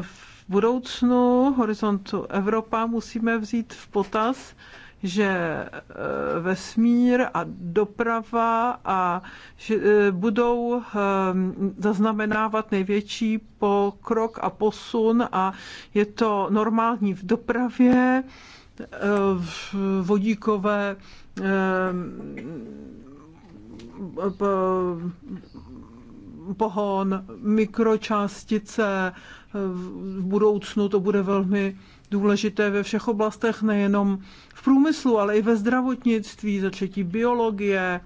Speaker 2: V budoucnu horizontu Evropa musíme vzít v potaz, že eh, vesmír a doprava a že eh, budou eh, zaznamenávat největší pokrok a posun a je to normální v dopravě, v vodíkové pohon, mikročástice. V budoucnu to bude velmi důležité ve všech oblastech, nejenom v průmyslu, ale i ve zdravotnictví, za třetí biologie.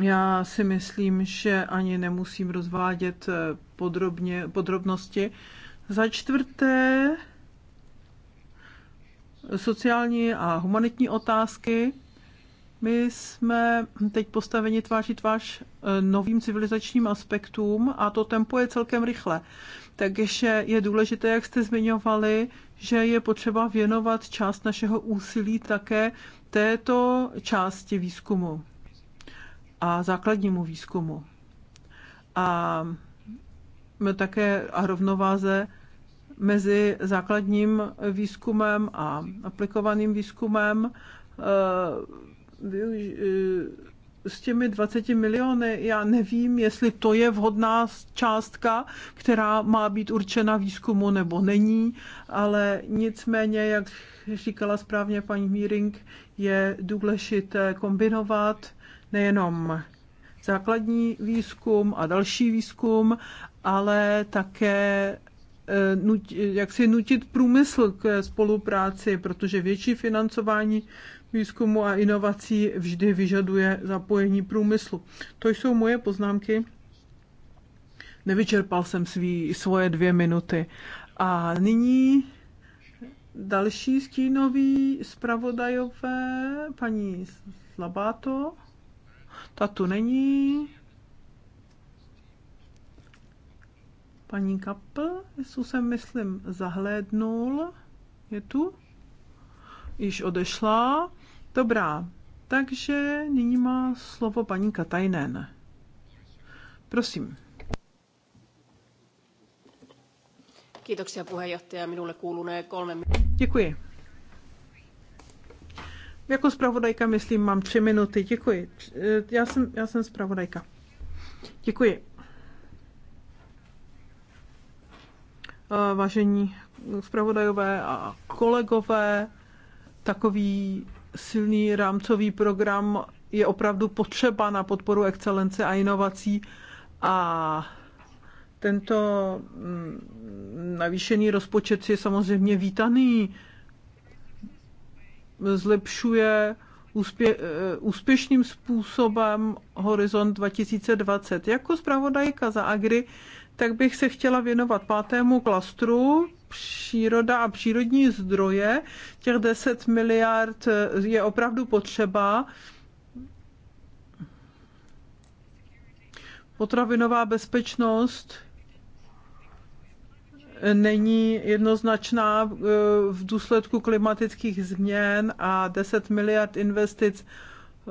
Speaker 2: Já si myslím, že ani nemusím rozvádět eh, podrobně, podrobnosti. Za čtvrté, sociální a humanitní otázky. My jsme teď postaveni tváří tvář e, novým civilizačním aspektům a to tempo je celkem rychle. Takže je důležité, jak jste zmiňovali, že je potřeba věnovat část našeho úsilí také této části výzkumu a základnímu výzkumu. A také a rovnováze mezi základním výzkumem a aplikovaným výzkumem e, Eh, s těmi 20 miliony, já nevím, jestli to je vhodná částka, která má být určena výzkumu nebo není, ale nicméně, jak říkala správně paní Míring, je důležité kombinovat nejenom základní výzkum a další výzkum, ale také eh, jak si nutit průmysl k spolupráci, protože větší financování výzkumu a inovací vždy vyžaduje zapojení průmyslu. To jsou moje poznámky. Nevyčerpal jsem svý, svoje dvě minuty. A nyní další stínový zpravodajové, paní Slabáto. Ta tu není. Paní Kapl, jestli jsem, myslím, zahlédnul. Je tu? již odešla. Dobrá, takže nyní má slovo paní Katajnen. Prosím. Kiitoksia puheenjohtaja. Minulle kuulunee kolme... Děkuji. Jako zpravodajka, myslím, mám tři minuty. Děkuji. Já jsem, já jsem zpravodajka. Děkuji. Eh, vážení zpravodajové a kolegové, takový silný rámcový program je opravdu potřeba na podporu excelence a inovací a tento mm, navýšený rozpočet je samozřejmě vítaný, zlepšuje úspě, eh, úspěšným způsobem Horizont 2020. Jako zpravodajka za Agri, tak bych se chtěla věnovat pátému klastru příroda a přírodní zdroje. Těch 10 miliard je opravdu potřeba. Potravinová bezpečnost není jednoznačná eh, v důsledku klimatických změn a 10 miliard investic eh,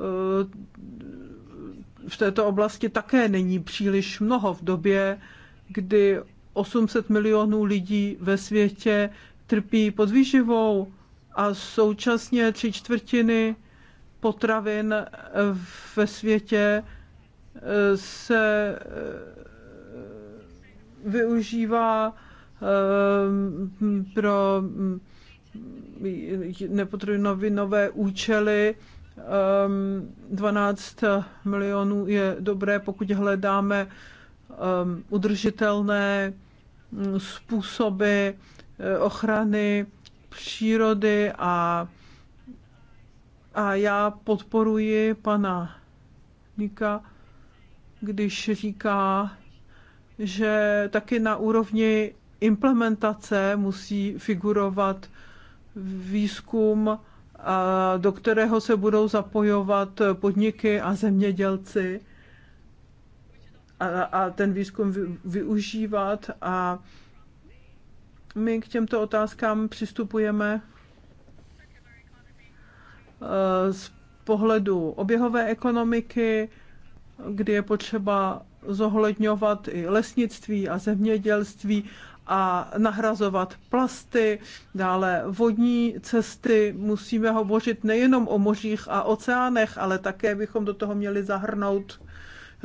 Speaker 2: v této oblasti také není příliš mnoho v době, kdy 800 milionů lidí ve světě trpí podvýživou a současně tři čtvrtiny potravin eh, ve světě eh, se eh, využívá pro hm, nepotravinové účely. 12 milionů je dobré, pokud hledáme udržitelné způsoby eh, ochrany přírody a, a já podporuji pana Nika, když říká, že taky na úrovni implementace musí figurovat výzkum, eh, do kterého se budou zapojovat podniky a zemědělci a, a ten výzkum využívat a my k těmto otázkám přistupujeme eh, z pohledu oběhové ekonomiky, kdy je potřeba zohledňovat i lesnictví a zemědělství a nahrazovat plasty, dále vodní cesty. Musíme hovořit nejenom o mořích a oceánech, ale také bychom do toho měli zahrnout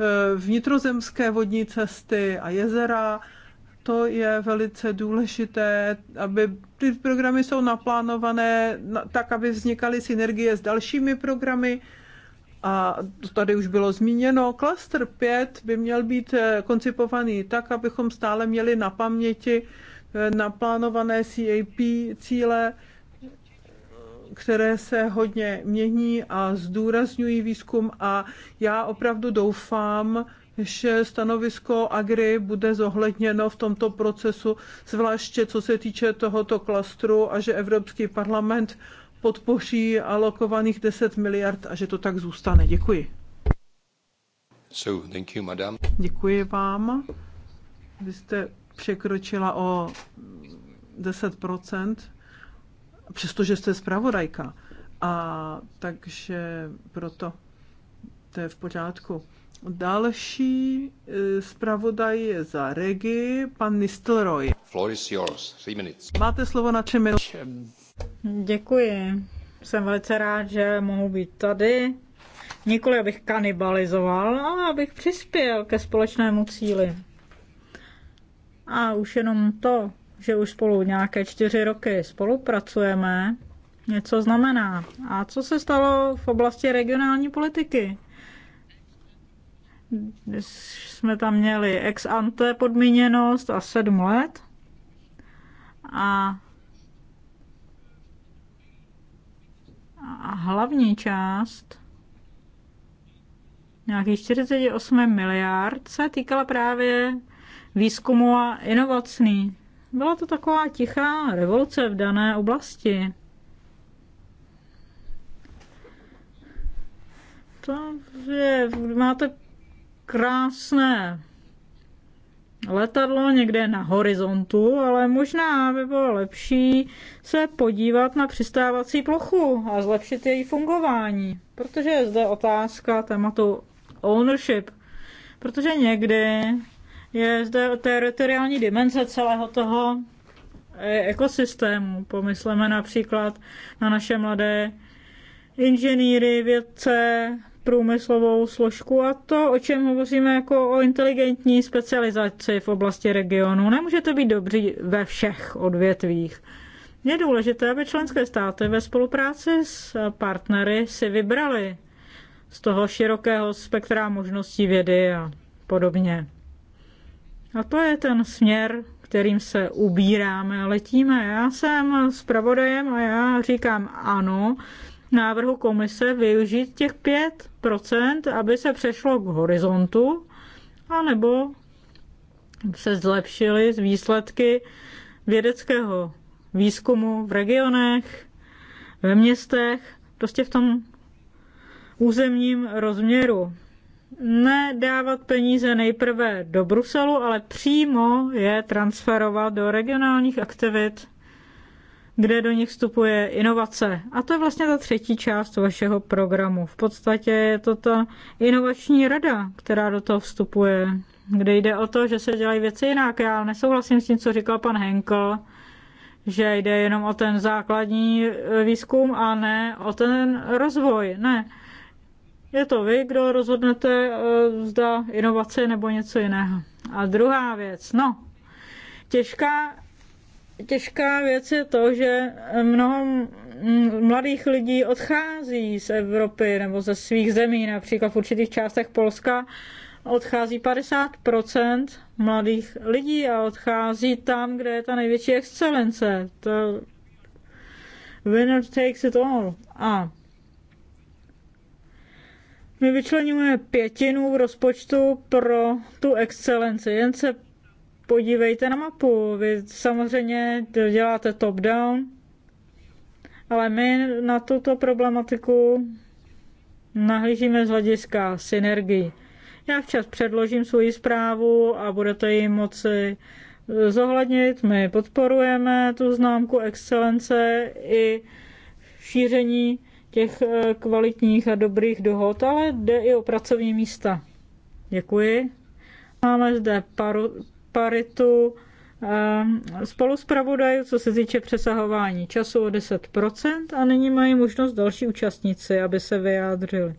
Speaker 2: Eh, vnitrozemské vodní cesty a jezera. To je velice důležité, aby ty programy jsou naplánované tak, aby vznikaly synergie s dalšími programy. A tady už bylo zmíněno, klaster 5 by měl být eh, koncipovaný tak, abychom stále měli na paměti eh, naplánované CAP cíle, které se hodně mění a zdůrazňují výzkum a já opravdu doufám, že stanovisko Agri bude zohledněno v tomto procesu, zvláště co se týče tohoto klastru a že Evropský parlament podpoří alokovaných 10 miliard a že to tak zůstane. Děkuji.
Speaker 1: So, thank you, madam.
Speaker 2: Děkuji vám. Vy jste překročila o 10 přestože jste zpravodajka. A takže proto to je v pořádku. Další e, zpravodaj je za Regi, pan Nistelroy.
Speaker 1: Floor is yours, three minutes.
Speaker 2: Máte slovo na tři minuty. Děkuji.
Speaker 3: Jsem velice rád, že mohu být tady. Nikoli abych kanibalizoval, ale abych přispěl ke společnému cíli. A už jenom to, že už spolu nějaké čtyři roky spolupracujeme, něco znamená. A co se stalo v oblasti regionální politiky? Jsme tam měli ex ante podmíněnost a sedm let. A a hlavní část nějakých 48 miliard se týkala právě výzkumu a inovací, byla to taková tichá revoluce v dané oblasti. To, že máte krásné letadlo někde na horizontu, ale možná by bylo lepší se podívat na přistávací plochu a zlepšit její fungování. Protože je zde otázka tématu ownership. Protože někdy je zde teritoriální dimenze celého toho eh, ekosystému. Pomysleme například na naše mladé inženýry, vědce, průmyslovou složku a to, o čem hovoříme jako o inteligentní specializaci v oblasti regionu. to být dobří ve všech odvětvích. Je důležité, aby členské státy ve spolupráci s partnery si vybrali z toho širokého spektra možností vědy a podobně. A to je ten směr, kterým se ubíráme, letíme. Já jsem zpravodajem a já říkám ano návrhu komise využít těch 5%, aby se přešlo k horizontu, anebo se zlepšily výsledky vědeckého výzkumu v regionech, ve městech, prostě v tom územním rozměru nedávat peníze nejprve do Bruselu, ale přímo je transferovat do regionálních aktivit, kde do nich vstupuje inovace. A to je vlastně ta třetí část vašeho programu. V podstatě je to ta inovační rada, která do toho vstupuje, kde jde o to, že se dělají věci jinak. Já nesouhlasím s tím, co říkal pan Henkel, že jde jenom o ten základní e, výzkum a ne o ten rozvoj. Ne, je to vy, kdo rozhodnete, eh, zda inovace nebo něco jiného. A druhá věc, no, těžká, těžká věc je to, že mnoho mladých lidí odchází z Evropy nebo ze svých zemí, například v určitých částech Polska odchází 50% mladých lidí a odchází tam, kde je ta největší excelence. To winner takes it all. A my vyčlenujeme pětinu v rozpočtu pro tu excelenci. Jen se podívejte na mapu. Vy samozřejmě děláte top-down, ale my na tuto problematiku nahlížíme z hlediska synergii. Já včas předložím svoji zprávu a budete ji moci zohlednit. My podporujeme tu známku excelence i šíření těch eh, kvalitních a dobrých dohod, ale jde i o pracovní místa. Děkuji. Máme zde paru, paritu eh, spolu s co se týče přesahování času o 10% a nyní mají možnost další účastníci, aby se vyjádřili.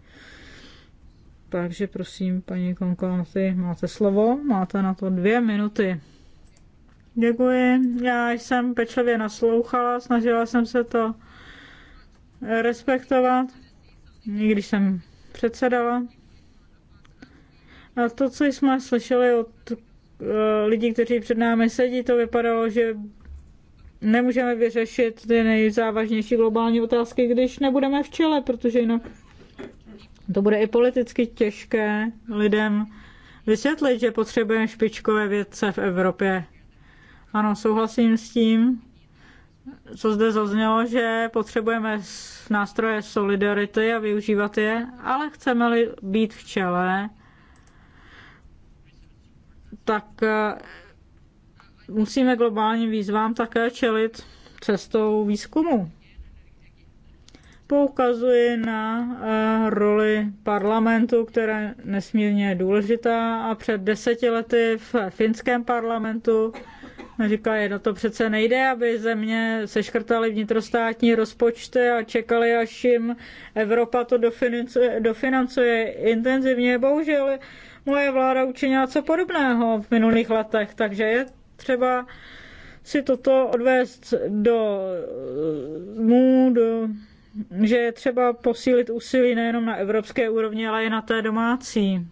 Speaker 3: Takže prosím, paní Konkonoty, máte slovo, máte na to dvě minuty. Děkuji, já jsem pečlivě naslouchala, snažila jsem se to respektovat, i když jsem předsedala. A to, co jsme slyšeli od eh, lidí, kteří před námi sedí, to vypadalo, že nemůžeme vyřešit ty nejzávažnější globální otázky, když nebudeme v čele, protože jinak to bude i politicky těžké lidem vysvětlit, že potřebujeme špičkové vědce v Evropě. Ano, souhlasím s tím, co zde zaznělo, že potřebujeme nástroje solidarity a využívat je, ale chceme-li být v čele, tak eh, musíme globálním výzvám také čelit cestou výzkumu. Poukazuji na eh, roli parlamentu, která je nesmírně důležitá a před deseti lety v finském parlamentu Říkali, no to přece nejde, aby země seškrtaly vnitrostátní rozpočty a čekali, až jim Evropa to dofinancuje, dofinancuje intenzivně. Bohužel moje vláda učinila co podobného v minulých letech, takže je třeba si toto odvést do můdu, že je třeba posílit úsilí nejenom na evropské úrovni, ale i na té domácí.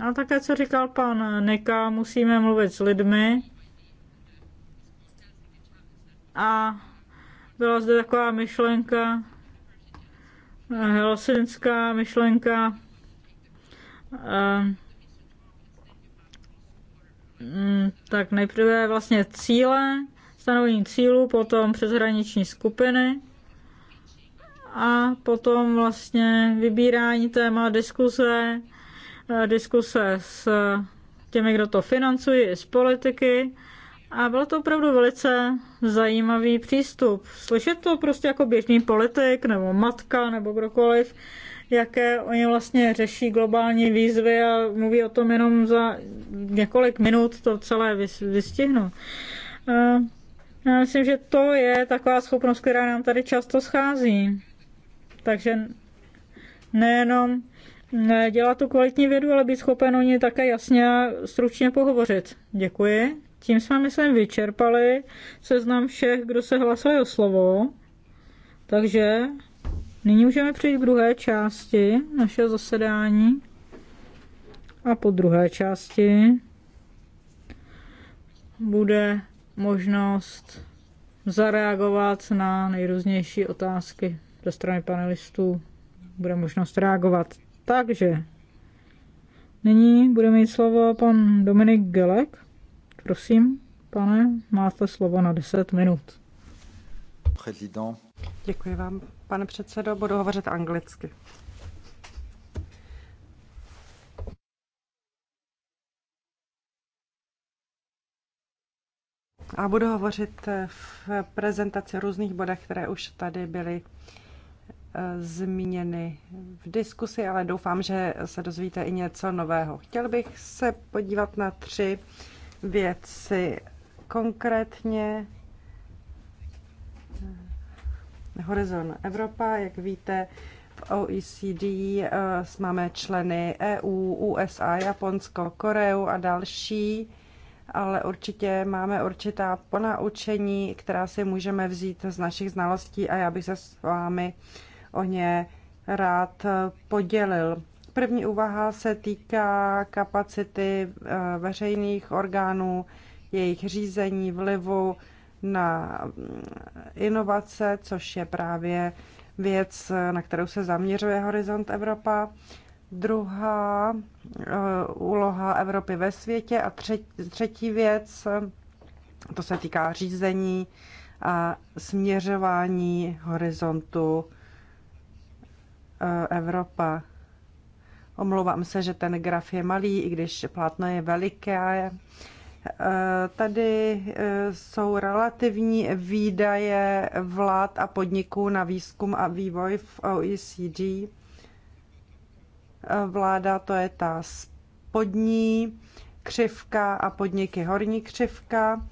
Speaker 3: A také, co říkal pan Nika, musíme mluvit s lidmi, a byla zde taková myšlenka, helosinská myšlenka, ehm, mm, tak nejprve vlastně cíle, stanovení cílů, potom přeshraniční skupiny a potom vlastně vybírání téma diskuse, eh, diskuse s těmi, kdo to financují, z politiky a byl to opravdu velice zajímavý přístup. Slyšet to prostě jako běžný politik, nebo matka, nebo kdokoliv, jaké oni vlastně řeší globální výzvy a mluví o tom jenom za několik minut to celé vystihnu. Eh, já myslím, že to je taková schopnost, která nám tady často schází. Takže nejenom eh, dělat tu kvalitní vědu, ale být schopen o ní také jasně a stručně pohovořit. Děkuji. Tím jsme, myslím, vyčerpali seznam všech, kdo se hlasuje o slovo. Takže nyní můžeme přejít k druhé části našeho zasedání. A po druhé části bude možnost zareagovat na nejrůznější otázky ze strany panelistů. Bude možnost reagovat. Takže nyní bude mít slovo pan Dominik Gelek. Prosím, pane, máte slovo na 10 minut.
Speaker 1: Prezident. Děkuji vám, pane předsedo, budu hovořit anglicky. A budu hovořit v prezentaci o různých bodech, které už tady byly eh, zmíněny v diskusi, ale doufám, že se dozvíte i něco nového. Chtěl bych se podívat na tři věci. Konkrétně Horizon Evropa, jak víte, v OECD eh, máme členy EU, USA, Japonsko, Koreu a další, ale určitě máme určitá ponaučení, která si můžeme vzít z našich znalostí a já bych se s vámi o ně rád podělil. První úvaha se týká kapacity eh, veřejných orgánů, jejich řízení, vlivu na mm, inovace, což je právě věc, na kterou se zaměřuje Horizont Evropa. Druhá eh, úloha Evropy ve světě a třetí věc, to se týká řízení a směřování horizontu eh, Evropa. Omlouvám se, že ten graf je malý, i když plátno je veliké. E, tady e, jsou relativní výdaje vlád a podniků na výzkum a vývoj v OECD. E, vláda to je ta spodní křivka a podniky horní křivka.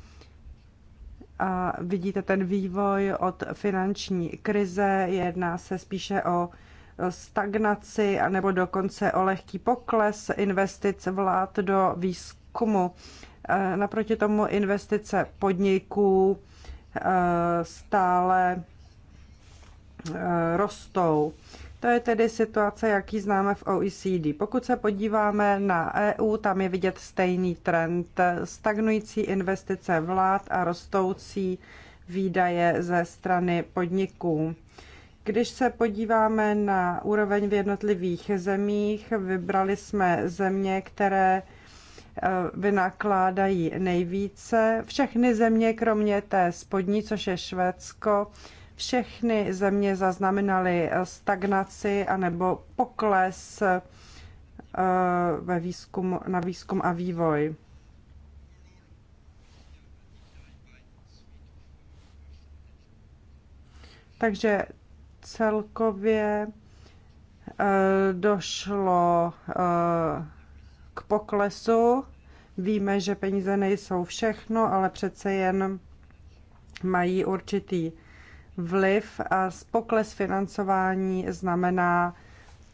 Speaker 1: A vidíte ten vývoj od finanční krize. Jedná se spíše o stagnaci nebo dokonce o lehký pokles investic vlád do výzkumu. E, naproti tomu investice podniků e, stále e, rostou. To je tedy situace, jaký známe v OECD. Pokud se podíváme na EU, tam je vidět stejný trend. Stagnující investice vlád a rostoucí výdaje ze strany podniků. Když se podíváme na úroveň v jednotlivých zemích, vybrali jsme země, které eh, vynakládají nejvíce. Všechny země, kromě té spodní, což je Švédsko, všechny země zaznamenaly eh, stagnaci anebo pokles eh, ve výzkum, na výzkum a vývoj. Takže Celkově eh, došlo eh, k poklesu. Víme, že peníze nejsou všechno, ale přece jen mají určitý vliv a pokles financování znamená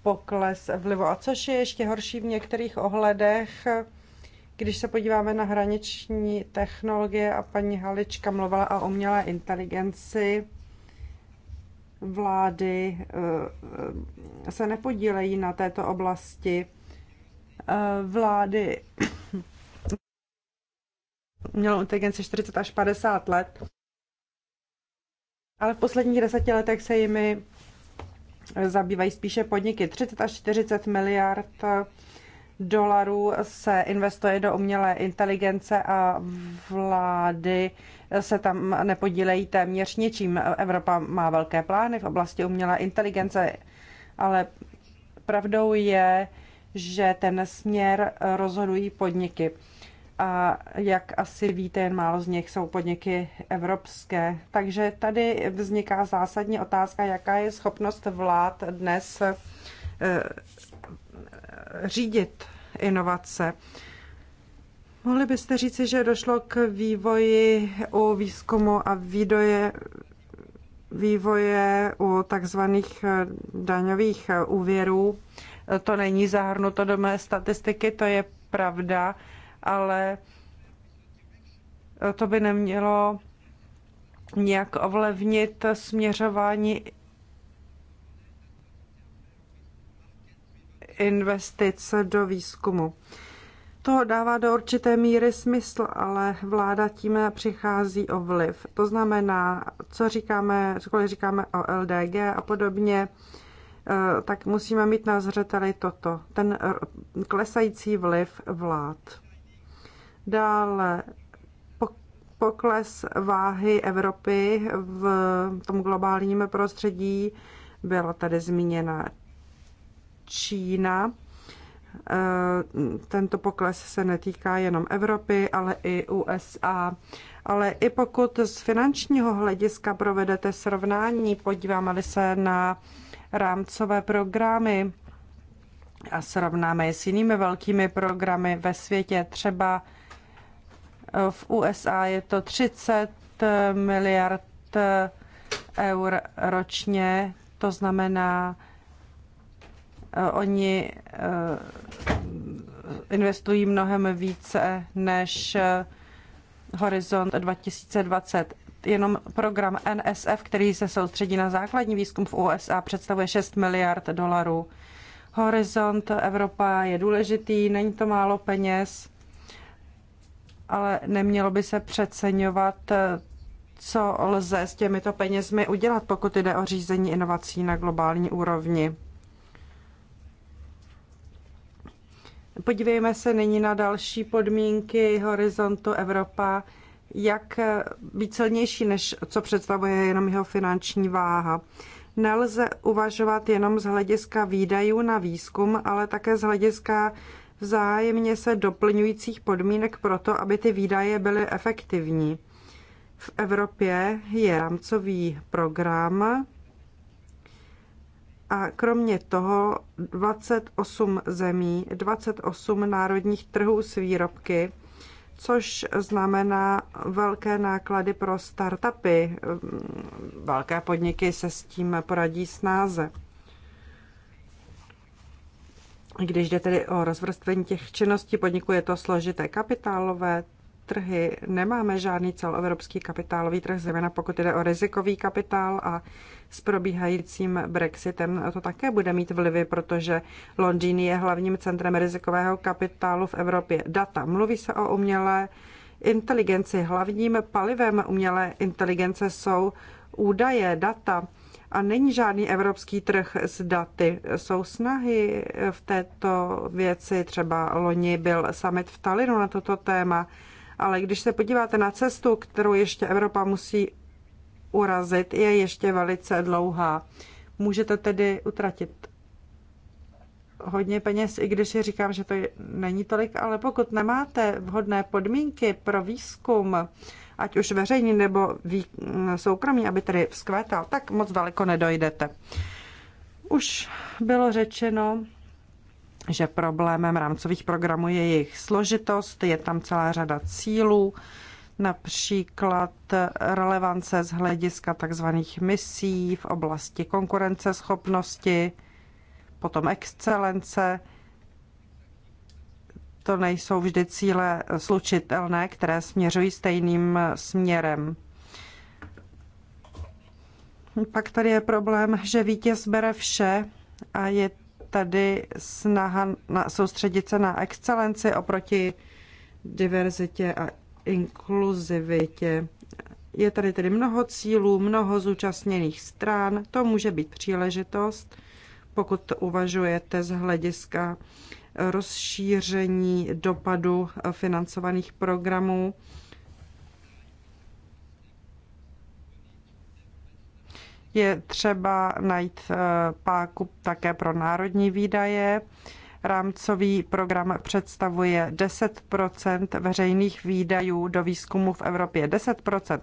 Speaker 1: pokles vlivu. A což je ještě horší v některých ohledech, když se podíváme na hraniční technologie a paní Halička mluvila o umělé inteligenci, vlády eh, se nepodílejí na této oblasti. Eh, vlády [coughs] mělo inteligenci 40 až 50 let, ale v posledních deseti letech se jimi zabývají spíše podniky. 30 až 40 miliard dolarů se investuje do umělé inteligence a vlády se tam nepodílejí téměř ničím. Evropa má velké plány v oblasti umělé inteligence, ale pravdou je, že ten směr rozhodují podniky. A jak asi víte, jen málo z nich jsou podniky evropské. Takže tady vzniká zásadní otázka, jaká je schopnost vlád dnes eh, řídit inovace. Mohli byste říci, že došlo k vývoji u výzkumu a výdoje, vývoje u takzvaných eh, daňových eh, úvěrů. To není zahrnuto do mé statistiky, to je pravda, ale eh, to by nemělo nějak ovlivnit směřování Investice do výzkumu. To dává do určité míry smysl, ale vláda tím přichází o vliv. To znamená, co říkáme, cokoliv říkáme o LDG a podobně, eh, tak musíme mít na zřeteli toto, ten klesající vliv vlád. Dále pokles váhy Evropy v tom globálním prostředí byla tady zmíněna Čína. Eh, tento pokles se netýká jenom Evropy, ale i USA. Ale i pokud z finančního hlediska provedete srovnání, podíváme-li se na rámcové programy a srovnáme je s jinými velkými programy ve světě, třeba eh, v USA je to 30 miliard eur ročně, to znamená Eh, oni eh, investují mnohem více než eh, Horizont 2020. Jenom program NSF, který se soustředí na základní výzkum v USA, představuje 6 miliard dolarů. Horizont Evropa je důležitý, není to málo peněz, ale nemělo by se přeceňovat, co lze s těmito penězmi udělat, pokud jde o řízení inovací na globální úrovni. Podívejme se nyní na další podmínky horizontu Evropa, jak eh, být silnější, než co představuje jenom jeho finanční váha. Nelze uvažovat jenom z hlediska výdajů na výzkum, ale také z hlediska vzájemně se doplňujících podmínek pro to, aby ty výdaje byly efektivní. V Evropě je rámcový program a kromě toho 28 zemí, 28 národních trhů s výrobky, což znamená velké náklady pro startupy. Mm, velké podniky se s tím poradí snáze. Když jde tedy o rozvrstvení těch činností podniku, je to složité kapitálové trhy. Nemáme žádný celoevropský kapitálový trh, zejména pokud jde o rizikový kapitál a s probíhajícím Brexitem to také bude mít vlivy, protože Londýn je hlavním centrem rizikového kapitálu v Evropě. Data. Mluví se o umělé inteligenci. Hlavním palivem umělé inteligence jsou údaje, data. A není žádný evropský trh s daty. Jsou snahy v této věci, třeba loni byl summit v Talinu na toto téma, ale když se podíváte na cestu, kterou ještě Evropa musí urazit, je ještě velice dlouhá. Můžete tedy utratit hodně peněz, i když říkám, že to není tolik, ale pokud nemáte vhodné podmínky pro výzkum, ať už veřejný nebo vý, soukromý, aby tedy vzkvétal, tak moc daleko nedojdete. Už bylo řečeno, že problémem rámcových programů je jejich složitost, je tam celá řada cílů, například relevance z hlediska tzv. misí v oblasti konkurenceschopnosti, potom excelence. To nejsou vždy cíle slučitelné, které směřují stejným směrem. Pak tady je problém, že vítěz bere vše a je tady snaha na, soustředit se na excelenci oproti diverzitě a inkluzivitě. Je tady tedy mnoho cílů, mnoho zúčastněných stran. To může být příležitost, pokud to uvažujete z hlediska rozšíření dopadu financovaných programů. Je třeba najít eh, páku také pro národní výdaje Rámcový program představuje 10 veřejných výdajů do výzkumu v Evropě. 10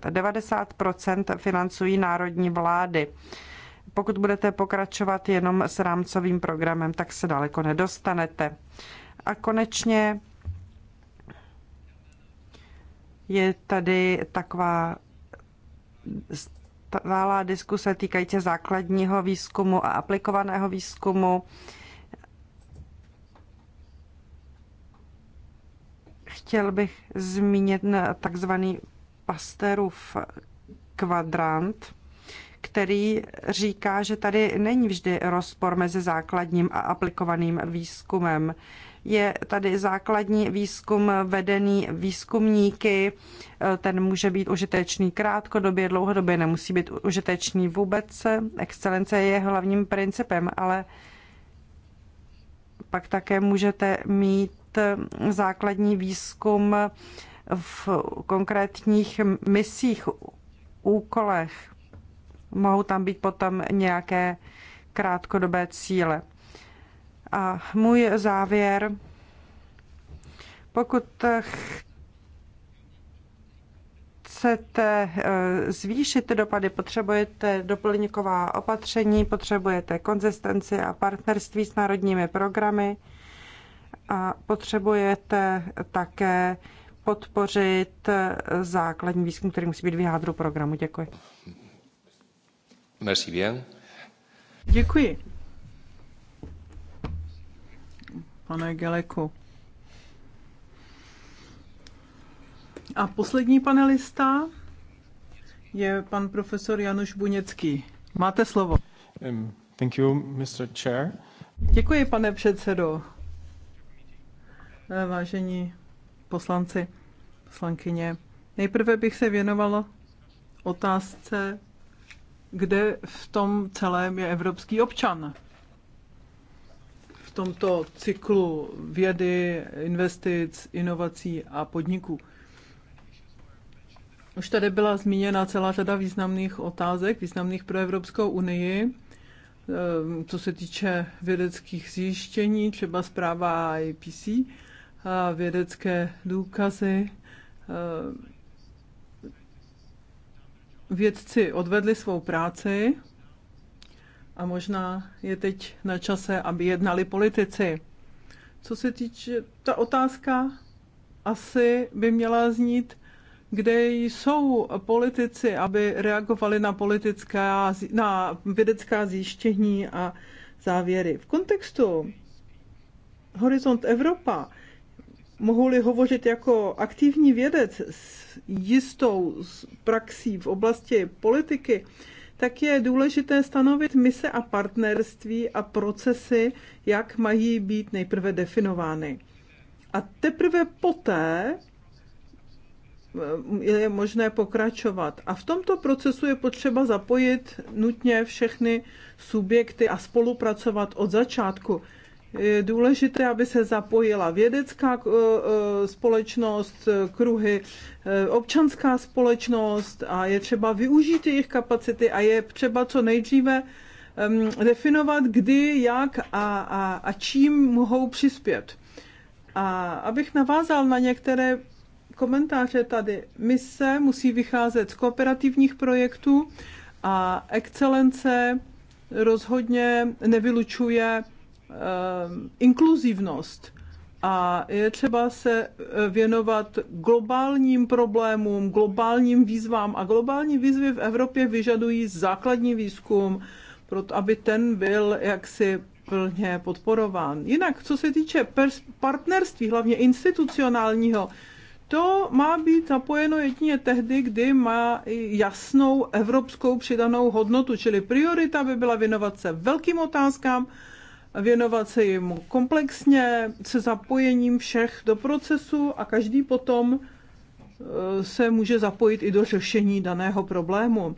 Speaker 1: 90 financují národní vlády. Pokud budete pokračovat jenom s rámcovým programem, tak se daleko nedostanete. A konečně je tady taková stálá diskuse týkající základního výzkumu a aplikovaného výzkumu. Chtěl bych zmínit takzvaný Pasterův kvadrant, který říká, že tady není vždy rozpor mezi základním a aplikovaným výzkumem. Je tady základní výzkum vedený výzkumníky, ten může být užitečný krátkodobě, dlouhodobě nemusí být užitečný vůbec. Excelence je hlavním principem, ale pak také můžete mít Eh, základní výzkum v konkrétních misích, úkolech. Mohou tam být potom nějaké krátkodobé cíle. A můj závěr, pokud eh, chcete eh, zvýšit dopady, potřebujete doplňková opatření, potřebujete konzistenci a partnerství s národními programy, a potřebujete také podpořit základní výzkum, který musí být v jádru programu. Děkuji. Merci bien.
Speaker 2: Děkuji. Pane Geleku. A poslední panelista je pan profesor Januš Buněcký. Máte slovo. Um, thank you, Mr. Chair. Děkuji, pane předsedo. Eh, vážení poslanci, poslankyně. Nejprve bych se věnovala otázce, kde v tom celém je evropský občan. V tomto cyklu vědy, investic, inovací a podniků. Už tady byla zmíněna celá řada významných otázek, významných pro Evropskou unii eh, co se týče vědeckých zjištění, třeba zpráva IPC, a vědecké důkazy. Vědci odvedli svou práci a možná je teď na čase, aby jednali politici. Co se týče, ta otázka asi by měla znít, kde jsou politici, aby reagovali na, politická, na vědecká zjištění a závěry. V kontextu Horizont Evropa mohu-li hovořit jako aktivní vědec s jistou praxí v oblasti politiky, tak je důležité stanovit mise a partnerství a procesy, jak mají být nejprve definovány. A teprve poté eh, je možné pokračovat. A v tomto procesu je potřeba zapojit nutně všechny subjekty a spolupracovat od začátku důležité, aby se zapojila vědecká eh, eh, společnost, kruhy, eh, občanská společnost a je třeba využít jejich kapacity a je třeba co nejdříve definovat, kdy, jak a, a, a čím mohou přispět. A abych navázal na některé komentáře tady. Mise musí vycházet z kooperativních projektů a excelence rozhodně nevylučuje Eh, inkluzivnost a je třeba se eh, věnovat globálním problémům, globálním výzvám a globální výzvy v Evropě vyžadují základní výzkum, proto aby ten byl jaksi plně podporován. Jinak, co se týče partnerství, hlavně institucionálního, to má být zapojeno jedině tehdy, kdy má jasnou evropskou přidanou hodnotu, čili priorita by byla věnovat se velkým otázkám, věnovat se jim komplexně, se zapojením všech do procesu a každý potom e, se může zapojit i do řešení daného problému.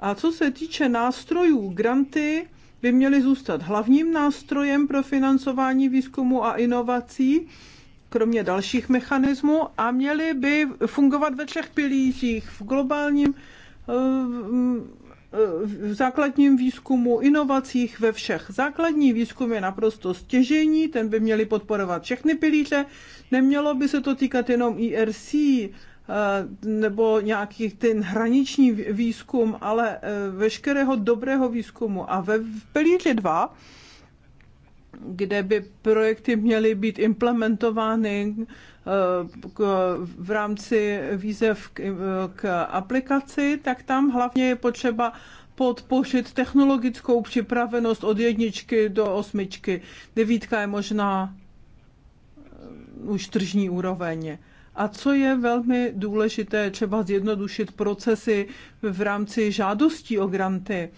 Speaker 2: A co se týče nástrojů, granty by měly zůstat hlavním nástrojem pro financování výzkumu a inovací, kromě dalších mechanismů, a měly by fungovat ve třech pilířích v globálním e, Eh, v základním výzkumu, inovacích ve všech. Základní výzkum je naprosto stěžení, ten by měli podporovat všechny pilíře, nemělo by se to týkat jenom IRC, e eh, nebo nějaký ten hraniční výzkum, ale eh, veškerého dobrého výzkumu. A ve pilíři 2 kde by projekty měly být implementovány eh, v rámci výzev eh, k aplikaci, tak tam hlavně je potřeba podpořit technologickou připravenost od jedničky do osmičky. Devítka je možná eh, už tržní úroveň. A co je velmi důležité, třeba zjednodušit procesy v rámci žádostí o granty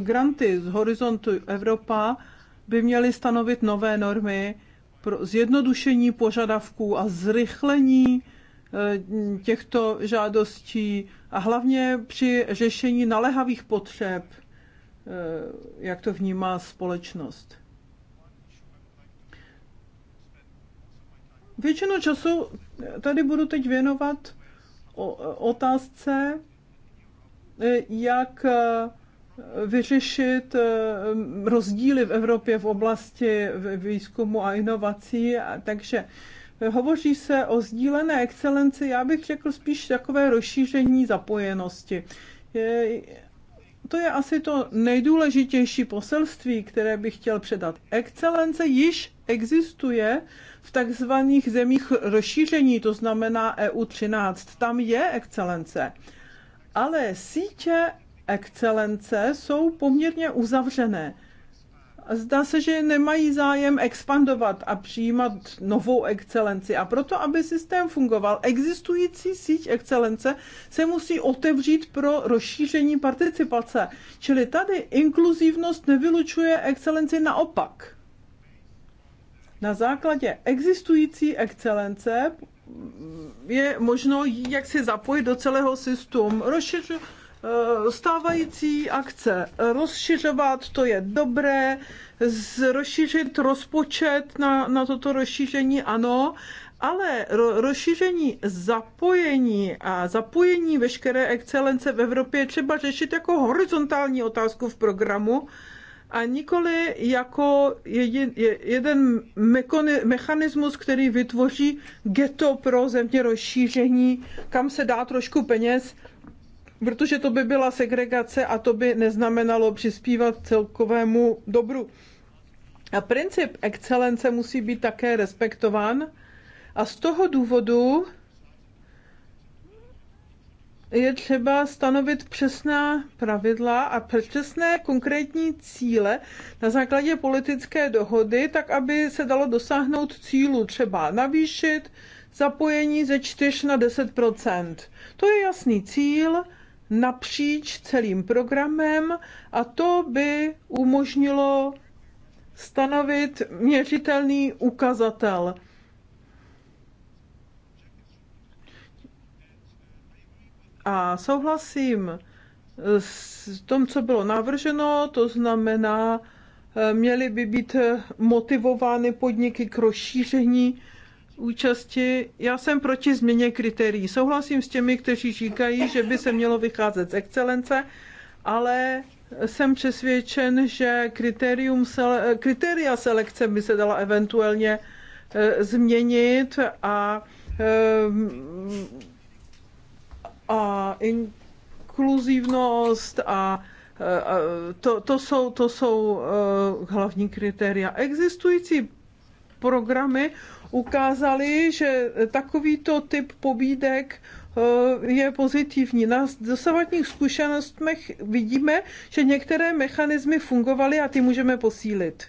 Speaker 2: granty z horizontu Evropa by měly stanovit nové normy pro zjednodušení požadavků a zrychlení eh, těchto žádostí a hlavně při řešení nalehavých potřeb, eh, jak to vnímá společnost. Většinu času tady budu teď věnovat otázce, eh, jak vyřešit eh, rozdíly v Evropě v oblasti výzkumu a inovací. Takže eh, hovoří se o sdílené excelenci, já bych řekl spíš takové rozšíření zapojenosti. Je, to je asi to nejdůležitější poselství, které bych chtěl předat. Excelence již existuje v takzvaných zemích rozšíření, to znamená EU13. Tam je excelence. Ale sítě excelence jsou poměrně uzavřené. Zdá se, že nemají zájem expandovat a přijímat novou excelenci. A proto, aby systém fungoval, existující síť excelence se musí otevřít pro rozšíření participace. Čili tady inkluzivnost nevylučuje excelenci naopak. Na základě existující excelence je možno jak jaksi zapojit do celého systému, Rozšiřu... Eh, stávající akce rozšiřovat, to je dobré, rozšířit rozpočet na, na toto rozšíření, ano, ale rozšíření zapojení a zapojení veškeré excelence v Evropě je třeba řešit jako horizontální otázku v programu a nikoli jako jedin, jeden mechanismus, který vytvoří ghetto pro země rozšíření, kam se dá trošku peněz protože to by byla segregace a to by neznamenalo přispívat celkovému dobru. A princip excelence musí být také respektován a z toho důvodu je třeba stanovit přesná pravidla a přesné konkrétní cíle na základě politické dohody, tak aby se dalo dosáhnout cílu, třeba navýšit zapojení ze 4 na 10 To je jasný cíl napříč celým programem a to by umožnilo stanovit měřitelný ukazatel. A souhlasím s tom, co bylo navrženo, to znamená, eh, měly by být motivovány podniky k rozšíření účasti. Já jsem proti změně kritérií. Souhlasím s těmi, kteří říkají, že by se mělo vycházet z excelence, ale jsem přesvědčen, že kritérium sele, kritéria selekce by se dala eventuálně e, změnit a, e, a inkluzivnost e, a to, to, jsou, to jsou hlavní kritéria. Existující programy ukázali, že takovýto typ pobídek eh, je pozitivní. Na dosavadních zkušenostech vidíme, že některé mechanismy fungovaly a ty můžeme posílit.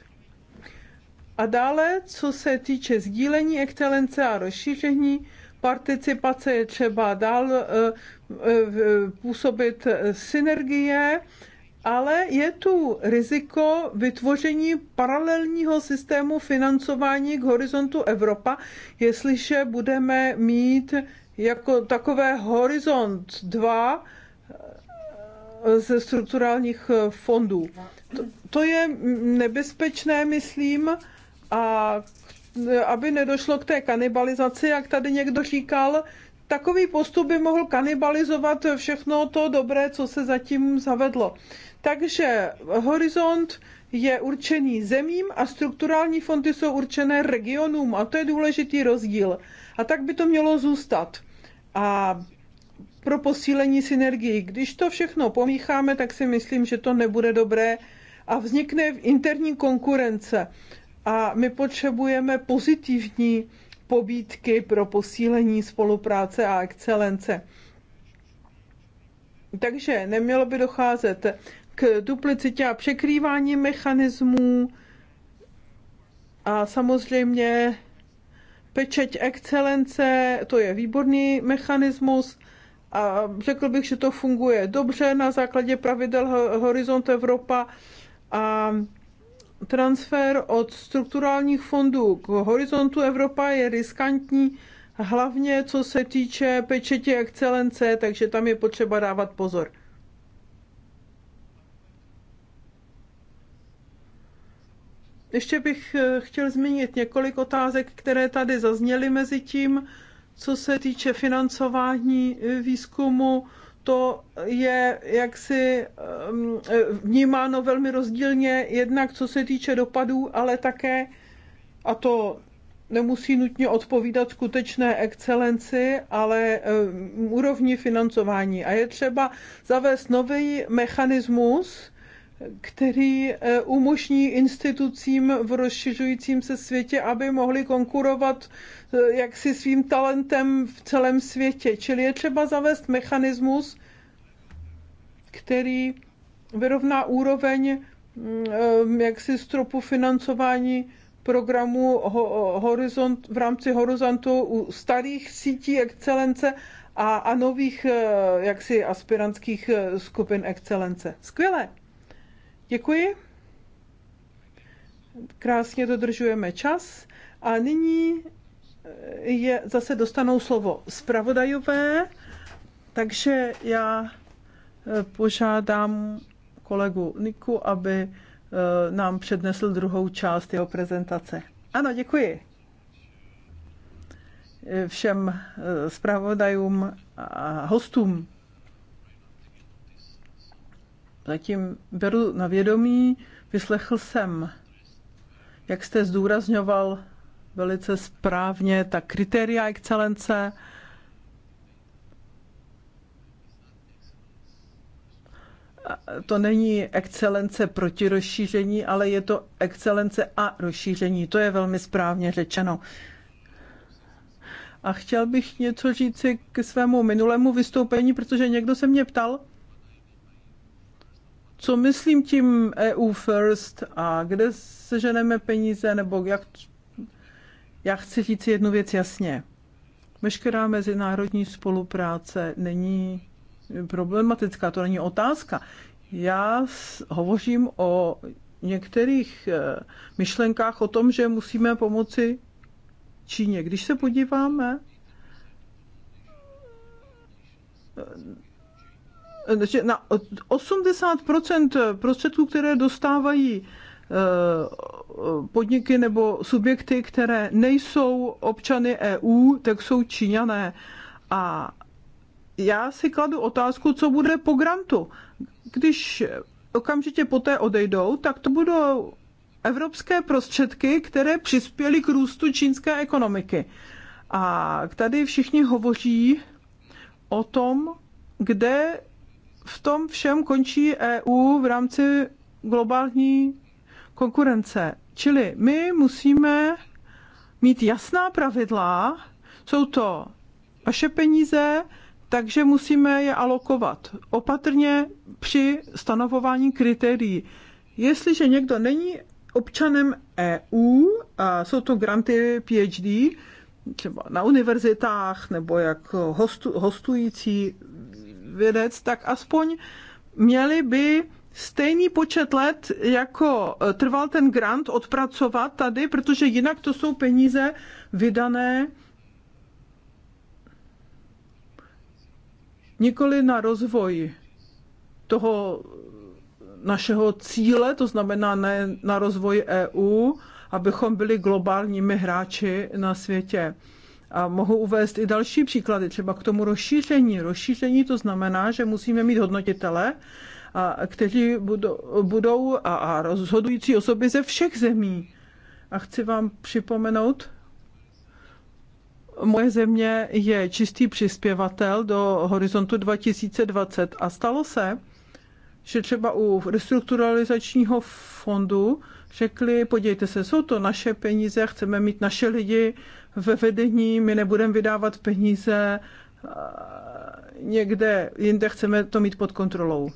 Speaker 2: A dále, co se týče sdílení excelence a rozšíření, participace je třeba dál eh, eh, působit synergie ale je tu riziko vytvoření paralelního systému financování k horizontu Evropa, jestliže budeme mít jako takové horizont 2 eh, ze strukturálních eh, fondů. To, to je nebezpečné, myslím, a aby nedošlo k té kanibalizaci, jak tady někdo říkal, takový postup by mohl kanibalizovat všechno to dobré, co se zatím zavedlo. Takže horizont je určený zemím a strukturální fondy jsou určené regionům a to je důležitý rozdíl. A tak by to mělo zůstat. A pro posílení synergii. Když to všechno pomícháme, tak si myslím, že to nebude dobré a vznikne interní konkurence. A my potřebujeme pozitivní pobídky pro posílení spolupráce a excelence. Takže nemělo by docházet k duplicitě a překrývání mechanismů a samozřejmě pečeť excelence, to je výborný mechanismus a řekl bych, že to funguje dobře na základě pravidel Horizont Evropa a transfer od strukturálních fondů k Horizontu Evropa je riskantní, hlavně co se týče pečetě excelence, takže tam je potřeba dávat pozor. Ještě bych eh, chtěl zmínit několik otázek, které tady zazněly mezi tím, co se týče financování eh, výzkumu, to je jaksi ehm, eh, vnímáno velmi rozdílně, jednak co se týče dopadů, ale také, a to nemusí nutně odpovídat skutečné excelenci, ale ehm, úrovni financování. A je třeba zavést nový mechanismus, který eh, umožní institucím v rozšiřujícím se světě, aby mohli konkurovat eh, jaksi svým talentem v celém světě. Čili je třeba zavést mechanismus, který vyrovná úroveň mm, eh, jaksi stropu financování programu horizont, v rámci horizontu u starých sítí excelence a, a nových jaksi aspirantských skupin excelence. Skvělé! Děkuji. Krásně dodržujeme čas. A nyní eh, je, zase dostanou slovo zpravodajové, takže já eh, požádám kolegu Niku, aby eh, nám přednesl druhou část jeho prezentace. Ano, děkuji všem zpravodajům a hostům zatím beru na vědomí, vyslechl jsem, jak jste zdůrazňoval velice správně ta kritéria excelence, to není excelence proti rozšíření, ale je to excelence a rozšíření. To je velmi správně řečeno. A chtěl bych něco říci k svému minulému vystoupení, protože někdo se mě ptal, co myslím tím EU first a kde seženeme peníze, nebo jak... Já chci říct jednu věc jasně. Veškerá mezinárodní spolupráce není problematická, to není otázka. Já hovořím o některých e, myšlenkách o tom, že musíme pomoci Číně. Když se podíváme na 80% prostředků, které dostávají eh, podniky nebo subjekty, které nejsou občany EU, tak jsou Číňané. A já si kladu otázku, co bude po grantu. Když okamžitě poté odejdou, tak to budou evropské prostředky, které přispěly k růstu čínské ekonomiky. A tady všichni hovoří o tom, kde v tom všem končí EU v rámci globální konkurence. Čili my musíme mít jasná pravidla, jsou to vaše peníze, takže musíme je alokovat opatrně při stanovování kritérií. Jestliže někdo není občanem EU, a jsou to granty PhD, třeba na univerzitách nebo jak hostu, hostující vědec, tak aspoň měli by stejný počet let, jako eh, trval ten grant odpracovat tady, protože jinak to jsou peníze vydané nikoli na rozvoj toho našeho cíle, to znamená ne na rozvoj EU, abychom byli globálními hráči na světě. A mohu uvést i další příklady, třeba k tomu rozšíření. Rozšíření to znamená, že musíme mít hodnotitele, a, kteří budou, budou a, a rozhodující osoby ze všech zemí. A chci vám připomenout, moje země je čistý přispěvatel do horizontu 2020 a stalo se, že třeba u restrukturalizačního fondu řekli, podívejte se, jsou to naše peníze, chceme mít naše lidi ve vedení, my nebudeme vydávat peníze někde jinde, chceme to mít pod kontrolou.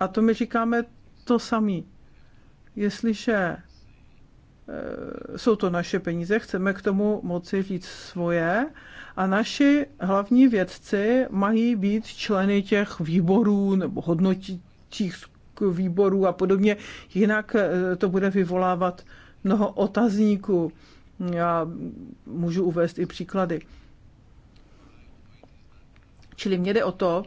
Speaker 2: A to my říkáme to samé. Jestliže e, jsou to naše peníze, chceme k tomu moci říct svoje a naši hlavní vědci mají být členy těch výborů nebo hodnotících výborů a podobně, jinak e, to bude vyvolávat mnoho otazníků. Já můžu uvést i příklady. Čili mě jde o to,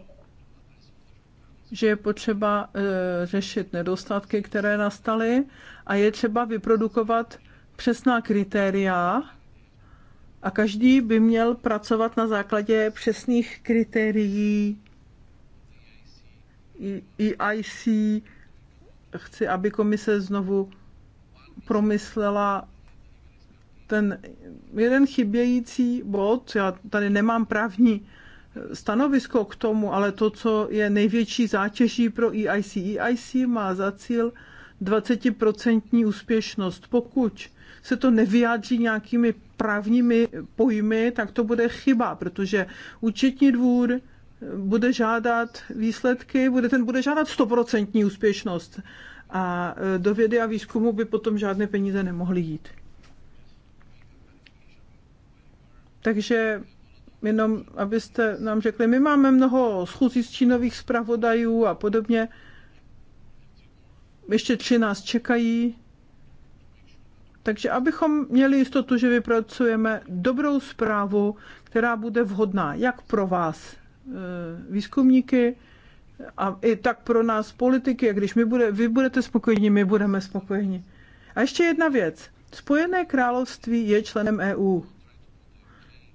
Speaker 2: že je potřeba eh, řešit nedostatky, které nastaly a je třeba vyprodukovat přesná kritéria a každý by měl pracovat na základě přesných kritérií EIC. Chci, aby komise znovu promyslela ten jeden chybějící bod, já tady nemám právní stanovisko k tomu, ale to, co je největší zátěží pro EIC. EIC má za cíl 20% úspěšnost. Pokud se to nevyjádří nějakými právními pojmy, tak to bude chyba, protože účetní dvůr bude žádat výsledky, bude, ten bude žádat 100% úspěšnost a do vědy a výzkumu by potom žádné peníze nemohly jít. Takže jenom abyste nám řekli, my máme mnoho schůzí z čínových zpravodajů a podobně. Ještě tři nás čekají. Takže abychom měli jistotu, že vypracujeme dobrou zprávu, která bude vhodná jak pro vás, eh, výzkumníky, a i tak pro nás politiky, a když my bude, vy budete spokojeni, my budeme spokojeni. A ještě jedna věc. Spojené království je členem EU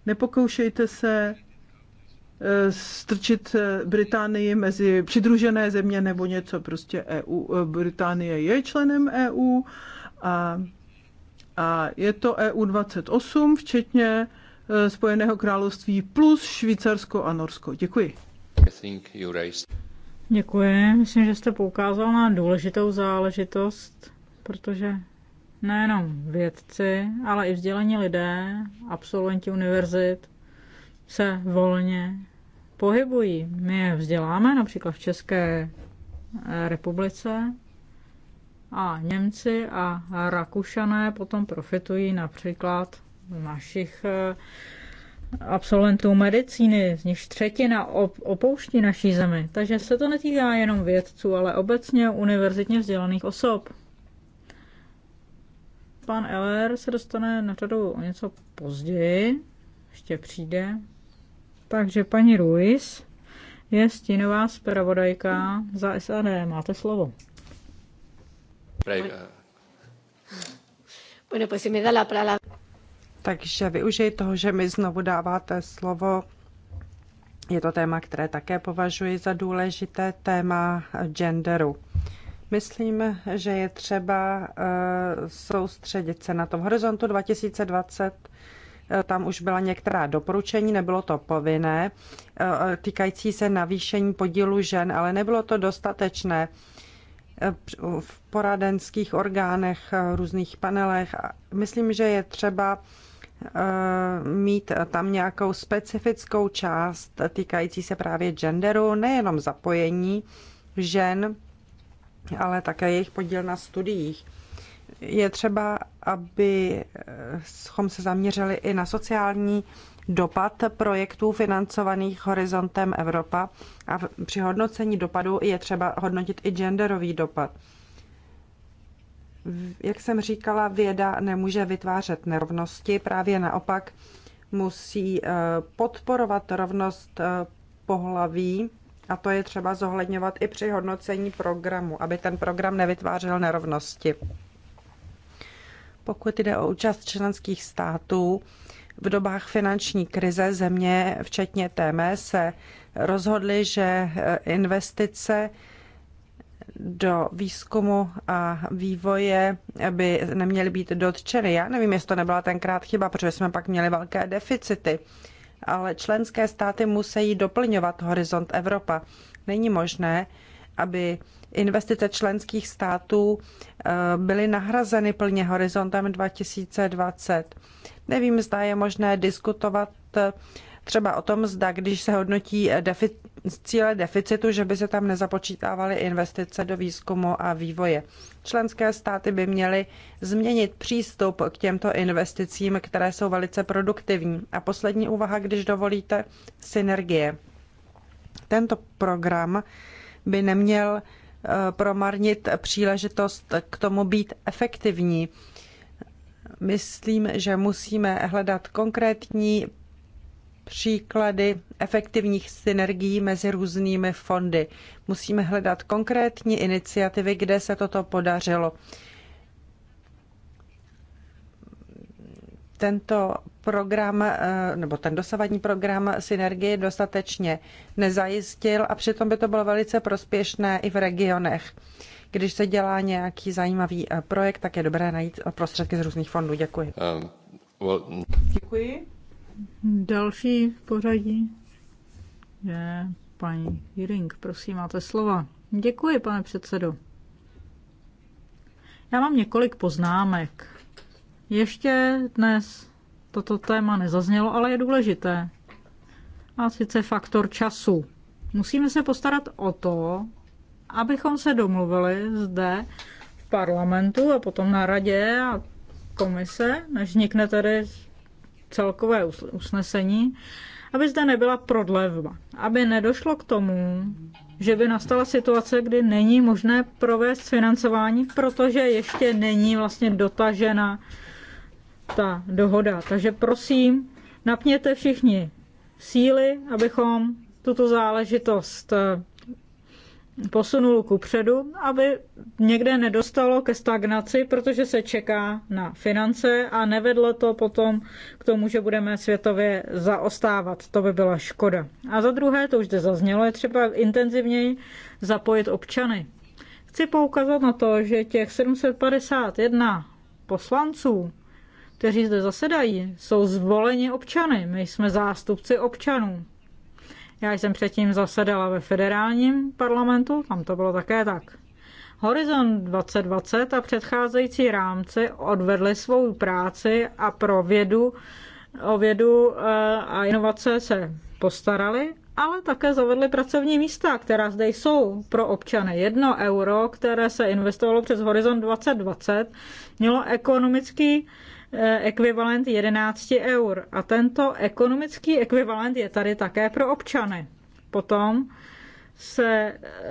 Speaker 2: nepokoušejte se eh, strčit eh, Británii mezi přidružené země nebo něco. Prostě EU, eh, Británie je členem EU a, a je to EU 28, včetně Spojeného království plus Švýcarsko a Norsko. Děkuji. Děkuji. Myslím, že jste poukázal na důležitou
Speaker 3: záležitost, protože nejenom vědci, ale i vzdělaní lidé, absolventi univerzit, se volně pohybují. My je vzděláme například v České eh, republice a Němci a Rakušané potom profitují například z našich eh, absolventů medicíny, z nich třetina opouští naší zemi. Takže se to netýká jenom vědců, ale obecně univerzitně vzdělaných osob. Pan Eller se dostane na řadu o něco později, ještě přijde. Takže paní Ruiz je stínová zpravodajka za SAD. Máte slovo.
Speaker 1: Takže využij toho, že mi znovu dáváte slovo. Je to téma, které také považuji za důležité, téma genderu. Myslím, že je třeba eh, soustředit se na tom horizontu 2020. Eh, tam už byla některá doporučení, nebylo to povinné, eh, týkající se navýšení podílu žen, ale nebylo to dostatečné v poradenských orgánech, různých panelech. Myslím, že je třeba mít tam nějakou specifickou část týkající se právě genderu, nejenom zapojení žen ale také jejich podíl na studiích. Je třeba, abychom eh, se zaměřili i na sociální dopad projektů financovaných Horizontem Evropa a při hodnocení dopadu je třeba hodnotit i genderový dopad. Jak jsem říkala, věda nemůže vytvářet nerovnosti, právě naopak musí eh, podporovat rovnost eh, pohlaví a to je třeba zohledňovat i při hodnocení programu, aby ten program nevytvářel nerovnosti. Pokud jde o účast členských států, v dobách finanční krize země, včetně TME, se rozhodly, že eh, investice do výzkumu a vývoje by neměly být dotčeny. Já nevím, jestli to nebyla tenkrát chyba, protože jsme pak měli velké deficity ale členské státy musí doplňovat horizont Evropa. Není možné, aby investice členských států eh, byly nahrazeny plně horizontem 2020. Nevím, zda je možné diskutovat eh, třeba o tom, zda když se hodnotí eh, defi- cíle deficitu, že by se tam nezapočítávaly investice do výzkumu a vývoje. Členské státy by měly změnit přístup k těmto investicím, které jsou velice produktivní. A poslední úvaha, když dovolíte, synergie. Tento program by neměl eh, promarnit příležitost k tomu být efektivní. Myslím, že musíme hledat konkrétní příklady efektivních synergií mezi různými fondy. Musíme hledat konkrétní iniciativy, kde se toto podařilo. Tento program, eh, nebo ten dosavadní program synergie dostatečně nezajistil a přitom by to bylo velice prospěšné i v regionech. Když se dělá nějaký zajímavý eh, projekt, tak je dobré najít prostředky z různých fondů. Děkuji.
Speaker 3: Um, well... Děkuji. Další v pořadí je paní Jiring. Prosím, máte slova. Děkuji, pane předsedo. Já mám několik poznámek. Ještě dnes toto téma nezaznělo, ale je důležité. A sice faktor času. Musíme se postarat o to, abychom se domluvili zde v parlamentu a potom na radě a komise, než vznikne tedy celkové usnesení, aby zde nebyla prodlevba, aby nedošlo k tomu, že by nastala situace, kdy není možné provést financování, protože ještě není vlastně dotažena ta dohoda. Takže prosím, napněte všichni síly, abychom tuto záležitost posunul ku předu, aby někde nedostalo ke stagnaci, protože se čeká na finance a nevedlo to potom k tomu, že budeme světově zaostávat. To by byla škoda. A za druhé, to už zde zaznělo, je třeba intenzivněji zapojit občany. Chci poukazat na to, že těch 751 poslanců, kteří zde zasedají, jsou zvoleni občany. My jsme zástupci občanů. Já jsem předtím zasedala ve federálním parlamentu, tam to bylo také tak. Horizont 2020 a předcházející rámce odvedly svou práci a pro vědu, o vědu eh, a inovace se postarali, ale také zavedly pracovní místa, která zde jsou pro občany. Jedno euro, které se investovalo přes Horizont 2020, mělo ekonomický Eh, ekvivalent 11 eur. A tento ekonomický ekvivalent je tady také pro občany. Potom se eh,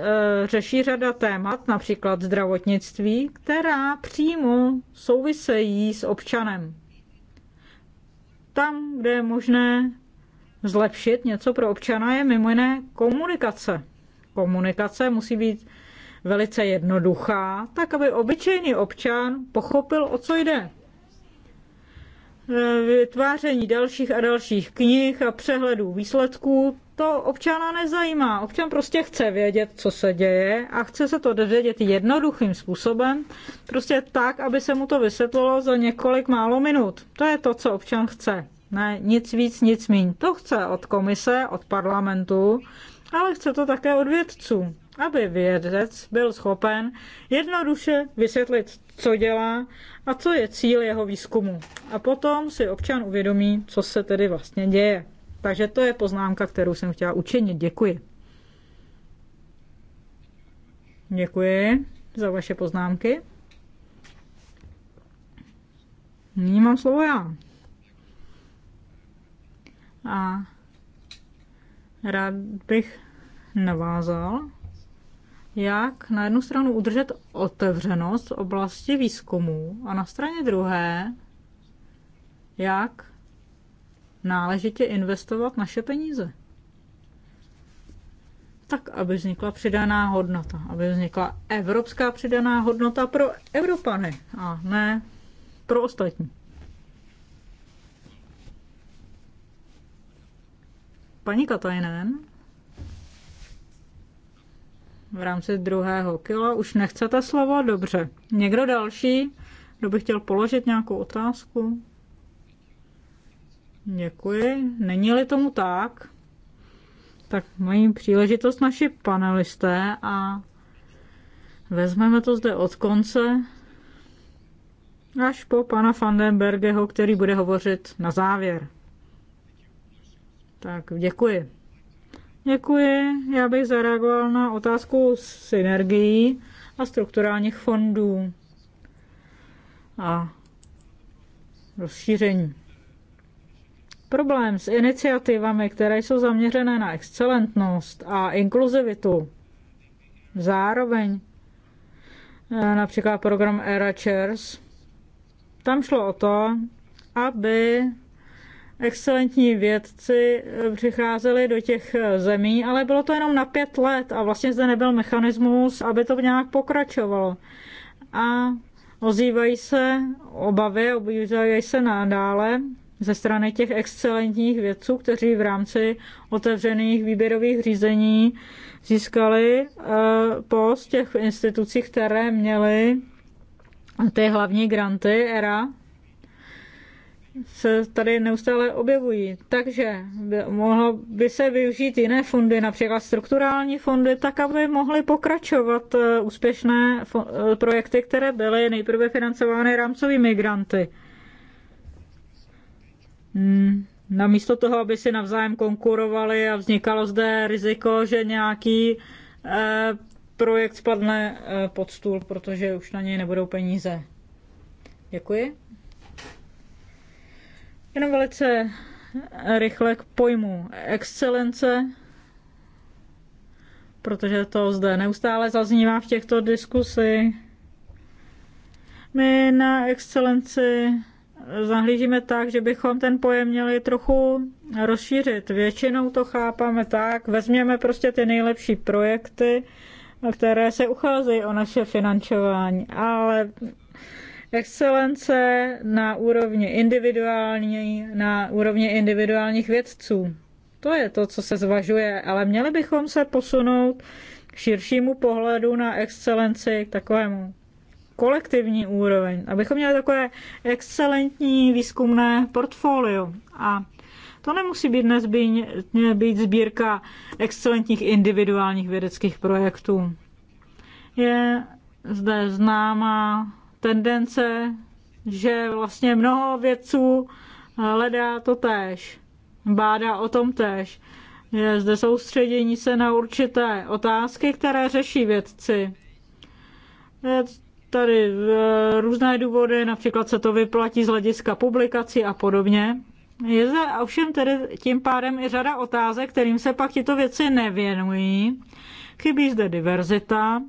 Speaker 3: řeší řada témat, například zdravotnictví, která přímo souvisejí s občanem. Tam, kde je možné zlepšit něco pro občana, je mimo jiné komunikace. Komunikace musí být velice jednoduchá, tak aby obyčejný občan pochopil, o co jde vytváření dalších a dalších knih a přehledů výsledků, to občana nezajímá. Občan prostě chce vědět, co se děje a chce se to dozvědět jednoduchým způsobem, prostě tak, aby se mu to vysvětlilo za několik málo minut. To je to, co občan chce. Ne, nic víc, nic míň. To chce od komise, od parlamentu, ale chce to také od vědců aby vědec byl schopen jednoduše vysvětlit, co dělá a co je cíl jeho výzkumu. A potom si občan uvědomí, co se tedy vlastně děje. Takže to je poznámka, kterou jsem chtěla učinit. Děkuji. Děkuji za vaše poznámky. Nyní mám slovo já. A rád bych navázal jak na jednu stranu udržet otevřenost v oblasti výzkumu a na straně druhé, jak náležitě investovat naše peníze. Tak, aby vznikla přidaná hodnota, aby vznikla evropská přidaná hodnota pro Evropany a ne pro ostatní. Paní Katajnen v rámci druhého kila. Už nechcete slovo? Dobře. Někdo další, kdo by chtěl položit nějakou otázku? Děkuji. Není-li tomu tak, tak mají příležitost naši panelisté a vezmeme to zde od konce až po pana Vandenbergeho, který bude hovořit na závěr. Tak děkuji. Děkuji. Já bych zareagoval na otázku synergií a strukturálních fondů a rozšíření. Problém s iniciativami, které jsou zaměřené na excelentnost a inkluzivitu, zároveň eh, například program Era Chairs, tam šlo o to, aby excelentní vědci eh, přicházeli do těch eh, zemí, ale bylo to jenom na pět let a vlastně zde nebyl mechanismus, aby to nějak pokračovalo. A ozývají se obavy, obývají se nadále ze strany těch excelentních vědců, kteří v rámci otevřených výběrových řízení získali eh, post těch institucí, které měly ty hlavní granty ERA se tady neustále objevují. Takže by, mohlo by se využít jiné fondy, například strukturální fondy, tak aby mohly pokračovat eh, úspěšné eh, projekty, které byly nejprve financovány rámcovými granty. Hmm. Namísto toho, aby si navzájem konkurovali a vznikalo zde riziko, že nějaký eh, projekt spadne eh, pod stůl, protože už na něj nebudou peníze. Děkuji. Jenom velice rychle k pojmu excelence, protože to zde neustále zaznívá v těchto diskusi. My na excelenci zahlížíme tak, že bychom ten pojem měli trochu rozšířit. Většinou to chápáme tak, vezměme prostě ty nejlepší projekty, které se ucházejí o naše financování, ale excelence na úrovni individuální, na úrovni individuálních vědců. To je to, co se zvažuje, ale měli bychom se posunout k širšímu pohledu na excelenci, k takovému kolektivní úroveň, abychom měli takové excelentní výzkumné portfolio. A to nemusí být nezbytně být sbírka excelentních individuálních vědeckých projektů. Je zde známá tendence, že vlastně mnoho vědců hledá to též, bádá o tom též. Je zde soustředění se na určité otázky, které řeší vědci. Je tady e, různé důvody, například se to vyplatí z hlediska publikací a podobně. Je zde ovšem tedy tím pádem i řada otázek, kterým se pak tyto věci nevěnují. Chybí zde diverzita,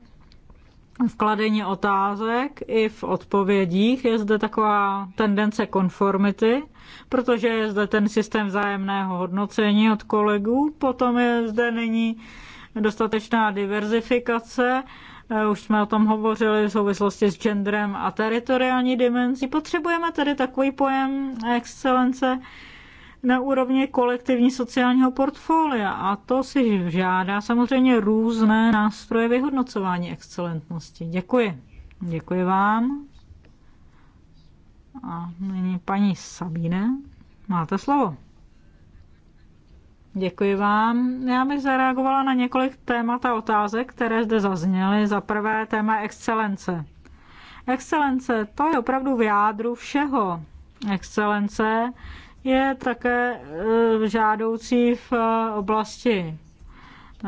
Speaker 3: v kladení otázek i v odpovědích je zde taková tendence konformity, protože je zde ten systém vzájemného hodnocení od kolegů, potom je zde není dostatečná diverzifikace, eh, už jsme o tom hovořili v souvislosti s genderem a teritoriální dimenzí. Potřebujeme tedy takový pojem excelence, na úrovni kolektivní sociálního portfolia a to si žádá samozřejmě různé nástroje vyhodnocování excelentnosti. Děkuji. Děkuji vám. A nyní paní Sabine máte slovo. Děkuji vám. Já bych zareagovala na několik témat a otázek, které zde zazněly. Za prvé téma excelence. Excelence, to je opravdu v jádru všeho. Excelence je také eh, žádoucí v eh, oblasti eh,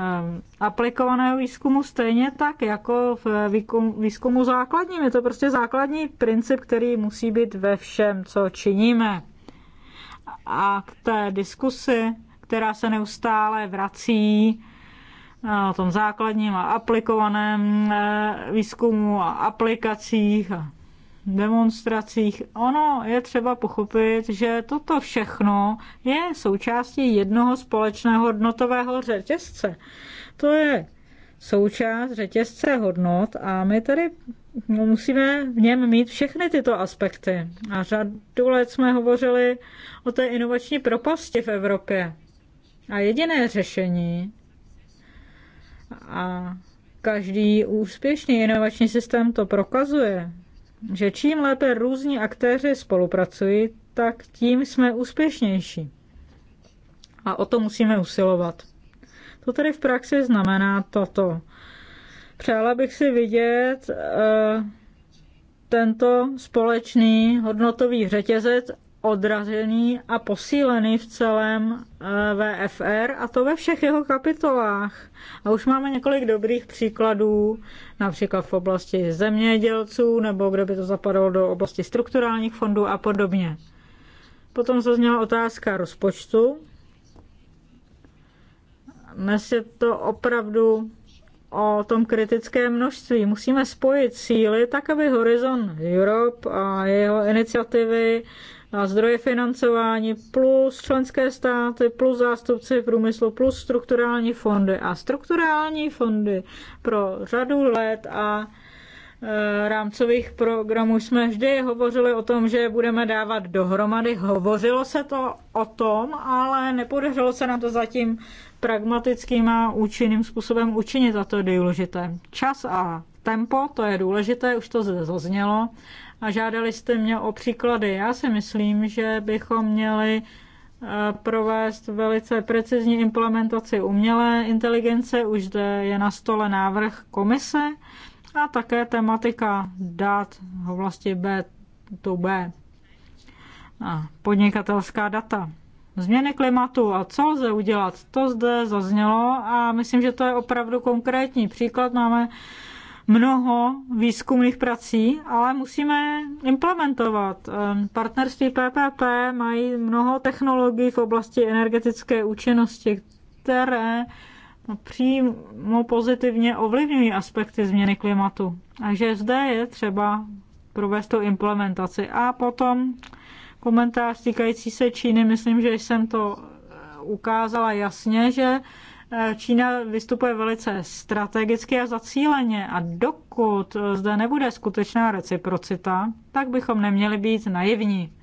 Speaker 3: aplikovaného výzkumu stejně tak jako v výzkumu základním. Je to prostě základní princip, který musí být ve všem, co činíme. A k té diskusi, která se neustále vrací o tom základním a aplikovaném výzkumu a aplikacích a demonstracích. Ono je třeba pochopit, že toto všechno je součástí jednoho společného hodnotového řetězce. To je součást řetězce hodnot a my tady musíme v něm mít všechny tyto aspekty. A řadu let jsme hovořili o té inovační propasti v Evropě. A jediné řešení a každý úspěšný inovační systém to prokazuje, že čím lépe různí aktéři spolupracují, tak tím jsme úspěšnější. A o to musíme usilovat. To tedy v praxi znamená toto. Přála bych si vidět e, tento společný hodnotový řetězec odrazený a posílený v celém eh, VFR a to ve všech jeho kapitolách. A už máme několik dobrých příkladů, například v oblasti zemědělců, nebo kde by to zapadlo do oblasti strukturálních fondů a podobně. Potom zazněla otázka rozpočtu. Dnes je to opravdu o tom kritické množství. Musíme spojit síly tak, aby Horizon Europe a jeho iniciativy na zdroje financování, plus členské státy, plus zástupci průmyslu, plus strukturální fondy. A strukturální fondy pro řadu let a e, rámcových programů jsme vždy hovořili o tom, že budeme dávat dohromady. Hovořilo se to o tom, ale nepodařilo se nám to zatím pragmatickým a účinným způsobem učinit a to je důležité. Čas a tempo, to je důležité, už to zaznělo, a žádali jste mě o příklady. Já si myslím, že bychom měli eh, provést velice precizní implementaci umělé inteligence. Už zde je na stole návrh komise a také tematika dát v oblasti B to B. A podnikatelská data. Změny klimatu a co lze udělat, to zde zaznělo a myslím, že to je opravdu konkrétní příklad. Máme mnoho výzkumných prací, ale musíme implementovat. Partnerství PPP mají mnoho technologií v oblasti energetické účinnosti, které přímo pozitivně ovlivňují aspekty změny klimatu. Takže zde je třeba provést tu implementaci. A potom komentář týkající se Číny, myslím, že jsem to eh, ukázala jasně, že Čína vystupuje velice strategicky a zacíleně a dokud zde nebude skutečná reciprocita, tak bychom neměli být naivní.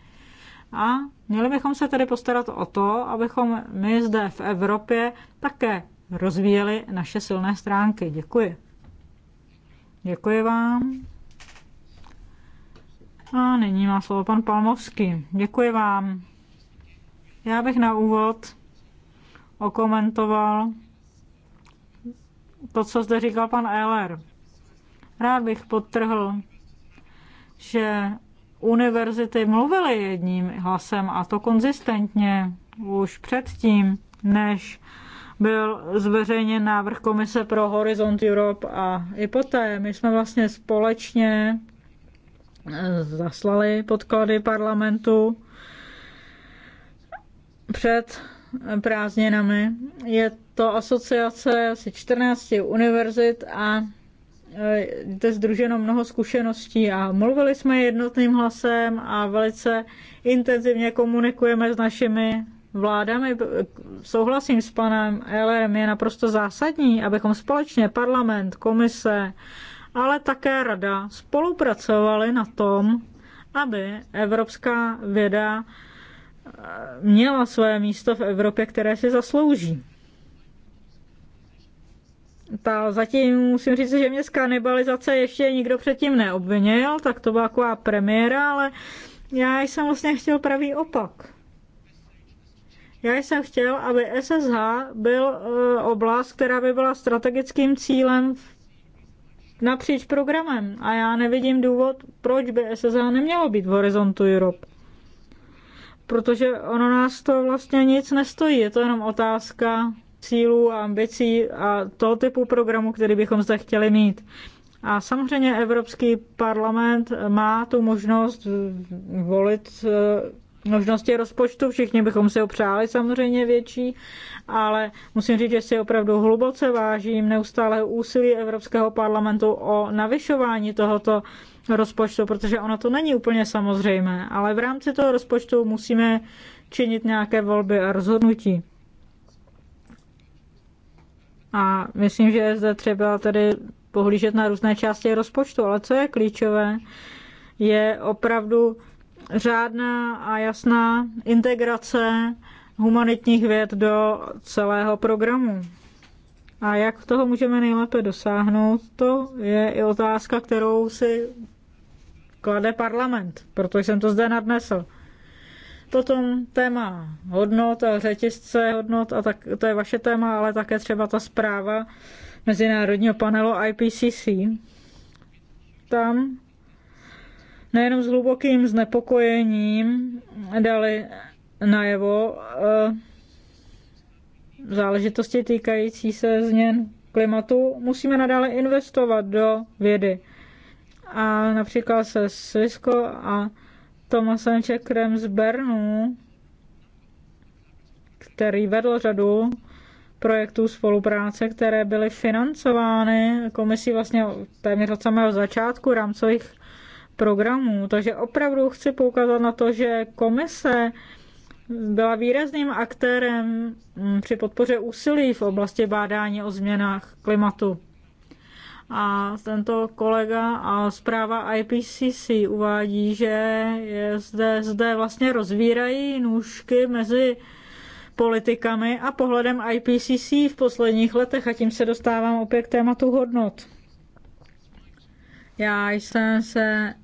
Speaker 3: A měli bychom se tedy postarat o to, abychom my zde v Evropě také rozvíjeli naše silné stránky. Děkuji. Děkuji vám. A nyní má slovo pan Palmovský. Děkuji vám. Já bych na úvod okomentoval to, co zde říkal pan Eller. Rád bych podtrhl, že univerzity mluvily jedním hlasem a to konzistentně už předtím, než byl zveřejněn návrh Komise pro Horizont Europe a i poté my jsme vlastně společně eh, zaslali podklady parlamentu před prázdninami. Je to asociace asi 14 univerzit a to e, združeno mnoho zkušeností a mluvili jsme jednotným hlasem a velice intenzivně komunikujeme s našimi vládami. Souhlasím s panem Ellerem, je naprosto zásadní, abychom společně parlament, komise, ale také rada spolupracovali na tom, aby evropská věda měla své místo v Evropě, které si zaslouží. Ta zatím musím říct, že mě z kanibalizace ještě nikdo předtím neobvinil, tak to byla taková premiéra, ale já jsem vlastně chtěl pravý opak. Já jsem chtěl, aby SSH byl eh, oblast, která by byla strategickým cílem napříč programem. A já nevidím důvod, proč by SSH nemělo být v Horizontu Europe protože ono nás to vlastně nic nestojí. Je to jenom otázka cílů a ambicí a toho typu programu, který bychom zde chtěli mít. A samozřejmě Evropský parlament má tu možnost volit eh, možnosti rozpočtu, všichni bychom si opřáli samozřejmě větší, ale musím říct, že si opravdu hluboce vážím neustále úsilí Evropského parlamentu o navyšování tohoto rozpočtu, protože ono to není úplně samozřejmé, ale v rámci toho rozpočtu musíme činit nějaké volby a rozhodnutí. A myslím, že je zde třeba tedy pohlížet na různé části rozpočtu, ale co je klíčové, je opravdu řádná a jasná integrace humanitních věd do celého programu. A jak toho můžeme nejlépe dosáhnout, to je i otázka, kterou si klade parlament, protože jsem to zde nadnesl. Potom téma hodnot a řetězce hodnot, a tak, to je vaše téma, ale také třeba ta zpráva mezinárodního panelu IPCC. Tam nejenom s hlubokým znepokojením dali najevo eh, záležitosti týkající se změn klimatu, musíme nadále investovat do vědy a například se Svisko a Tomasem Čekrem z Bernu, který vedl řadu projektů spolupráce, které byly financovány komisí vlastně téměř od samého začátku rámcových programů. Takže opravdu chci poukázat na to, že komise byla výrazným aktérem při podpoře úsilí v oblasti bádání o změnách klimatu. A tento kolega a zpráva IPCC uvádí, že je zde, zde vlastně rozvírají nůžky mezi politikami a pohledem IPCC v posledních letech a tím se dostávám opět k tématu hodnot. Já jsem se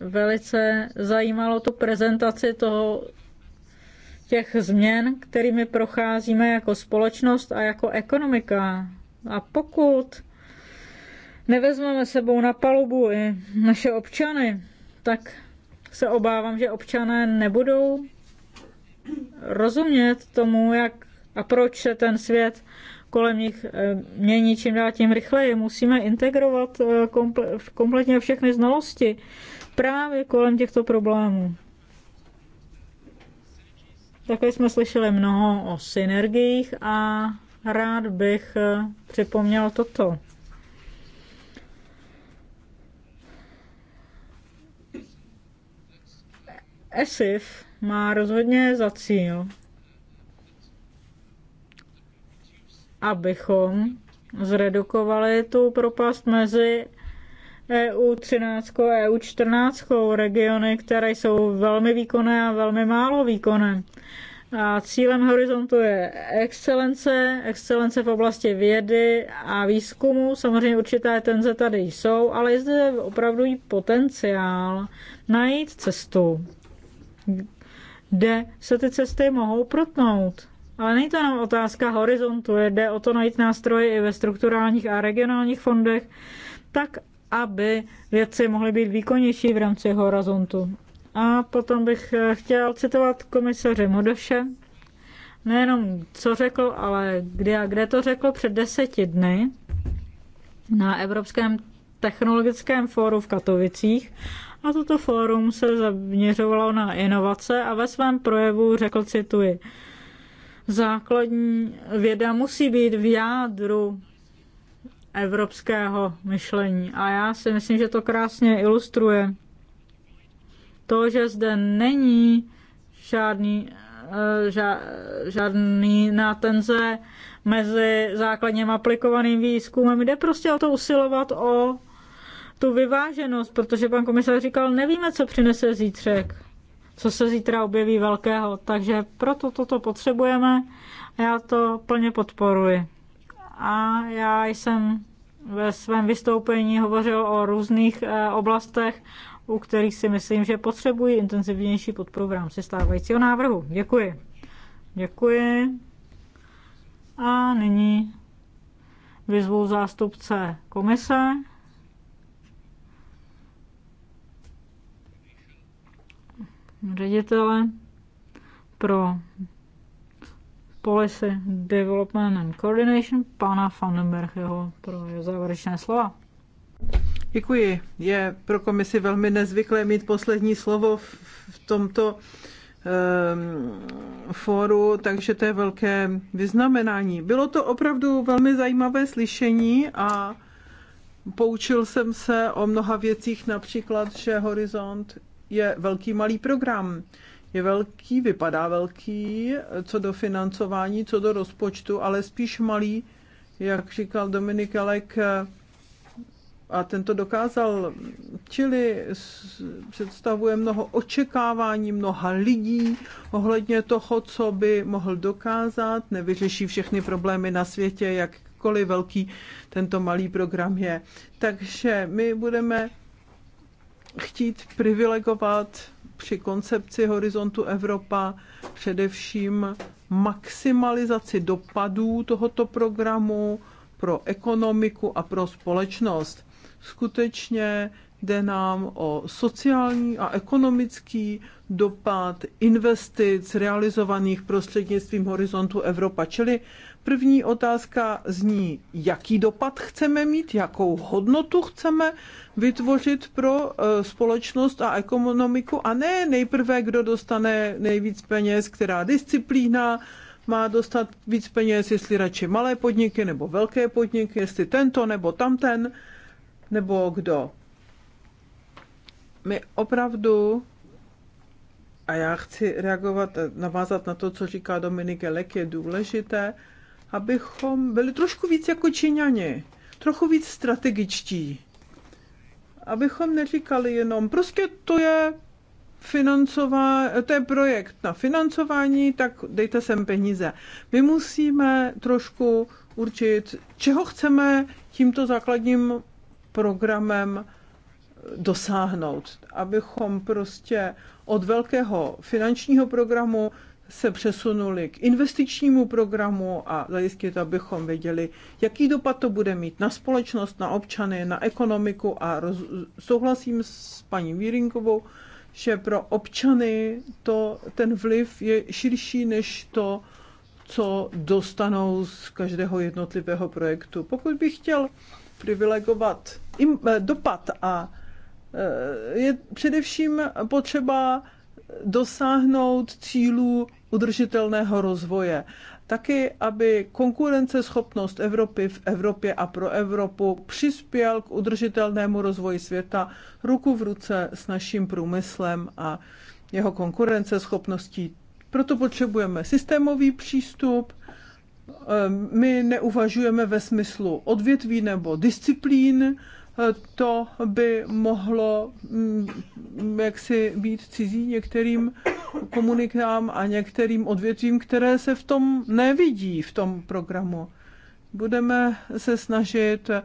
Speaker 3: velice zajímalo tu prezentaci toho, těch změn, kterými procházíme jako společnost a jako ekonomika. A pokud nevezmeme sebou na palubu i naše občany, tak se obávám, že občané nebudou rozumět tomu, jak a proč se ten svět kolem nich eh, mění čím dál tím rychleji. Musíme integrovat eh, komple- kompletně všechny znalosti právě kolem těchto problémů. Také jsme slyšeli mnoho o synergiích a rád bych eh, připomněl toto. ESIF má rozhodně za cíl, abychom zredukovali tu propast mezi EU 13 a EU 14, regiony, které jsou velmi výkonné a velmi málo výkonné. A cílem horizontu je excelence, excelence v oblasti vědy a výzkumu. Samozřejmě určité tenze tady jsou, ale je zde opravdu potenciál najít cestu kde se ty cesty mohou protnout. Ale není to jenom otázka horizontu, jde o to najít nástroje i ve strukturálních a regionálních fondech, tak aby věci mohly být výkonnější v rámci horizontu. A potom bych eh, chtěl citovat komisaře Modoše, nejenom co řekl, ale kde a kde to řekl před deseti dny na Evropském technologickém fóru v Katovicích a toto fórum se zaměřovalo na inovace a ve svém projevu řekl, cituji, základní věda musí být v jádru evropského myšlení. A já si myslím, že to krásně ilustruje to, že zde není žádný, eh, ža, žádný nátenze mezi základním aplikovaným výzkumem. Jde prostě o to usilovat o tu vyváženost, protože pan komisař říkal, nevíme, co přinese zítřek, co se zítra objeví velkého, takže proto toto potřebujeme a já to plně podporuji. A já jsem ve svém vystoupení hovořil o různých eh, oblastech, u kterých si myslím, že potřebují intenzivnější podporu v rámci stávajícího návrhu. Děkuji. Děkuji. A nyní vyzvu zástupce komise. ředitele pro Policy Development and Coordination pana Vandenbergeho pro jeho závěrečné slova.
Speaker 2: Děkuji. Je pro komisi velmi nezvyklé mít poslední slovo v tomto ehm, fóru, takže to je velké vyznamenání. Bylo to opravdu velmi zajímavé slyšení a poučil jsem se o mnoha věcích, například, že Horizont je velký malý program. Je velký, vypadá velký, co do financování, co do rozpočtu, ale spíš malý, jak říkal Dominik Alek, a ten to dokázal, čili představuje mnoho očekávání mnoha lidí ohledně toho, co by mohl dokázat, nevyřeší všechny problémy na světě, jakkoliv velký tento malý program je. Takže my budeme chtít privilegovat při koncepci horizontu Evropa především maximalizaci dopadů tohoto programu pro ekonomiku a pro společnost. Skutečně jde nám o sociální a ekonomický dopad investic realizovaných prostřednictvím Horizontu Evropa. Čili První otázka zní, jaký dopad chceme mít, jakou hodnotu chceme vytvořit pro e, společnost a ekonomiku a ne nejprve, kdo dostane nejvíc peněz, která disciplína má dostat víc peněz, jestli radši malé podniky nebo velké podniky, jestli tento nebo tamten, nebo kdo. My opravdu a já chci reagovat, e, navázat na to, co říká Dominik Elek, je důležité, abychom byli trošku víc jako Číňani, trochu víc strategičtí. Abychom neříkali jenom, prostě to je financová, to je projekt na financování, tak dejte sem peníze. My musíme trošku určit, čeho chceme tímto základním programem eh, dosáhnout, abychom prostě od velkého finančního programu se přesunuli k investičnímu programu a zajistit, abychom věděli, jaký dopad to bude mít na společnost, na občany, na ekonomiku a roz... souhlasím s paní Výrinkovou, že pro občany to, ten vliv je širší než to, co dostanou z každého jednotlivého projektu. Pokud bych chtěl privilegovat im, eh, dopad a eh, je především potřeba dosáhnout cílů udržitelného rozvoje. Taky, aby konkurenceschopnost Evropy v Evropě a pro Evropu přispěl k udržitelnému rozvoji světa ruku v ruce s naším průmyslem a jeho konkurenceschopností. Proto potřebujeme systémový přístup, ehm, my neuvažujeme ve smyslu odvětví nebo disciplín, to by mohlo mm, jaksi být cizí některým komunikám a některým odvětvím, které se v tom nevidí, v tom programu. Budeme se snažit eh,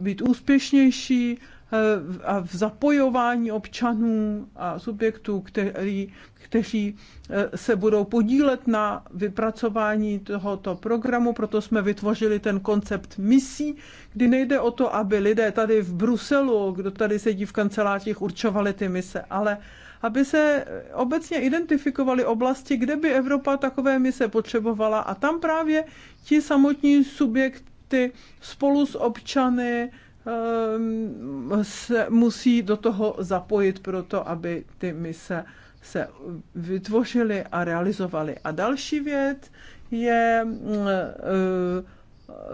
Speaker 2: být úspěšnější Eh, a v zapojování občanů a subjektů, který, kteří eh, se budou podílet na vypracování tohoto programu. Proto jsme vytvořili ten koncept misí, kdy nejde o to, aby lidé tady v Bruselu, kdo tady sedí v kancelářích, určovali ty mise, ale aby se obecně identifikovaly oblasti, kde by Evropa takové mise potřebovala a tam právě ti samotní subjekty spolu s občany Ehm, se musí do toho zapojit proto, aby ty mise se vytvořily a realizovaly. A další věc je eh,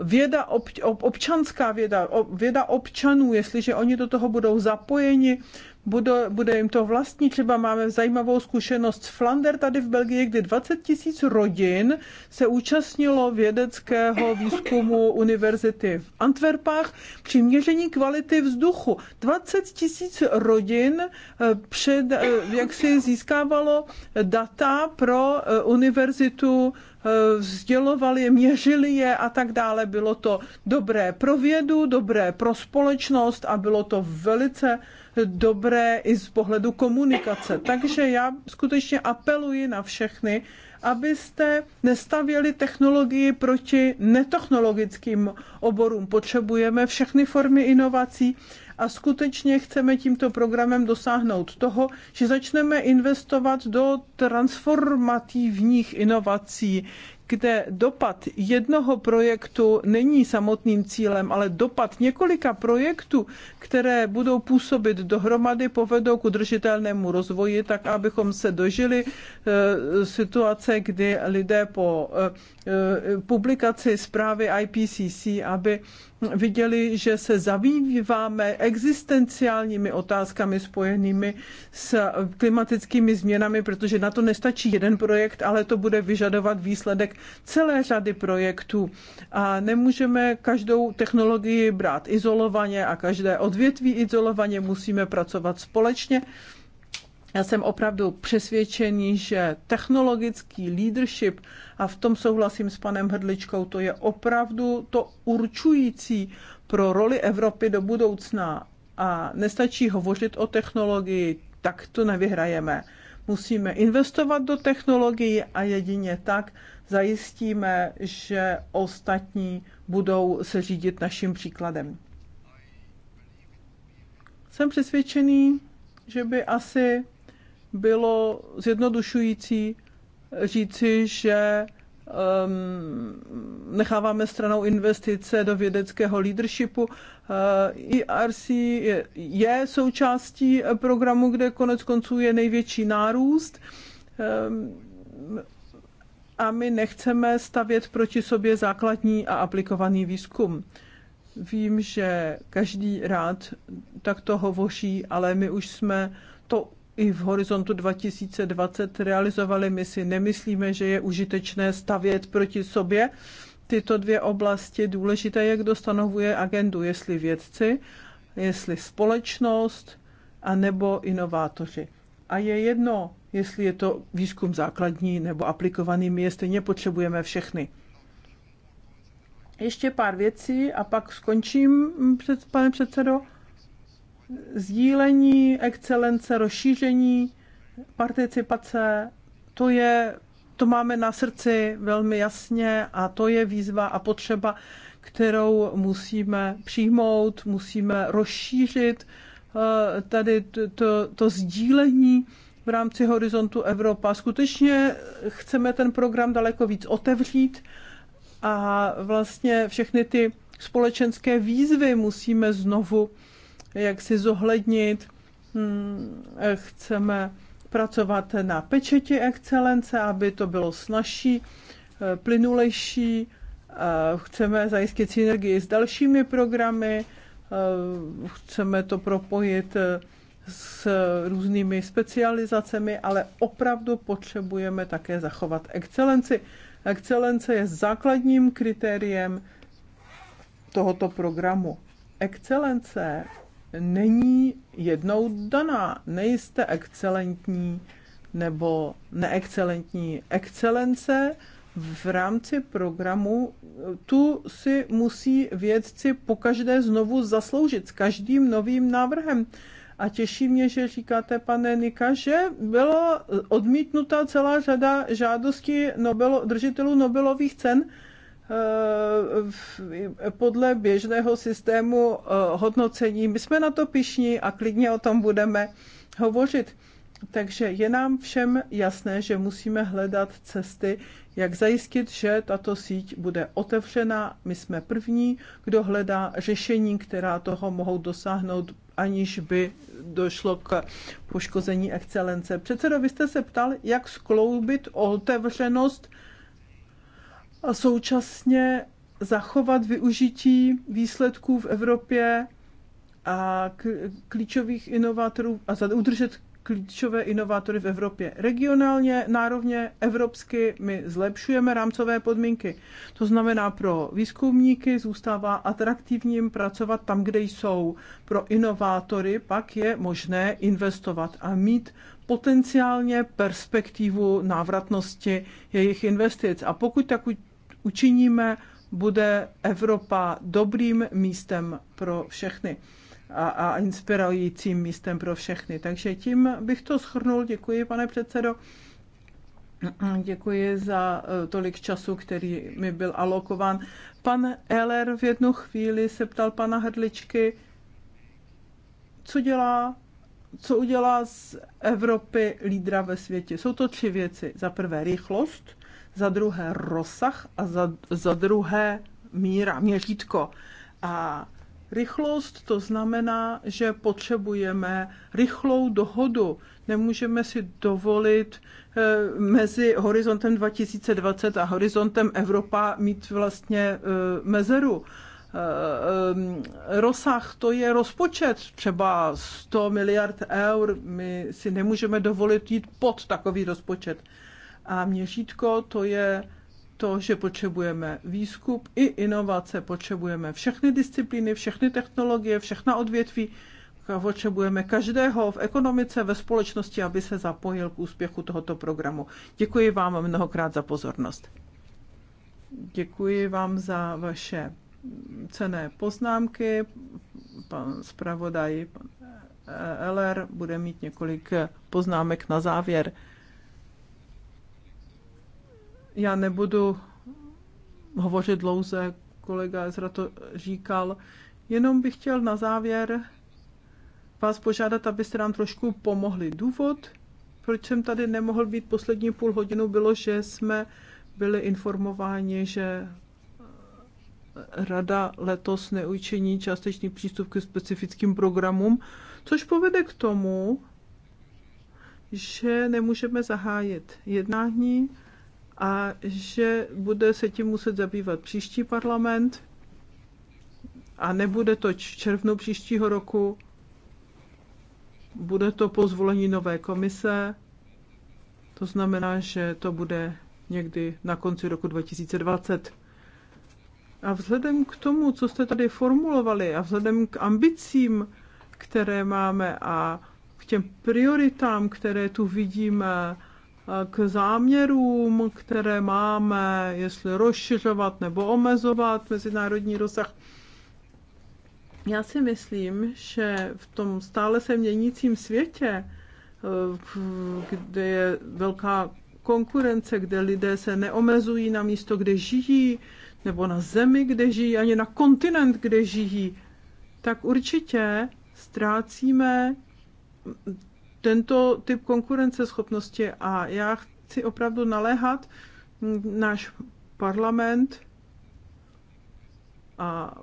Speaker 2: věda občanská věda, věda občanů, jestliže oni do toho budou zapojeni, bude, bude jim to vlastní. Třeba máme zajímavou zkušenost z Flander tady v Belgii, kdy 20 tisíc rodin se účastnilo vědeckého výzkumu univerzity v Antwerpách při měření kvality vzduchu. 20 tisíc rodin eh, před, eh, jak si získávalo data pro eh, univerzitu vzdělovali, eh, měřili je a tak dále. Bylo to dobré pro vědu, dobré pro společnost a bylo to velice dobré i z pohledu komunikace. Takže já skutečně apeluji na všechny, abyste nestavěli technologii proti netechnologickým oborům. Potřebujeme všechny formy inovací, a skutečně chceme tímto programem dosáhnout toho, že začneme investovat do transformativních inovací, kde dopad jednoho projektu není samotným cílem, ale dopad několika projektů, které budou působit dohromady, povedou k udržitelnému rozvoji, tak abychom se dožili eh, situace, kdy lidé po eh, eh, publikaci zprávy IPCC, aby viděli, že se zavýváme existenciálními otázkami spojenými s klimatickými změnami, protože na to nestačí jeden projekt, ale to bude vyžadovat výsledek celé řady projektů. A nemůžeme každou technologii brát izolovaně a každé odvětví izolovaně musíme pracovat společně. Já jsem opravdu přesvědčený, že technologický leadership, a v tom souhlasím s panem Hrdličkou, to je opravdu to určující pro roli Evropy do budoucna. A nestačí hovořit o technologii, tak to nevyhrajeme. Musíme investovat do technologií a jedině tak zajistíme, že ostatní budou se řídit naším příkladem. Jsem přesvědčený, že by asi bylo zjednodušující říci, že um, necháváme stranou investice do vědeckého leadershipu. Uh, ERC je, je součástí programu, kde konec konců je největší nárůst. Um, a my nechceme stavět proti sobě základní a aplikovaný výzkum. Vím, že každý rád takto hovoří, ale my už jsme to i v horizontu 2020 realizovali. My si nemyslíme, že je užitečné stavět proti sobě tyto dvě oblasti. Důležité je, kdo stanovuje agendu, jestli vědci, jestli společnost, anebo inovátoři. A je jedno, jestli je to výzkum základní nebo aplikovaný, my je stejně potřebujeme všechny. Ještě pár věcí a pak skončím, před, pane předsedo sdílení, excelence, rozšíření, participace, to je, to máme na srdci velmi jasně a to je výzva a potřeba, kterou musíme přijmout, musíme rozšířit eh, tady to, to, to sdílení v rámci horizontu Evropa. Skutečně chceme ten program daleko víc otevřít a vlastně všechny ty společenské výzvy musíme znovu jak si zohlednit. Hm, chceme pracovat na pečeti excelence, aby to bylo snažší, eh, plynulejší. Chceme zajistit synergii s dalšími programy, eh, chceme to propojit eh, s různými specializacemi, ale opravdu potřebujeme také zachovat excelenci. Excelence je základním kritériem tohoto programu. Excelence není jednou daná. Nejste excelentní nebo neexcelentní. Excelence v rámci programu, tu si musí vědci pokaždé znovu zasloužit s každým novým návrhem. A těší mě, že říkáte, pane Nika, že byla odmítnuta celá řada žádostí Nobelo, držitelů Nobelových cen, Eh, podle běžného systému eh, hodnocení. My jsme na to pišní a klidně o tom budeme hovořit. Takže je nám všem jasné, že musíme hledat cesty, jak zajistit, že tato síť bude otevřená. My jsme první, kdo hledá řešení, která toho mohou dosáhnout, aniž by došlo k poškození excelence. Předsedo, vy jste se ptal, jak skloubit otevřenost a současně zachovat využití výsledků v Evropě a klíčových inovátorů a udržet klíčové inovátory v Evropě. Regionálně, nárovně, evropsky my zlepšujeme rámcové podmínky. To znamená, pro výzkumníky zůstává atraktivním pracovat tam, kde jsou. Pro inovátory pak je možné investovat a mít potenciálně perspektivu návratnosti jejich investic. A pokud takový učiníme, bude Evropa dobrým místem pro všechny a, a inspirujícím místem pro všechny. Takže tím bych to schrnul. Děkuji, pane předsedo. Děkuji za eh, tolik času, který mi byl alokován. Pan Eller v jednu chvíli se ptal pana Hrdličky, co dělá, co udělá z Evropy lídra ve světě. Jsou to tři věci. Za prvé rychlost, za druhé rozsah a za, za druhé míra, měřítko. A rychlost to znamená, že potřebujeme rychlou dohodu. Nemůžeme si dovolit eh, mezi horizontem 2020 a horizontem Evropa mít vlastně eh, mezeru eh, rozsah, to je rozpočet třeba 100 miliard eur. My si nemůžeme dovolit jít pod takový rozpočet. A měřítko to je to, že potřebujeme výzkup i inovace, potřebujeme všechny disciplíny, všechny technologie, všechna odvětví, potřebujeme každého v ekonomice, ve společnosti, aby se zapojil k úspěchu tohoto programu. Děkuji vám mnohokrát za pozornost. Děkuji vám za vaše cené poznámky. Pan zpravodaj, pan LR bude mít několik poznámek na závěr. Já nebudu hovořit dlouze, kolega Ezra to říkal, jenom bych chtěl na závěr vás požádat, abyste nám trošku pomohli. Důvod, proč jsem tady nemohl být poslední půl hodinu, bylo, že jsme byli informováni, že rada letos neučení částečný přístup ke specifickým programům, což povede k tomu, že nemůžeme zahájit jednání a že bude se tím muset zabývat příští parlament a nebude to v červnu příštího roku, bude to po zvolení nové komise, to znamená, že to bude někdy na konci roku 2020. A vzhledem k tomu, co jste tady formulovali, a vzhledem k ambicím, které máme a k těm prioritám, které tu vidíme, k záměrům, které máme, jestli rozšiřovat nebo omezovat mezinárodní rozsah. Já si myslím, že v tom stále se měnícím světě, eh, kde je velká konkurence, kde lidé se neomezují na místo, kde žijí, nebo na zemi, kde žijí, ani na kontinent, kde žijí, tak určitě ztrácíme tento typ konkurenceschopnosti a já chci opravdu naléhat náš parlament a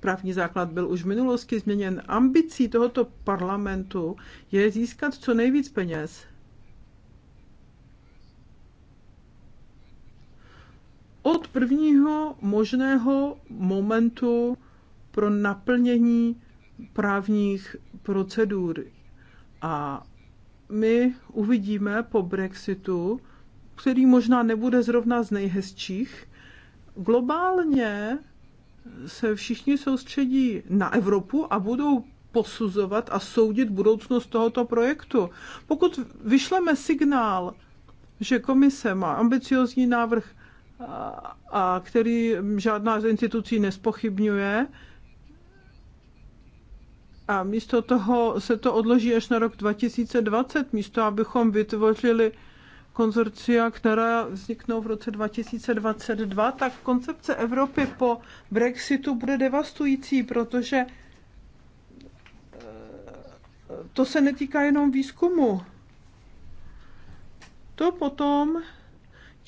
Speaker 2: právní základ byl už v minulosti změněn. Ambicí tohoto parlamentu je získat co nejvíc peněz. Od prvního možného momentu pro naplnění právních procedury. A my uvidíme po Brexitu, který možná nebude zrovna z nejhezčích, globálně se všichni soustředí na Evropu a budou posuzovat a soudit budoucnost tohoto projektu. Pokud vyšleme signál, že komise má ambiciozní návrh, a, a který žádná z institucí nespochybňuje, a místo toho se to odloží až na rok 2020, místo abychom vytvořili konzorcia, která vzniknou v roce 2022, tak koncepce Evropy po Brexitu bude devastující, protože eh, to se netýká jenom výzkumu. To potom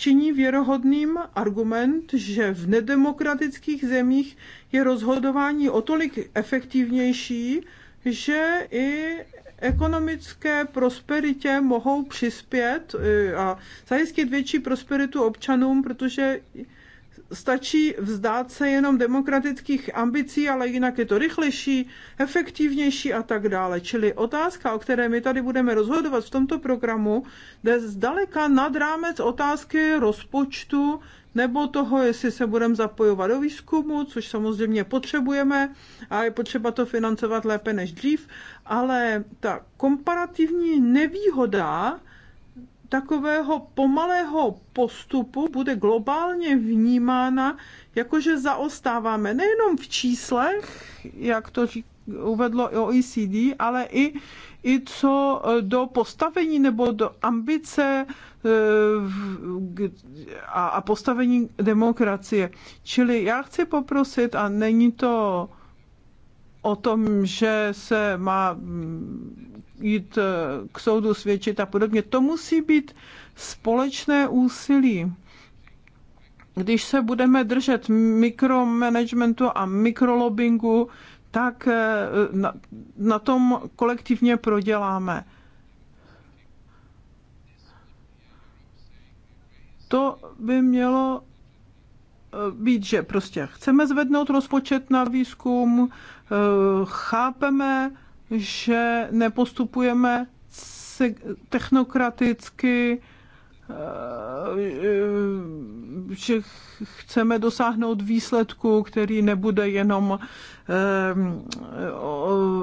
Speaker 2: činí věrohodným argument, že v nedemokratických zemích je rozhodování o tolik efektivnější, že i ekonomické prosperitě mohou přispět eh, a zajistit větší prosperitu občanům, protože stačí vzdát se jenom demokratických ambicí, ale jinak je to rychlejší, efektivnější a tak dále. Čili otázka, o které my tady budeme rozhodovat v tomto programu, jde zdaleka nad rámec otázky rozpočtu nebo toho, jestli se budeme zapojovat do výzkumu, což samozřejmě potřebujeme a je potřeba to financovat lépe než dřív, ale ta komparativní nevýhoda, takového pomalého postupu bude globálně vnímána, jakože zaostáváme nejenom v číslech, jak to uvedlo uvedlo OECD, ale i, i co do postavení nebo do ambice e, a, a postavení demokracie. Čili já chci poprosit, a není to o tom, že se má jít eh, k soudu svědčit a podobně. To musí být společné úsilí. Když se budeme držet mikromanagementu a mikrolobingu, tak eh, na, na tom kolektivně proděláme. To by mělo eh, být, že prostě chceme zvednout rozpočet na výzkum, chápeme že nepostupujeme technokraticky, eh, že chceme dosáhnout výsledku, který nebude jenom eh,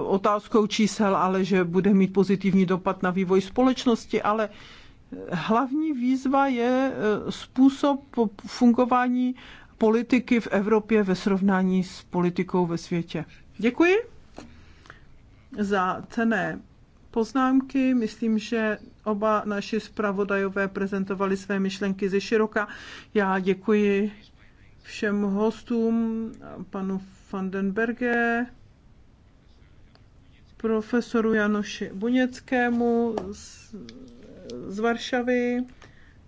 Speaker 2: otázkou čísel, ale že bude mít pozitivní dopad na vývoj společnosti, ale hlavní výzva je eh, způsob fungování politiky v Evropě ve srovnání s politikou ve světě. Děkuji za cené poznámky. Myslím, že oba naši zpravodajové prezentovali své myšlenky ze široka. Já děkuji všem hostům, panu Vandenberge, profesoru Janoši Buněckému z, z Varšavy,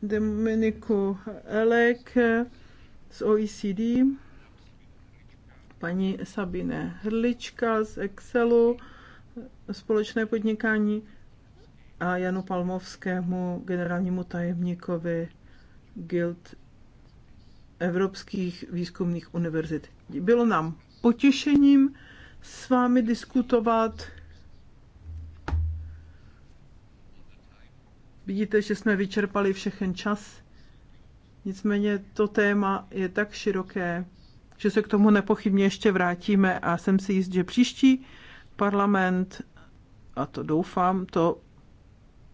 Speaker 2: Dominiku Elek z OECD, paní Sabine Hrlička z Excelu, společné podnikání a Janu Palmovskému, generálnímu tajemníkovi Guild Evropských výzkumných univerzit. Bylo nám potěšením s vámi diskutovat. Vidíte, že jsme vyčerpali všechen čas. Nicméně to téma je tak široké, že se k tomu nepochybně ještě vrátíme a jsem si jist, že příští Parlament, a to doufám, to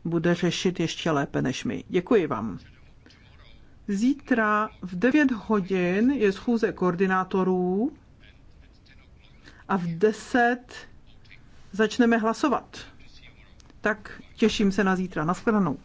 Speaker 2: bude řešit ještě lépe než my. Děkuji vám. Zítra v 9 hodin je schůze koordinátorů a v 10 začneme hlasovat. Tak těším se na zítra. Naschledanou.